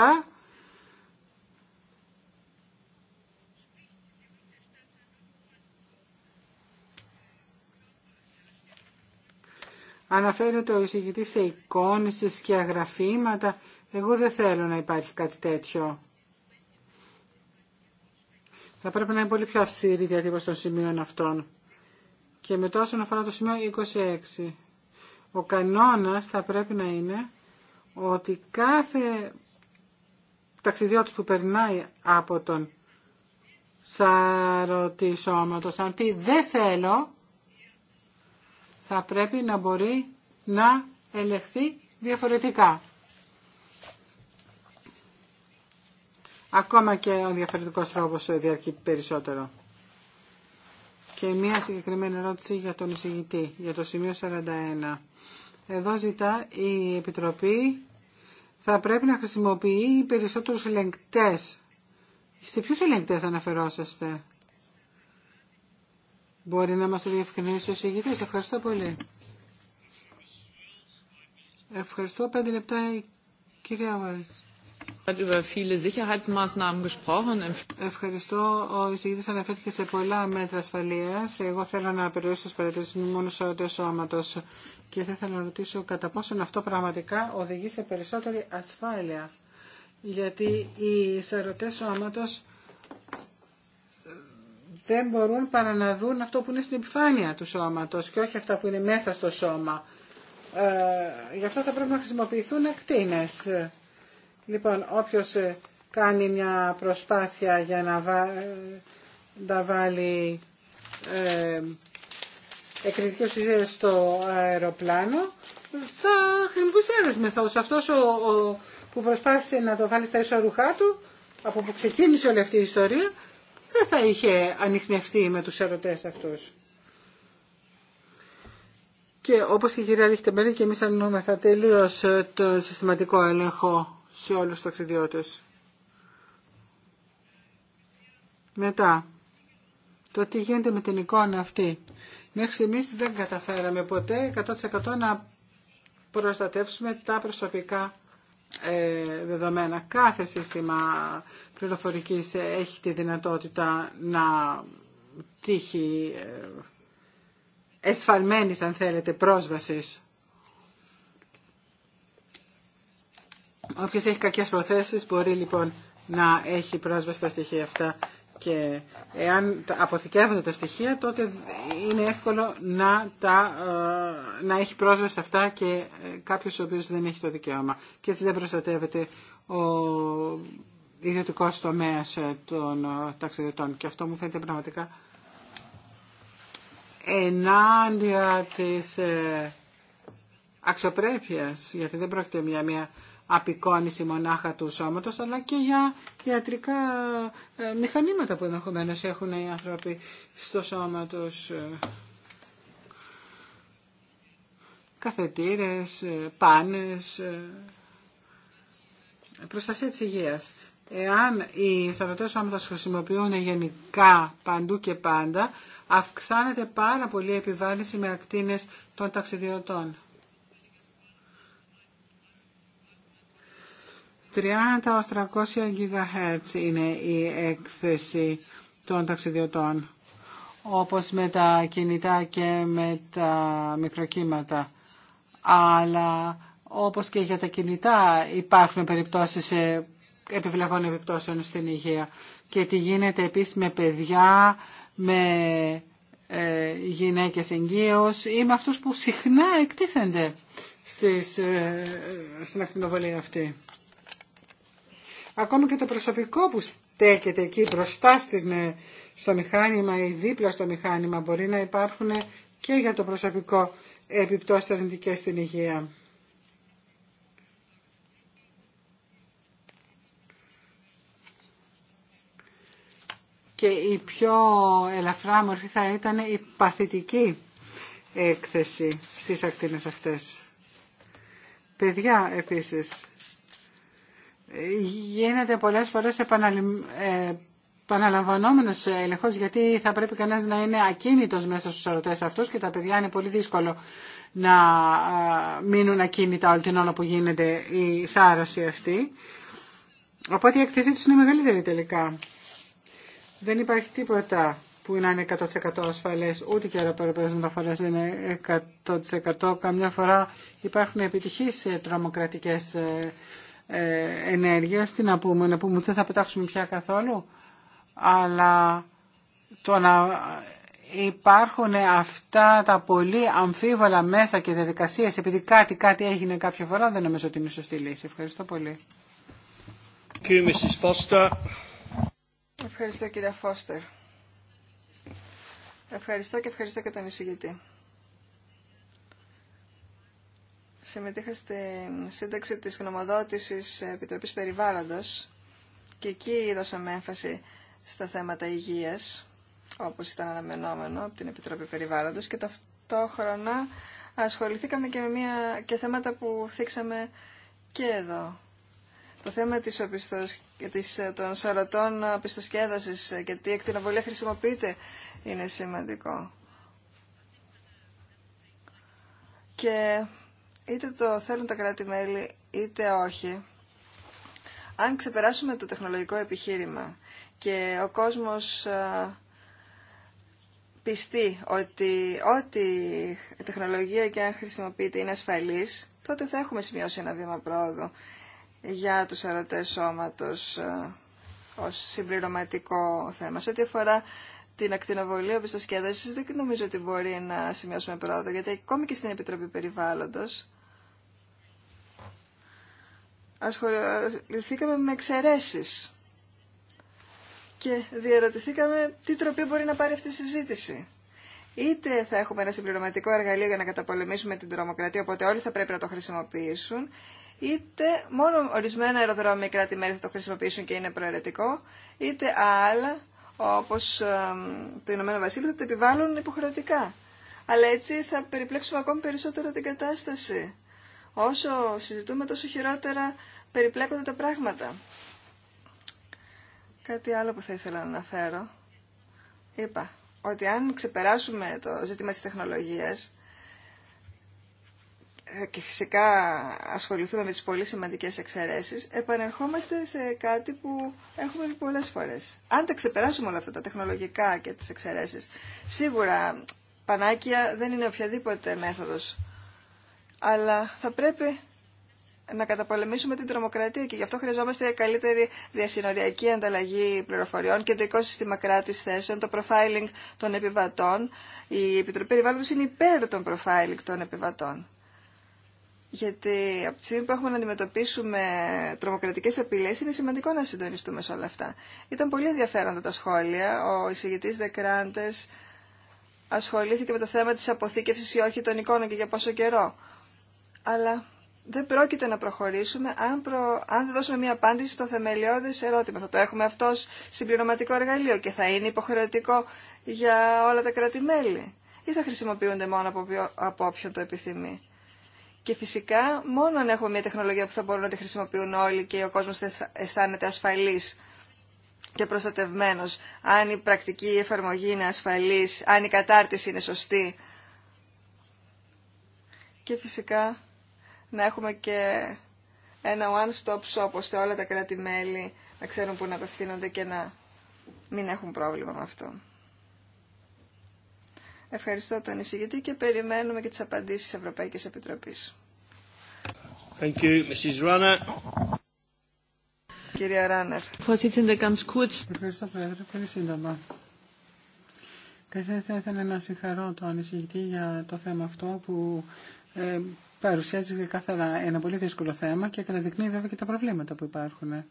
Αναφέρεται ο εισηγητής σε εικόνες και αγραφήματα. Εγώ δεν θέλω να υπάρχει κάτι τέτοιο. Θα πρέπει να είναι πολύ πιο αυστηρή η διατύπωση των σημείων αυτών. Και μετά όσον αφορά το σημείο 26. Ο κανόνας θα πρέπει να είναι ότι κάθε ταξιδιώτης που περνάει από τον σαρωτή σώματος, αν πει δεν θέλω, θα πρέπει να μπορεί να ελεχθεί διαφορετικά. Ακόμα και ο διαφορετικός τρόπος διαρκεί περισσότερο. Και μία συγκεκριμένη ερώτηση για τον εισηγητή, για το σημείο 41. Εδώ ζητά η Επιτροπή θα πρέπει να χρησιμοποιεί περισσότερους ελεγκτές. Σε ποιους ελεγκτές αναφερόσαστε. Μπορεί να μας το διευκρινίσει ο συγγητής. Ευχαριστώ πολύ. Ευχαριστώ. Πέντε λεπτά η κυρία Βάης. Ευχαριστώ. Ο εισηγητής αναφέρθηκε σε πολλά μέτρα ασφαλείας. Εγώ θέλω να περιορίσω τι παρατηρήσεις μόνο σε σώματος και θα ήθελα να ρωτήσω κατά πόσον αυτό πραγματικά οδηγεί σε περισσότερη ασφάλεια. Γιατί οι σαρωτές σώματος δεν μπορούν παρά να δουν αυτό που είναι στην επιφάνεια του σώματος και όχι αυτά που είναι μέσα στο σώμα. Ε, γι' αυτό θα πρέπει να χρησιμοποιηθούν ακτίνες. Λοιπόν, όποιος ε, κάνει μια προσπάθεια για να, βα... Ε, βάλει ε, στο αεροπλάνο, θα χρησιμοποιήσει άλλες μεθόδους. Αυτός ο, που προσπάθησε να το βάλει στα ίσορουχά του, από που ξεκίνησε όλη αυτή η ιστορία, δεν θα είχε ανοιχνευτεί με τους ερωτές αυτούς. Και όπως και η κυρία Ριχτεμπέρη και εμείς θα τελείω ε, το συστηματικό έλεγχο σε όλους τους ταξιδιώτες. Μετά, το τι γίνεται με την εικόνα αυτή. Μέχρι στιγμής δεν καταφέραμε ποτέ 100% να προστατεύσουμε τα προσωπικά ε, δεδομένα. Κάθε σύστημα πληροφορικής έχει τη δυνατότητα να τύχει ε, εσφαλμένης, αν θέλετε, πρόσβασης. Όποιος έχει κακές προθέσεις μπορεί λοιπόν να έχει πρόσβαση στα στοιχεία αυτά και εάν αποθηκεύονται τα στοιχεία τότε είναι εύκολο να, τα, ε, να έχει πρόσβαση σε αυτά και ε, κάποιος ο οποίος δεν έχει το δικαίωμα και έτσι δεν προστατεύεται ο ιδιωτικό τομέα ε, των ταξιδιωτών και αυτό μου φαίνεται πραγματικά ενάντια της αξιοπρέπειας γιατί δεν πρόκειται για μια απεικόνιση μονάχα του σώματος, αλλά και για ιατρικά ε, μηχανήματα που ενδεχομένω έχουν οι άνθρωποι στο σώμα τους. Ε, καθετήρες, ε, πάνες, προστασία της υγείας. Εάν οι σαρωτές σώματος χρησιμοποιούν γενικά παντού και πάντα, αυξάνεται πάρα πολύ η επιβάλληση με ακτίνες των ταξιδιωτών. 30-300 GHz είναι η έκθεση των ταξιδιωτών, όπως με τα κινητά και με τα μικροκύματα. Αλλά όπως και για τα κινητά υπάρχουν περιπτώσεις επιβλαβών επιπτώσεων στην υγεία. Και τι γίνεται επίσης με παιδιά, με ε, γυναίκες εγγύως ή με αυτούς που συχνά εκτίθενται στις, ε, στην ακτινοβολία αυτή. Ακόμα και το προσωπικό που στέκεται εκεί μπροστά στις, στο μηχάνημα ή δίπλα στο μηχάνημα μπορεί να υπάρχουν και για το προσωπικό επιπτώσεις αρνητικές στην υγεία. και η πιο ελαφρά μορφή θα ήταν η παθητική έκθεση στις ακτίνες αυτές. Παιδιά επίσης γίνεται πολλές φορές επαναλημ... Ε, επαναλαμβανόμενος έλεγχος γιατί θα πρέπει κανένας να είναι ακίνητος μέσα στους ερωτές αυτούς και τα παιδιά είναι πολύ δύσκολο να μείνουν ακίνητα όλη την ώρα που γίνεται η σάρωση αυτή. Οπότε η εκθεση τους είναι μεγαλύτερη τελικά. Δεν υπάρχει τίποτα που να είναι 100% ασφαλές, ούτε και αεροπορικές δεν είναι 100%. Καμιά φορά υπάρχουν επιτυχείς ε, τρομοκρατικές ε, ε, ενέργεια τι να πούμε, να πούμε ότι δεν θα πετάξουμε πια καθόλου, αλλά το να υπάρχουν αυτά τα πολύ αμφίβολα μέσα και διαδικασίες επειδή κάτι, κάτι έγινε κάποια φορά δεν νομίζω ότι είναι σωστή λύση. Ευχαριστώ πολύ. Κύριε Ευχαριστώ κύριε Φώστερ. Ευχαριστώ και ευχαριστώ και τον εισηγητή. συμμετείχα στην σύνταξη της γνωμοδότησης Επιτροπής Περιβάλλοντος και εκεί δώσαμε έμφαση στα θέματα υγείας, όπως ήταν αναμενόμενο από την Επιτροπή Περιβάλλοντος και ταυτόχρονα ασχοληθήκαμε και με μια, και θέματα που θίξαμε και εδώ. Το θέμα της, της των σαρωτών πιστοσκέδασης και τι εκτινοβολία χρησιμοποιείται είναι σημαντικό είτε το θέλουν τα κράτη-μέλη είτε όχι, αν ξεπεράσουμε το τεχνολογικό επιχείρημα και ο κόσμος ε, πιστεί ότι ό,τι τεχνολογία και αν χρησιμοποιείται είναι ασφαλής, τότε θα έχουμε σημειώσει ένα βήμα πρόοδου για τους αρωτές σώματος ε, ως συμπληρωματικό θέμα. Σε ό,τι αφορά την ακτινοβολία οπισθοσκέδασης δεν νομίζω ότι μπορεί να σημειώσουμε πρόοδο, γιατί ακόμη και στην Επιτροπή Περιβάλλοντος ασχοληθήκαμε με εξαιρέσει. Και διαρωτηθήκαμε τι τροπή μπορεί να πάρει αυτή η συζήτηση. Είτε θα έχουμε ένα συμπληρωματικό εργαλείο για να καταπολεμήσουμε την τρομοκρατία, οπότε όλοι θα πρέπει να το χρησιμοποιήσουν, είτε μόνο ορισμένα αεροδρόμια αεροδρόμια κράτη-μέρη θα το χρησιμοποιήσουν και είναι προαιρετικό, είτε άλλα, όπω το Ηνωμένο Βασίλειο, θα το επιβάλλουν υποχρεωτικά. Αλλά έτσι θα περιπλέξουμε ακόμη περισσότερο την κατάσταση. Όσο συζητούμε τόσο χειρότερα περιπλέκονται τα πράγματα. Κάτι άλλο που θα ήθελα να αναφέρω. Είπα ότι αν ξεπεράσουμε το ζήτημα της τεχνολογίας ε, και φυσικά ασχοληθούμε με τις πολύ σημαντικές εξαιρέσεις, επανερχόμαστε σε κάτι που έχουμε πει πολλές φορές. Αν τα ξεπεράσουμε όλα αυτά τα τεχνολογικά και τις εξαιρέσεις, σίγουρα πανάκια δεν είναι οποιαδήποτε μέθοδος αλλά θα πρέπει να καταπολεμήσουμε την τρομοκρατία και γι' αυτό χρειαζόμαστε καλύτερη διασυνοριακή ανταλλαγή πληροφοριών, κεντρικό σύστημα κράτη θέσεων, το profiling των επιβατών. Η Επιτροπή Περιβάλλοντο είναι υπέρ των profiling των επιβατών. Γιατί από τη στιγμή που έχουμε να αντιμετωπίσουμε τρομοκρατικέ απειλέ, είναι σημαντικό να συντονιστούμε σε όλα αυτά. Ήταν πολύ ενδιαφέροντα τα σχόλια. Ο εισηγητή Δεκράντε ασχολήθηκε με το θέμα τη αποθήκευση ή όχι των εικόνων και για πόσο καιρό αλλά δεν πρόκειται να προχωρήσουμε αν, προ... αν δεν δώσουμε μια απάντηση στο θεμελιώδες ερώτημα. Θα το έχουμε αυτό συμπληρωματικό εργαλείο και θα είναι υποχρεωτικό για όλα τα κράτη-μέλη ή θα χρησιμοποιούνται μόνο από, από όποιον το επιθυμεί. Και φυσικά μόνο αν έχουμε μια τεχνολογία που θα μπορούν να τη χρησιμοποιούν όλοι και ο κόσμος θα αισθάνεται ασφαλής και προστατευμένος, αν η πρακτική εφαρμογή είναι ασφαλής, αν η κατάρτιση είναι σωστή. Και φυσικά να έχουμε και ένα one-stop shop ώστε όλα τα κράτη-μέλη να ξέρουν που να απευθύνονται και να μην έχουν πρόβλημα με αυτό. Ευχαριστώ τον εισηγητή και περιμένουμε και τις απαντήσεις της Ευρωπαϊκής Επιτροπής. Thank you, Mrs. Runner. Κυρία Ράνερ. Ευχαριστώ, Πρόεδρε. Πολύ σύντομα. Και θα ήθελα να συγχαρώ τον εισηγητή για το θέμα αυτό που ε, παρουσιάζει κάθε ένα πολύ δύσκολο θέμα και καταδεικνύει βέβαια και τα προβλήματα που υπάρχουν.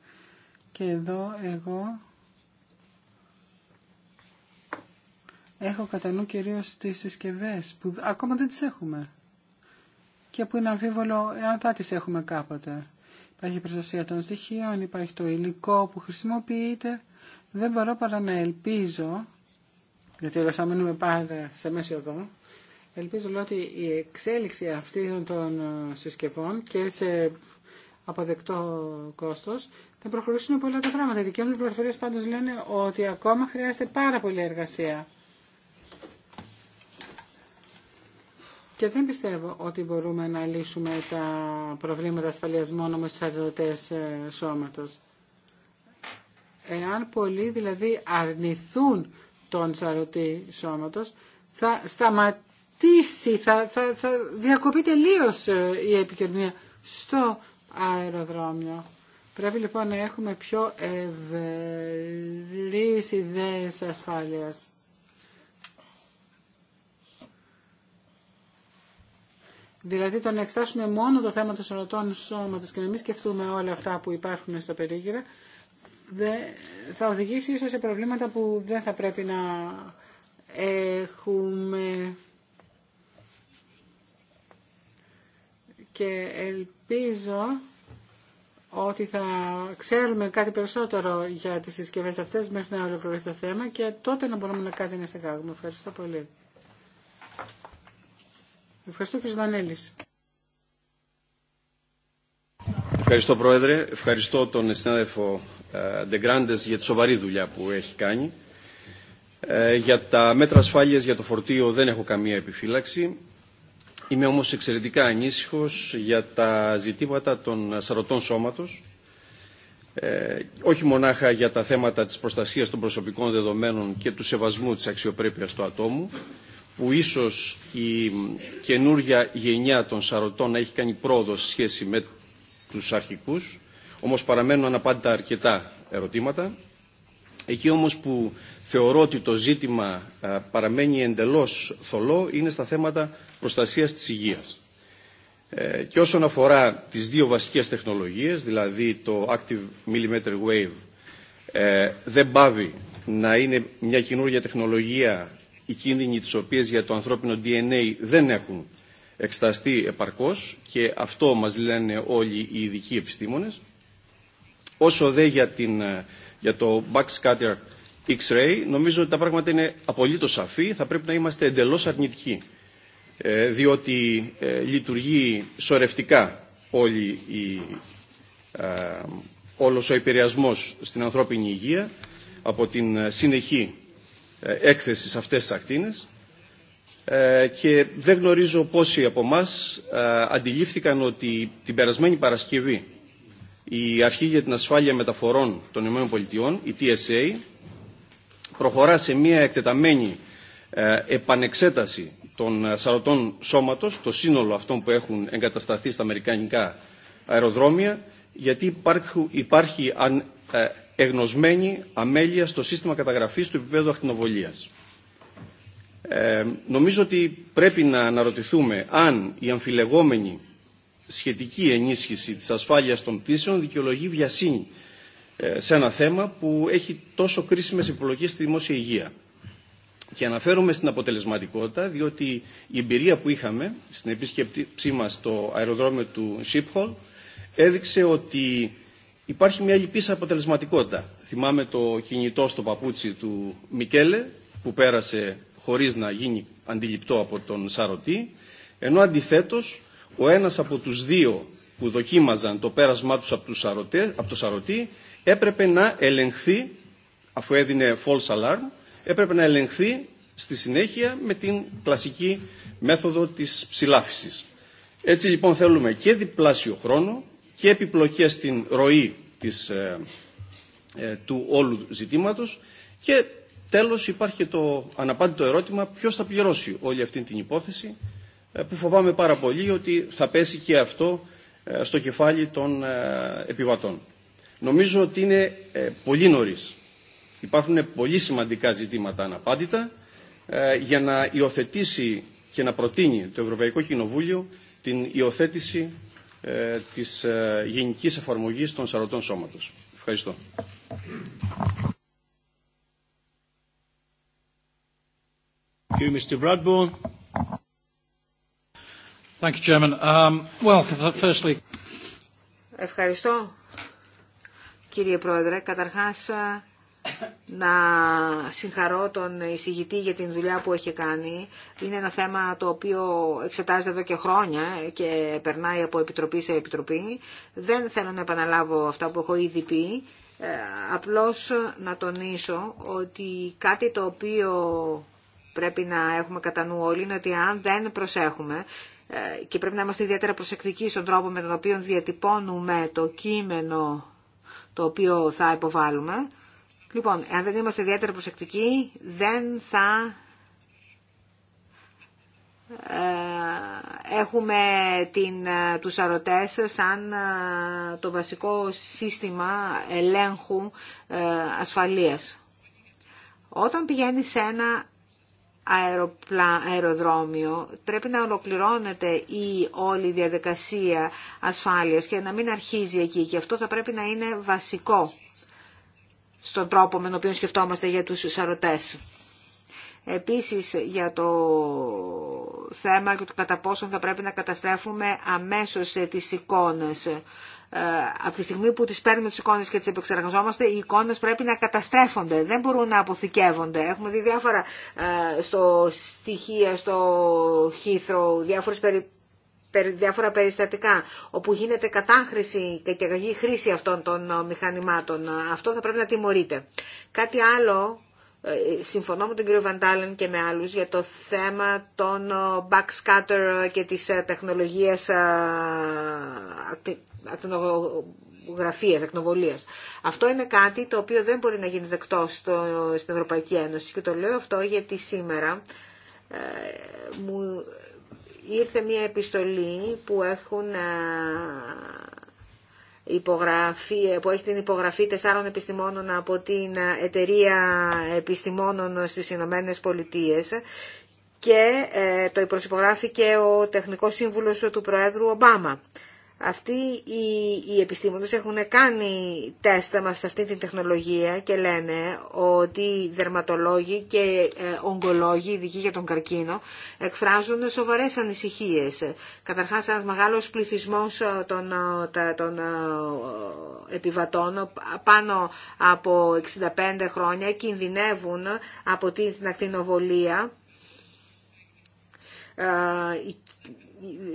Και εδώ εγώ έχω κατά νου κυρίως τις συσκευές που ακόμα δεν τις έχουμε και που είναι αμφίβολο εάν θα τις έχουμε κάποτε. Υπάρχει προστασία των στοιχείων, υπάρχει το υλικό που χρησιμοποιείται. Δεν μπορώ παρά να ελπίζω, γιατί εγώ σαν μείνουμε πάντα σε μέση οδό, Ελπίζω ότι η εξέλιξη αυτών των ε, συσκευών και σε αποδεκτό κόστος θα προχωρήσουν πολλά τα πράγματα. Οι δικές μου πληροφορίες πάντως λένε ότι ακόμα χρειάζεται πάρα πολλή εργασία. Και δεν πιστεύω ότι μπορούμε να λύσουμε τα προβλήματα ασφαλείας μόνο με στους ε, σώματος. Εάν πολλοί δηλαδή αρνηθούν τον σαρωτή σώματος, θα σταματήσουν θα, θα, θα διακοπεί τελείω ε, η επικοινωνία στο αεροδρόμιο. Πρέπει λοιπόν να έχουμε πιο ευρύς ιδέες ασφάλειας. Δηλαδή το να εξετάσουμε μόνο το θέμα των σωματών σώματος και να μην σκεφτούμε όλα αυτά που υπάρχουν στα περίγυρα, θα οδηγήσει ίσως σε προβλήματα που δεν θα πρέπει να έχουμε και ελπίζω ότι θα ξέρουμε κάτι περισσότερο για τις συσκευές αυτές μέχρι να ολοκληρωθεί το θέμα και τότε να μπορούμε να κάτι να σε Ευχαριστώ πολύ. Ευχαριστώ και Δανέλης. Ευχαριστώ Πρόεδρε. Ευχαριστώ τον συνάδελφο Ντεγκράντες για τη σοβαρή δουλειά που έχει κάνει. Ε, για τα μέτρα ασφάλειας για το φορτίο δεν έχω καμία επιφύλαξη. Είμαι όμως εξαιρετικά ανήσυχος για τα ζητήματα των σαρωτών σώματος, ε, όχι μονάχα για τα θέματα της προστασίας των προσωπικών δεδομένων και του σεβασμού της αξιοπρέπειας του ατόμου, που ίσως η καινούργια γενιά των σαρωτών έχει κάνει πρόοδο σε σχέση με τους αρχικούς, όμως παραμένουν αναπάντητα αρκετά ερωτήματα. Εκεί όμως που θεωρώ ότι το ζήτημα παραμένει εντελώς θολό είναι στα θέματα προστασίας της υγείας. Ε, και όσον αφορά τις δύο βασικές τεχνολογίες, δηλαδή το Active Millimeter Wave ε, δεν πάβει να είναι μια καινούργια τεχνολογία οι κίνδυνοι της οποίες για το ανθρώπινο DNA δεν έχουν εξεταστεί επαρκώς και αυτό μας λένε όλοι οι ειδικοί επιστήμονες. Όσο δε την, ε, για το backscatter X-ray, νομίζω ότι τα πράγματα είναι απολύτως σαφή, θα πρέπει να είμαστε εντελώς αρνητικοί, ε, διότι ε, λειτουργεί σορευτικά όλη ε, όλος ο επηρεασμό στην ανθρώπινη υγεία από την συνεχή έκθεση σε αυτές τις ακτίνες και δεν γνωρίζω πόσοι από εμά αντιλήφθηκαν ότι την περασμένη Παρασκευή η Αρχή για την Ασφάλεια Μεταφορών των ΗΠΑ, η TSA, προχωρά σε μια εκτεταμένη ε, επανεξέταση των ε, σαρωτών σώματος, το σύνολο αυτών που έχουν εγκατασταθεί στα αμερικανικά αεροδρόμια, γιατί υπάρχει ε, εγνωσμένη αμέλεια στο σύστημα καταγραφής του επίπεδου ακτινοβολίας. νομίζω ότι πρέπει να αναρωτηθούμε αν η αμφιλεγόμενη σχετική ενίσχυση της ασφάλειας των πτήσεων δικαιολογεί βιασύνη ε, σε ένα θέμα που έχει τόσο κρίσιμες υπολογίες στη δημόσια υγεία. Και αναφέρομαι στην αποτελεσματικότητα, διότι η εμπειρία που είχαμε στην επίσκεψή μας στο αεροδρόμιο του Σίπχολ έδειξε ότι υπάρχει μια λυπής αποτελεσματικότητα. Θυμάμαι το κινητό στο παπούτσι του Μικέλε που πέρασε χωρίς να γίνει αντιληπτό από τον Σαρωτή, ενώ αντιθέτως ο ένας από τους δύο που δοκίμαζαν το πέρασμά τους από, από το σαρωτή έπρεπε να ελεγχθεί, αφού έδινε false alarm, έπρεπε να ελεγχθεί στη συνέχεια με την κλασική μέθοδο της ψηλάφισης. Έτσι λοιπόν θέλουμε και διπλάσιο χρόνο και επιπλοκία στην ροή της, ε, ε, του όλου ζητήματος και τέλος υπάρχει και το αναπάντητο ερώτημα ποιος θα πληρώσει όλη αυτή την υπόθεση ε, που φοβάμαι πάρα πολύ ότι θα πέσει και αυτό ε, στο κεφάλι των ε, επιβατών. Νομίζω ότι είναι ε, πολύ νωρίς. Υπάρχουν πολύ σημαντικά ζητήματα αναπάντητα για να υιοθετήσει και να προτείνει το Ευρωπαϊκό Κοινοβούλιο την υιοθέτηση της γενικής εφαρμογής των σαρωτών σώματος. Ευχαριστώ. Um, Ευχαριστώ, κύριε Πρόεδρε. Καταρχάς, να συγχαρώ τον εισηγητή για την δουλειά που έχει κάνει. Είναι ένα θέμα το οποίο εξετάζεται εδώ και χρόνια και περνάει από επιτροπή σε επιτροπή. Δεν θέλω να επαναλάβω αυτά που έχω ήδη πει. Ε, απλώς να τονίσω ότι κάτι το οποίο πρέπει να έχουμε κατά νου όλοι είναι ότι αν δεν προσέχουμε και πρέπει να είμαστε ιδιαίτερα προσεκτικοί στον τρόπο με τον οποίο διατυπώνουμε το κείμενο το οποίο θα υποβάλουμε. Λοιπόν, αν δεν είμαστε ιδιαίτερα προσεκτικοί, δεν θα ε, έχουμε την, ε, τους αρωτές σαν ε, το βασικό σύστημα ελέγχου ασφαλείας. Όταν πηγαίνεις σε ένα αεροπλά, αεροδρόμιο πρέπει να ολοκληρώνεται η όλη διαδικασία ασφάλειας και να μην αρχίζει εκεί και αυτό θα πρέπει να είναι βασικό στον τρόπο με τον οποίο σκεφτόμαστε για τους σαρωτές. Επίσης για το θέμα του κατά πόσον θα πρέπει να καταστρέφουμε αμέσως τις εικόνες. Ε, από τη στιγμή που τις παίρνουμε τις εικόνες και τις επεξεργαζόμαστε, οι εικόνες πρέπει να καταστρέφονται, δεν μπορούν να αποθηκεύονται. Έχουμε δει διάφορα ε, στο στοιχεία, στο χήθρο, διάφορες περι διάφορα περιστατικά όπου γίνεται κατάχρηση και κακή χρήση αυτών των ε, μηχανημάτων. Αυτό θα πρέπει να τιμωρείται. Κάτι άλλο ε, συμφωνώ με τον κύριο Βαντάλεν και με άλλους για το θέμα των ε, backscatter και της ε, τεχνολογίας ακτινογραφίας, ακτινοβολίας. Αυτό είναι κάτι το οποίο δεν μπορεί να γίνει δεκτό στο, στην Ευρωπαϊκή Ένωση και το λέω αυτό γιατί σήμερα μου ήρθε μια επιστολή που έχουν υπογραφή, ε, που έχει την υπογραφή τεσσάρων επιστημόνων από την ε, Εταιρεία Επιστημόνων στις Ηνωμένε Πολιτείε και ε, το υποσυπογράφηκε ο τεχνικός σύμβουλος του Προέδρου Ομπάμα. Αυτοί οι, επιστήμονες έχουν κάνει τέστα σε αυτή την τεχνολογία και λένε ότι οι δερματολόγοι και ε, ογκολόγοι, ειδικοί για τον καρκίνο, εκφράζουν σοβαρές ανησυχίες. Καταρχάς, ένας μεγάλος πληθυσμός ε, των, ε, των επιβατών πάνω από 65 χρόνια κινδυνεύουν από την ακτινοβολία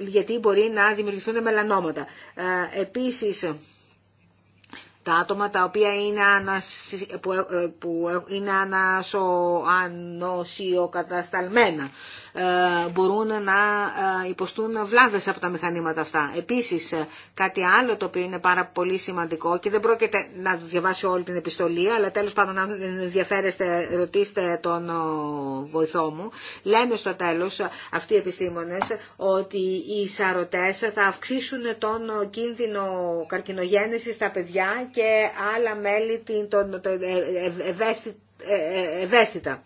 γιατί μπορεί να δημιουργηθούν μελανόματα. Ε, επίσης, τα άτομα τα οποία είναι, ανασ... που ε, ε, είναι ανασοανοσιοκατασταλμένα. Ε, μπορούν να ε, υποστούν βλάβες από τα μηχανήματα αυτά. Επίσης, ε, κάτι άλλο το οποίο είναι πάρα πολύ σημαντικό και δεν πρόκειται να διαβάσει όλη την επιστολή, αλλά τέλος πάντων αν ενδιαφέρεστε ρωτήστε τον βοηθό μου. Λένε στο τέλος αυτοί οι επιστήμονες ότι οι σαρωτές θα αυξήσουν τον κίνδυνο καρκινογέννηση στα παιδιά και άλλα μέλη ευαίσθητα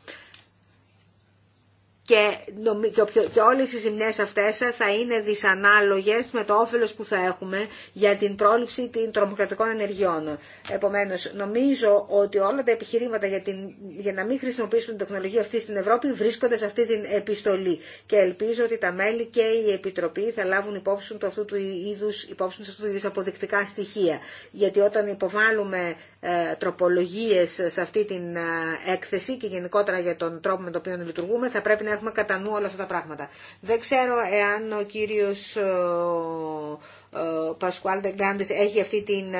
και, και όλες οι ζημιές αυτές θα είναι δυσανάλογες με το όφελος που θα έχουμε για την πρόληψη των τρομοκρατικών ενεργειών. Επομένως, νομίζω ότι όλα τα επιχειρήματα για, την, για να μην χρησιμοποιήσουμε την τεχνολογία αυτή στην Ευρώπη βρίσκονται σε αυτή την επιστολή και ελπίζω ότι τα μέλη και η Επιτροπή θα λάβουν υπόψη του αυτού του είδους, υπόψη του αυτού του είδους αποδεικτικά στοιχεία. Γιατί όταν υποβάλλουμε ε, τροπολογίες σε αυτή την ε, έκθεση και γενικότερα για τον τρόπο με τον οποίο λειτουργούμε θα πρέπει να έχουμε κατά νου όλα αυτά τα πράγματα. Δεν ξέρω εάν ο κύριος ε, Πασκουάλ Ντεγκάντες έχει αυτή την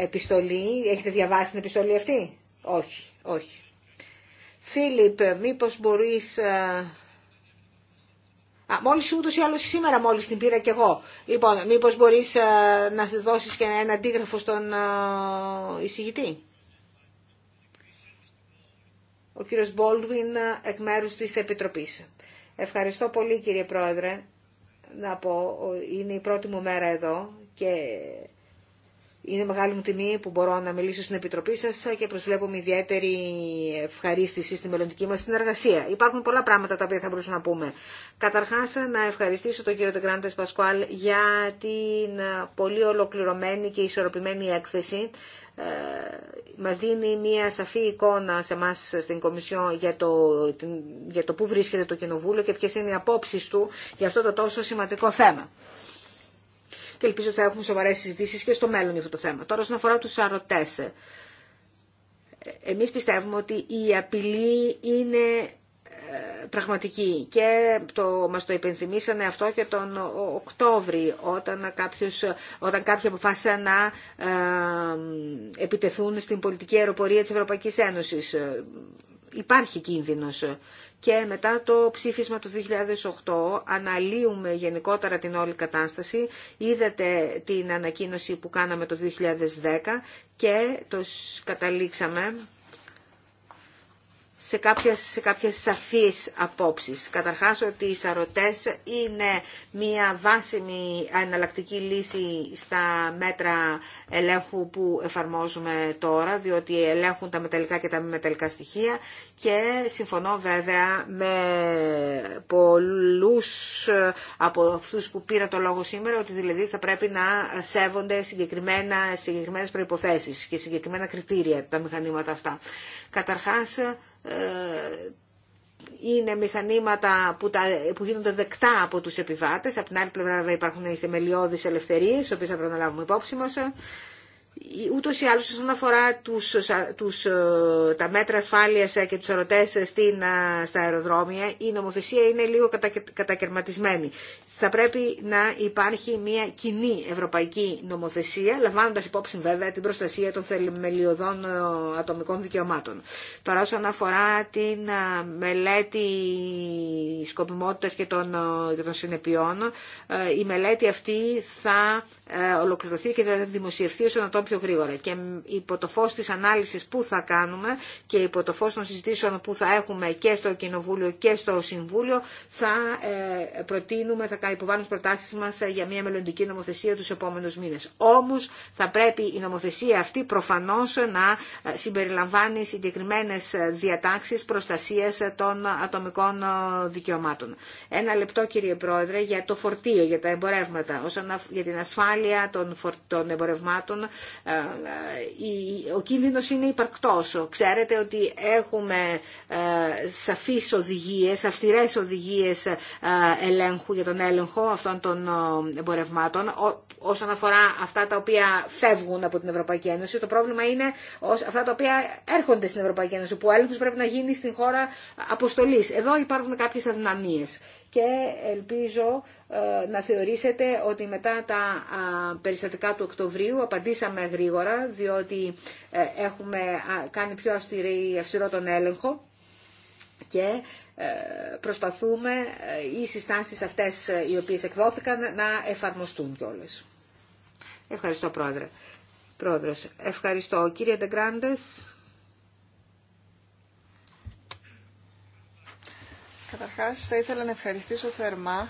επιστολή, έχετε διαβάσει την επιστολή αυτή. Όχι, όχι. Φίλιπ, μήπως μπορείς Α, μόλις ούτως ή άλλως σήμερα μόλις την πήρα και εγώ. Λοιπόν, μήπως μπορείς α, ε, να δώσεις και ένα αντίγραφο στον α, ε, εισηγητή. Ο κύριος Μπόλτουιν ε, εκ μέρους της Επιτροπής. Ευχαριστώ πολύ κύριε Πρόεδρε. Να πω, είναι η πρώτη μου μέρα εδώ και είναι μεγάλη μου τιμή που μπορώ να μιλήσω στην Επιτροπή σα και προσβλέπουμε ιδιαίτερη ευχαρίστηση στη μελλοντική μα συνεργασία. Υπάρχουν πολλά πράγματα τα οποία θα μπορούσαμε να πούμε. Καταρχά να ευχαριστήσω τον κύριο Τεγκράντε Πασκουάλ για την πολύ ολοκληρωμένη και ισορροπημένη έκθεση. Ε, μας δίνει μια σαφή εικόνα σε εμά στην Κομισιό για το, για το πού βρίσκεται το Κοινοβούλιο και ποιες είναι οι απόψεις του για αυτό το τόσο σημαντικό θέμα και ελπίζω ότι θα έχουμε σοβαρέ συζητήσει και στο μέλλον για αυτό το θέμα. Τώρα, όσον αφορά του σαρωτέ, ε, εμείς πιστεύουμε ότι η απειλή είναι ε, πραγματική και το, μας το υπενθυμίσανε αυτό και τον Οκτώβρη όταν, κάποιος, όταν κάποιοι αποφάσισαν να ε, επιτεθούν στην πολιτική αεροπορία της Ευρωπαϊκής Ένωσης υπάρχει κίνδυνος. Και μετά το ψήφισμα του 2008 αναλύουμε γενικότερα την όλη κατάσταση. Είδατε την ανακοίνωση που κάναμε το 2010 και το καταλήξαμε σε κάποιες, σε κάποιες σαφείς απόψεις. Καταρχάς ότι οι σαρωτές είναι μια βάσιμη εναλλακτική λύση στα μέτρα ελέγχου που εφαρμόζουμε τώρα, διότι ελέγχουν τα μεταλλικά και τα μη μεταλλικά στοιχεία και συμφωνώ βέβαια με πολλούς από αυτούς που πήρα το λόγο σήμερα ότι δηλαδή θα πρέπει να σέβονται συγκεκριμένα, συγκεκριμένες προϋποθέσεις και συγκεκριμένα κριτήρια τα μηχανήματα αυτά. Καταρχάς, ε, είναι μηχανήματα που, τα, που γίνονται δεκτά από τους επιβάτες. Από την άλλη πλευρά υπάρχουν οι θεμελιώδεις ελευθερίες, τις οποίες θα πρέπει να λάβουμε υπόψη μας ούτως ή άλλως όσον αφορά τους, τους, ε, τα μέτρα ασφάλειας ε, και τους ερωτές ε, στην, στα αεροδρόμια, η νομοθεσία είναι λίγο κατα, κατακαιρματισμένη. Θα πρέπει να υπάρχει μια κοινή ευρωπαϊκή νομοθεσία, λαμβάνοντας υπόψη βέβαια την προστασία των θεμελιωδών ατομικών δικαιωμάτων. Τώρα όσον αφορά την μελέτη σκοπιμότητας και των, και συνεπειών, η μελέτη αυτή θα ολοκληρωθεί και θα δημοσιευθεί πιο γρήγορα. Και υπό το φως της ανάλυσης που θα κάνουμε και υπό το φως των συζητήσεων που θα έχουμε και στο Κοινοβούλιο και στο Συμβούλιο θα ε, προτείνουμε, θα υποβάλουμε προτάσεις μας για μια μελλοντική νομοθεσία τους επόμενους μήνες. Όμως θα πρέπει η νομοθεσία αυτή προφανώς να ε, συμπεριλαμβάνει συγκεκριμένε ε, διατάξεις προστασίας των ατομικών δικαιωμάτων. Ένα λεπτό κύριε Πρόεδρε για το φορτίο, για τα εμπορεύματα, για την ασφάλεια των εμπορευμάτων ε, ε, ο κίνδυνος είναι υπαρκτός. Ξέρετε ότι έχουμε ε, σαφείς οδηγίες, αυστηρές οδηγίες ελέγχου για τον έλεγχο αυτών των εμπορευμάτων όσον αφορά αυτά τα οποία φεύγουν από την Ευρωπαϊκή Ένωση. Το πρόβλημα είναι αυτά τα οποία έρχονται στην Ευρωπαϊκή Ένωση, που ο έλεγχος πρέπει να γίνει στην χώρα αποστολής. Εδώ υπάρχουν κάποιες αδυναμίες και ελπίζω ε, να θεωρήσετε ότι μετά τα περιστατικά του Οκτωβρίου απαντήσαμε γρήγορα διότι ε, έχουμε κάνει πιο αυστηρή, αυστηρό τον έλεγχο και ε, προσπαθούμε οι συστάσεις αυτές οι οποίες εκδόθηκαν να εφαρμοστούν κιόλας. Ευχαριστώ πρόεδρε. Πρόεδρος, ευχαριστώ. Κύριε Ντεγκράντες. Καταρχάς θα ήθελα να ευχαριστήσω θερμά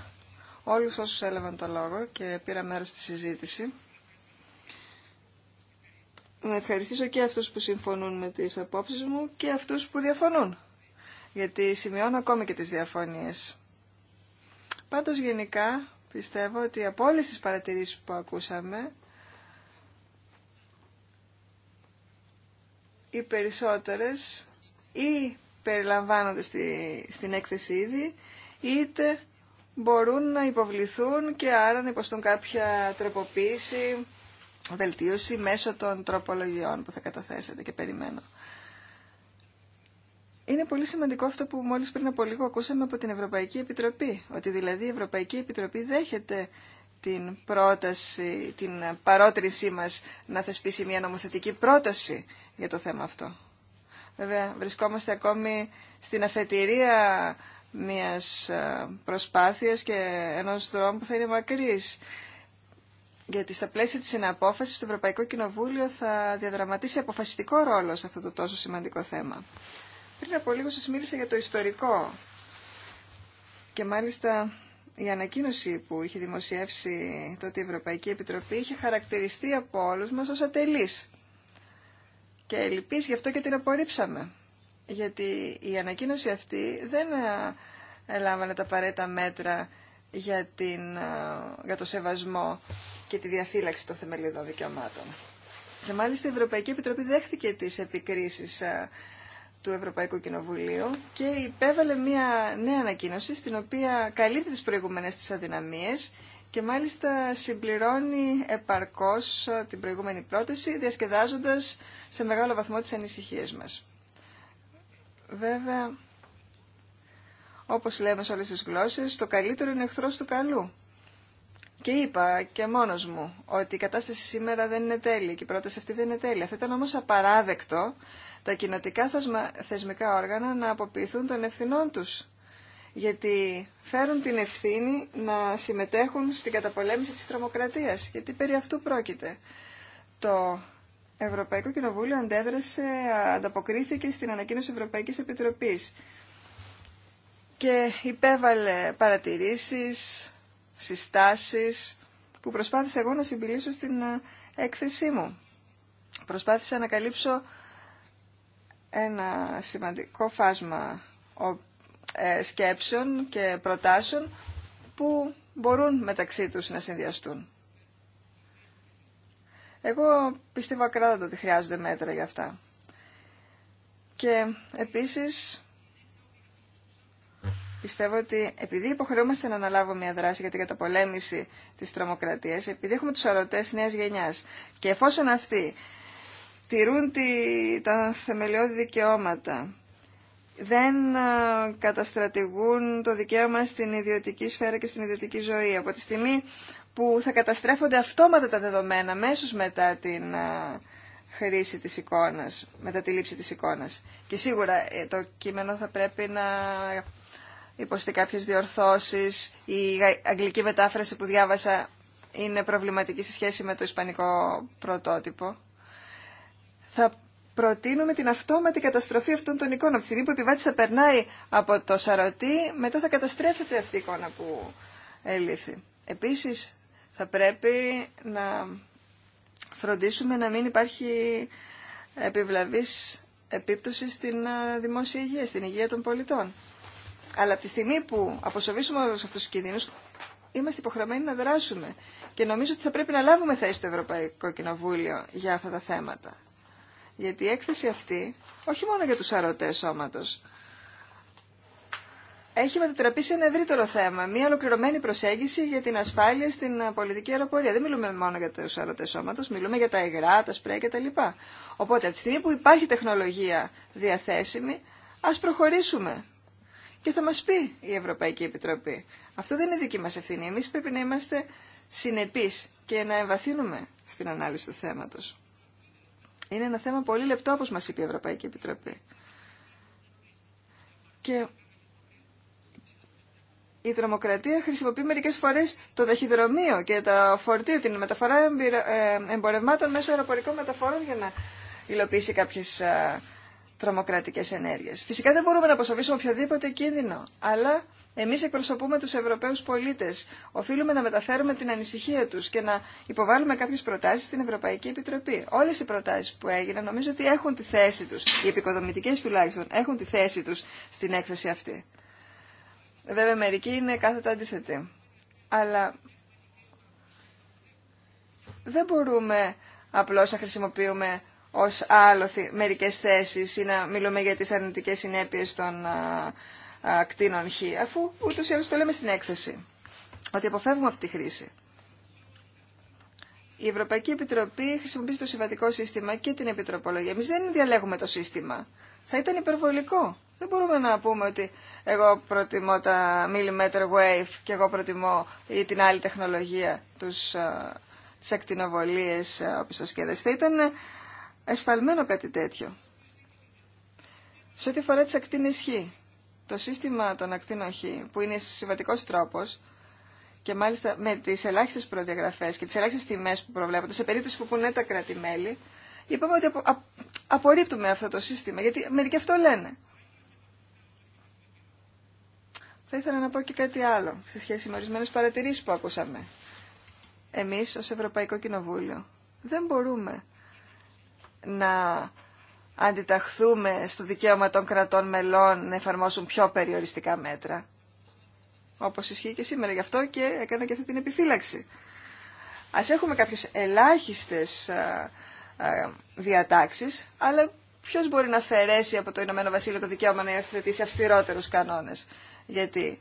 όλους όσους έλαβαν το λόγο και πήρα μέρος στη συζήτηση. Να ευχαριστήσω και αυτούς που συμφωνούν με τις απόψεις μου και αυτούς που διαφωνούν. Γιατί σημειώνω ακόμη και τις διαφωνίες. Πάντως γενικά πιστεύω ότι από όλες τις παρατηρήσεις που ακούσαμε οι περισσότερες ή περιλαμβάνονται στη, στην έκθεση ήδη, είτε μπορούν να υποβληθούν και άρα να υποστούν κάποια τροποποίηση, βελτίωση μέσω των τροπολογιών που θα καταθέσετε και περιμένω. Είναι πολύ σημαντικό αυτό που μόλις πριν από λίγο ακούσαμε από την Ευρωπαϊκή Επιτροπή, ότι δηλαδή η Ευρωπαϊκή Επιτροπή δέχεται την πρόταση, την παρότρινσή μας να θεσπίσει μια νομοθετική πρόταση για το θέμα αυτό. Βέβαια, βρισκόμαστε ακόμη στην αφετηρία μιας ε, προσπάθειας και ενός δρόμου που θα είναι μακρύς. Γιατί στα πλαίσια της συναπόφασης το Ευρωπαϊκό Κοινοβούλιο θα διαδραματίσει αποφασιστικό ρόλο σε αυτό το τόσο σημαντικό θέμα. Πριν από λίγο σας μίλησα για το ιστορικό και μάλιστα η ανακοίνωση που είχε δημοσιεύσει τότε η Ευρωπαϊκή Επιτροπή είχε χαρακτηριστεί από όλους μας ως ατελής και λυπής, γι' αυτό και την απορρίψαμε. Γιατί η ανακοίνωση αυτή δεν έλαβανε ε, τα απαραίτητα μέτρα για, την, ε, για το σεβασμό και τη διαφύλαξη των θεμελιωδών δικαιωμάτων. Και μάλιστα η Ευρωπαϊκή Επιτροπή δέχτηκε τις επικρίσεις ε, του Ευρωπαϊκού Κοινοβουλίου και υπέβαλε μια νέα ανακοίνωση στην οποία καλύπτει τις προηγούμενες της αδυναμίες και μάλιστα συμπληρώνει επαρκώς ε, την προηγούμενη πρόταση, διασκεδάζοντας σε μεγάλο βαθμό τις ανησυχίες μας. Βέβαια, όπως λέμε σε όλες τις γλώσσες, το καλύτερο είναι εχθρός του καλού. Και είπα και μόνος μου ότι η κατάσταση σήμερα δεν είναι τέλεια και η πρόταση αυτή δεν είναι τέλεια. Θα ήταν όμως απαράδεκτο τα κοινοτικά θεσμικά όργανα να αποποιηθούν των ευθυνών τους γιατί φέρουν την ευθύνη να συμμετέχουν στην καταπολέμηση της τρομοκρατίας, γιατί περί αυτού πρόκειται. Το Ευρωπαϊκό Κοινοβούλιο αντέδρασε, ανταποκρίθηκε στην ανακοίνωση Ευρωπαϊκής Επιτροπής και υπέβαλε παρατηρήσεις, συστάσεις που προσπάθησα εγώ να συμπηλήσω στην ε, έκθεσή μου. Προσπάθησα να καλύψω ένα σημαντικό φάσμα ε, σκέψεων και προτάσεων που μπορούν μεταξύ τους να συνδυαστούν. Εγώ πιστεύω ακράδαντα ότι χρειάζονται μέτρα για αυτά. Και επίσης πιστεύω ότι επειδή υποχρεούμαστε να αναλάβουμε μια δράση για την καταπολέμηση της τρομοκρατίας, επειδή έχουμε τους αρωτές νέας γενιάς και εφόσον αυτοί τηρούν τη, τα θεμελιώδη δικαιώματα, δεν ε, καταστρατηγούν το δικαίωμα στην ιδιωτική σφαίρα και στην ιδιωτική ζωή. Από τη στιγμή που θα καταστρέφονται αυτόματα τα δεδομένα μέσως μετά την ε, χρήση της εικόνας, μετά τη λήψη της εικόνας. Και σίγουρα ε, το κείμενο θα πρέπει να υποστεί κάποιες διορθώσεις. Η αγγλική μετάφραση που διάβασα είναι προβληματική σε σχέση με το ισπανικό πρωτότυπο. Θα προτείνουμε την αυτόματη καταστροφή αυτών των εικόνων. Από τη στιγμή που ο επιβάτης θα περνάει από το σαρωτή, μετά θα καταστρέφεται αυτή η εικόνα που ελήφθη. Επίσης, θα πρέπει να φροντίσουμε να μην υπάρχει επιβλαβής επίπτωση στην δημόσια υγεία, στην υγεία των πολιτών. Αλλά από τη στιγμή που αποσοβήσουμε όλους αυτούς τους κινδύνους, είμαστε υποχρεωμένοι να δράσουμε. Και νομίζω ότι θα πρέπει να λάβουμε θέση στο Ευρωπαϊκό Κοινοβούλιο για αυτά τα θέματα. Γιατί η έκθεση αυτή, όχι μόνο για τους αρωτές σώματος, έχει μετατραπεί σε ένα ευρύτερο θέμα, μια ολοκληρωμένη προσέγγιση για την ασφάλεια στην πολιτική αεροπορία. Δεν μιλούμε μόνο για τους αρωτές σώματος, μιλούμε για τα υγρά, τα σπρέ λοιπά. Οπότε, από τη στιγμή που υπάρχει τεχνολογία διαθέσιμη, ας προχωρήσουμε. Και θα μας πει η Ευρωπαϊκή Επιτροπή. Αυτό δεν είναι δική μας ευθύνη. Εμείς πρέπει να είμαστε συνεπείς και να εμβαθύνουμε στην ανάλυση του θέματος. Είναι ένα θέμα πολύ λεπτό, όπως μας είπε η Ευρωπαϊκή Επιτροπή. Και η τρομοκρατία χρησιμοποιεί μερικές φορές το ταχυδρομείο και τα φορτίο, την μεταφορά ε, εμπορευμάτων μέσω αεροπορικών μεταφορών για να υλοποιήσει κάποιες ε, τρομοκρατικές ενέργειες. Φυσικά δεν μπορούμε να αποσοβήσουμε οποιοδήποτε κίνδυνο, αλλά Εμεί εκπροσωπούμε του ευρωπαίου πολίτε. Οφείλουμε να μεταφέρουμε την ανησυχία του και να υποβάλουμε κάποιε προτάσει στην Ευρωπαϊκή Επιτροπή. Όλε οι προτάσει που έγιναν νομίζω ότι έχουν τη θέση του. οι επικοδομητικέ τουλάχιστον, έχουν τη θέση του στην έκθεση αυτή. Βέβαια μερικοί είναι κάθετα αντίθετοι. Αλλά δεν μπορούμε απλώ να χρησιμοποιούμε ω άλοθη μερικέ θέσει ή να μιλούμε για τι αρνητικές συνέπειε των ακτίνων Χ, αφού ούτως ή άλλως το λέμε στην έκθεση, ότι αποφεύγουμε αυτή τη χρήση. Η Ευρωπαϊκή Επιτροπή χρησιμοποιεί το συμβατικό σύστημα και την επιτροπολογία. Εμεί δεν διαλέγουμε το σύστημα. Θα ήταν υπερβολικό. Δεν μπορούμε να πούμε ότι εγώ προτιμώ τα millimeter wave και εγώ προτιμώ ή την άλλη τεχνολογία, τους, α, τις ακτινοβολίες Θα ήταν εσφαλμένο κάτι τέτοιο. Σε ό,τι αφορά τις ακτίνες χ, το σύστημα των ακτίνων που είναι συμβατικός τρόπο, και μάλιστα με τι ελάχιστε προδιαγραφέ και τι ελάχιστε τιμέ που προβλέπονται, σε περίπτωση που πουνε τα κράτη-μέλη, είπαμε ότι απορρίπτουμε αυτό το σύστημα, γιατί μερικοί αυτό λένε. Θα ήθελα να πω και κάτι άλλο σε σχέση με ορισμένε παρατηρήσει που ακούσαμε. Εμεί ω Ευρωπαϊκό Κοινοβούλιο δεν μπορούμε να αντιταχθούμε στο δικαίωμα των κρατών μελών να εφαρμόσουν πιο περιοριστικά μέτρα. Όπως ισχύει και σήμερα. Γι' αυτό και έκανα και αυτή την επιφύλαξη. Ας έχουμε κάποιες ελάχιστες διατάξεις, αλλά ποιος μπορεί να αφαιρέσει από το Ηνωμένο Βασίλειο το δικαίωμα να υιοθετήσει αυστηρότερους κανόνες. Γιατί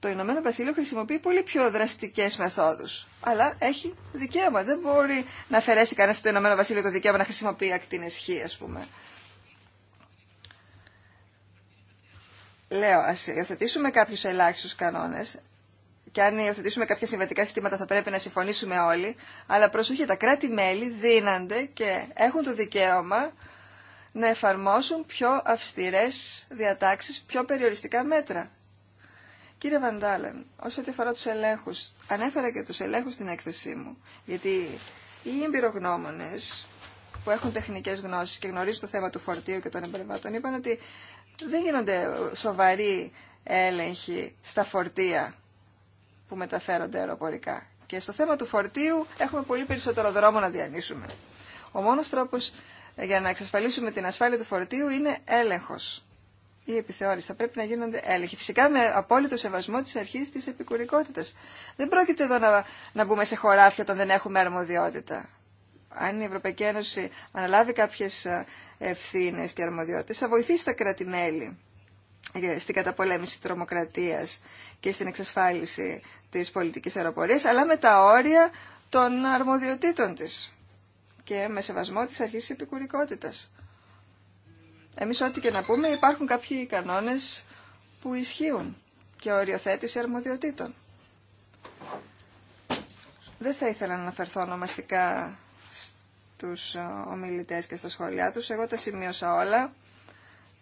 το Ηνωμένο Βασίλειο χρησιμοποιεί πολύ πιο δραστικέ μεθόδου. Αλλά έχει δικαίωμα. Δεν μπορεί να αφαιρέσει κανένα στο Ηνωμένο Βασίλειο το δικαίωμα να χρησιμοποιεί ακτίνε χ, α πούμε. Λέω, α υιοθετήσουμε κάποιου ελάχιστου κανόνε. Και αν υιοθετήσουμε κάποια συμβατικά συστήματα θα πρέπει να συμφωνήσουμε όλοι. Αλλά προσοχή, τα κράτη-μέλη δίνανται και έχουν το δικαίωμα να εφαρμόσουν πιο αυστηρές διατάξεις, πιο περιοριστικά μέτρα. Κύριε Βαντάλεν, όσο αφορά τους ελέγχους, ανέφερα και τους ελέγχους στην έκθεσή μου, γιατί οι εμπειρογνώμονες που έχουν τεχνικές γνώσεις και γνωρίζουν το θέμα του φορτίου και των εμπερβατών είπαν ότι δεν γίνονται σοβαροί έλεγχοι στα φορτία που μεταφέρονται αεροπορικά. Και στο θέμα του φορτίου έχουμε πολύ περισσότερο δρόμο να διανύσουμε. Ο μόνος τρόπος για να εξασφαλίσουμε την ασφάλεια του φορτίου είναι έλεγχος ή επιθεώρηση. Θα πρέπει να γίνονται έλεγχοι. Φυσικά με απόλυτο σεβασμό τη αρχή τη επικουρικότητα. Δεν πρόκειται εδώ να, να μπούμε σε χωράφια όταν δεν έχουμε αρμοδιότητα. Αν η Ευρωπαϊκή Ένωση αναλάβει κάποιε ευθύνε και αρμοδιότητε, θα βοηθήσει τα κράτη-μέλη στην καταπολέμηση της τρομοκρατίας και στην εξασφάλιση της πολιτικής αεροπορίας, αλλά με τα όρια των αρμοδιοτήτων της και με σεβασμό της αρχής της επικουρικότητας. Εμείς ό,τι και να πούμε υπάρχουν κάποιοι κανόνες που ισχύουν και οριοθέτηση αρμοδιοτήτων. Δεν θα ήθελα να αναφερθώ ονομαστικά στους ε, ομιλητές και στα σχόλιά τους. Εγώ τα σημείωσα όλα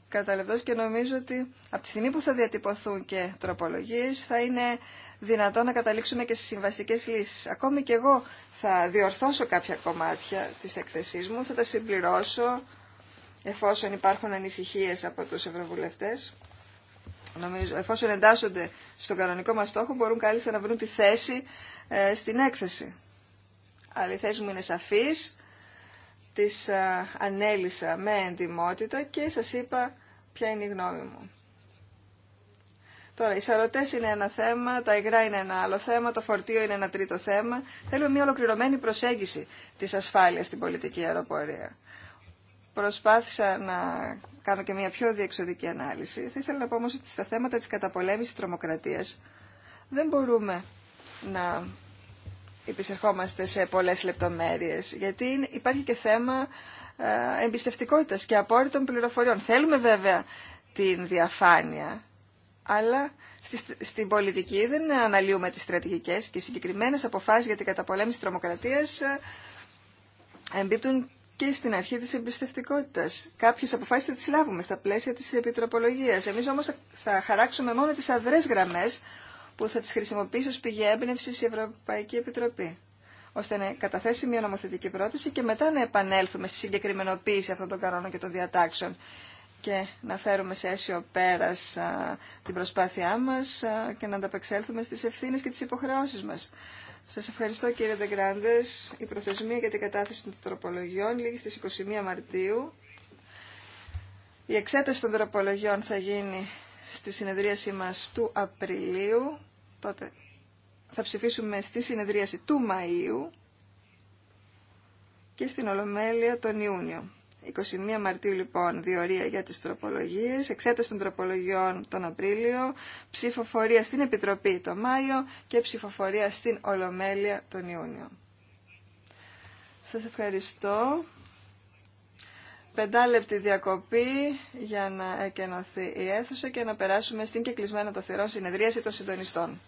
καταλεπτός και νομίζω ότι από τη στιγμή που θα διατυπωθούν και τροπολογίες θα είναι δυνατό να καταλήξουμε και στις συμβαστικές λύσεις. Ακόμη και εγώ θα διορθώσω κάποια κομμάτια της εκθεσής μου, θα τα συμπληρώσω εφόσον υπάρχουν ανησυχίες από τους ευρωβουλευτές. Νομίζω, εφόσον εντάσσονται στον κανονικό μας στόχο, μπορούν κάλλιστα να βρουν τη θέση ε, στην έκθεση. Αλλά η θέση μου είναι σαφής, της α, ε, ανέλησα με εντυμότητα και σας είπα ποια είναι η γνώμη μου. Τώρα, οι σαρωτέ είναι ένα θέμα, τα υγρά είναι ένα άλλο θέμα, το φορτίο είναι ένα τρίτο θέμα. Θέλουμε μια ολοκληρωμένη προσέγγιση τη ασφάλεια στην πολιτική αεροπορία προσπάθησα να κάνω και μια πιο διεξοδική ανάλυση. Θα ήθελα να πω όμως ότι στα θέματα της καταπολέμησης τρομοκρατίας δεν μπορούμε να υπησερχόμαστε σε πολλές λεπτομέρειες, γιατί υπάρχει και θέμα ε, εμπιστευτικότητας και απόρριτων πληροφοριών. Θέλουμε βέβαια την διαφάνεια, αλλά στην πολιτική δεν αναλύουμε τις στρατηγικές και συγκεκριμένες αποφάσεις για την καταπολέμηση της τρομοκρατίας ε, εμπίπτουν και στην αρχή της εμπιστευτικότητας. Κάποιες αποφάσεις θα τις λάβουμε στα πλαίσια της επιτροπολογίας. Εμείς όμως θα χαράξουμε μόνο τις αδρές γραμμές που θα τις χρησιμοποιήσει ως πηγή έμπνευση η Ευρωπαϊκή Επιτροπή ώστε να καταθέσει μια νομοθετική πρόταση και μετά να επανέλθουμε στη συγκεκριμενοποίηση αυτών των κανόνων και των διατάξεων και να φέρουμε σε αίσιο πέρας την προσπάθειά μας και να ανταπεξέλθουμε στις ευθύνε και τι υποχρεώσει μας. Σας ευχαριστώ κύριε Δεγκράντες. Η προθεσμία για την κατάθεση των τροπολογιών λήγει στις 21 Μαρτίου. Η εξέταση των τροπολογιών θα γίνει στη συνεδρίαση μας του Απριλίου. Τότε θα ψηφίσουμε στη συνεδρίαση του Μαΐου και στην Ολομέλεια τον Ιούνιο. 21 Μαρτίου λοιπόν διορία για τις τροπολογίες, εξέταση των τροπολογιών τον Απρίλιο, ψηφοφορία στην Επιτροπή τον Μάιο και ψηφοφορία στην Ολομέλεια τον Ιούνιο. Σας ευχαριστώ. Πεντάλεπτη διακοπή για να εκενωθεί η αίθουσα και να περάσουμε στην κεκλεισμένα το θηρό συνεδρίαση των συντονιστών.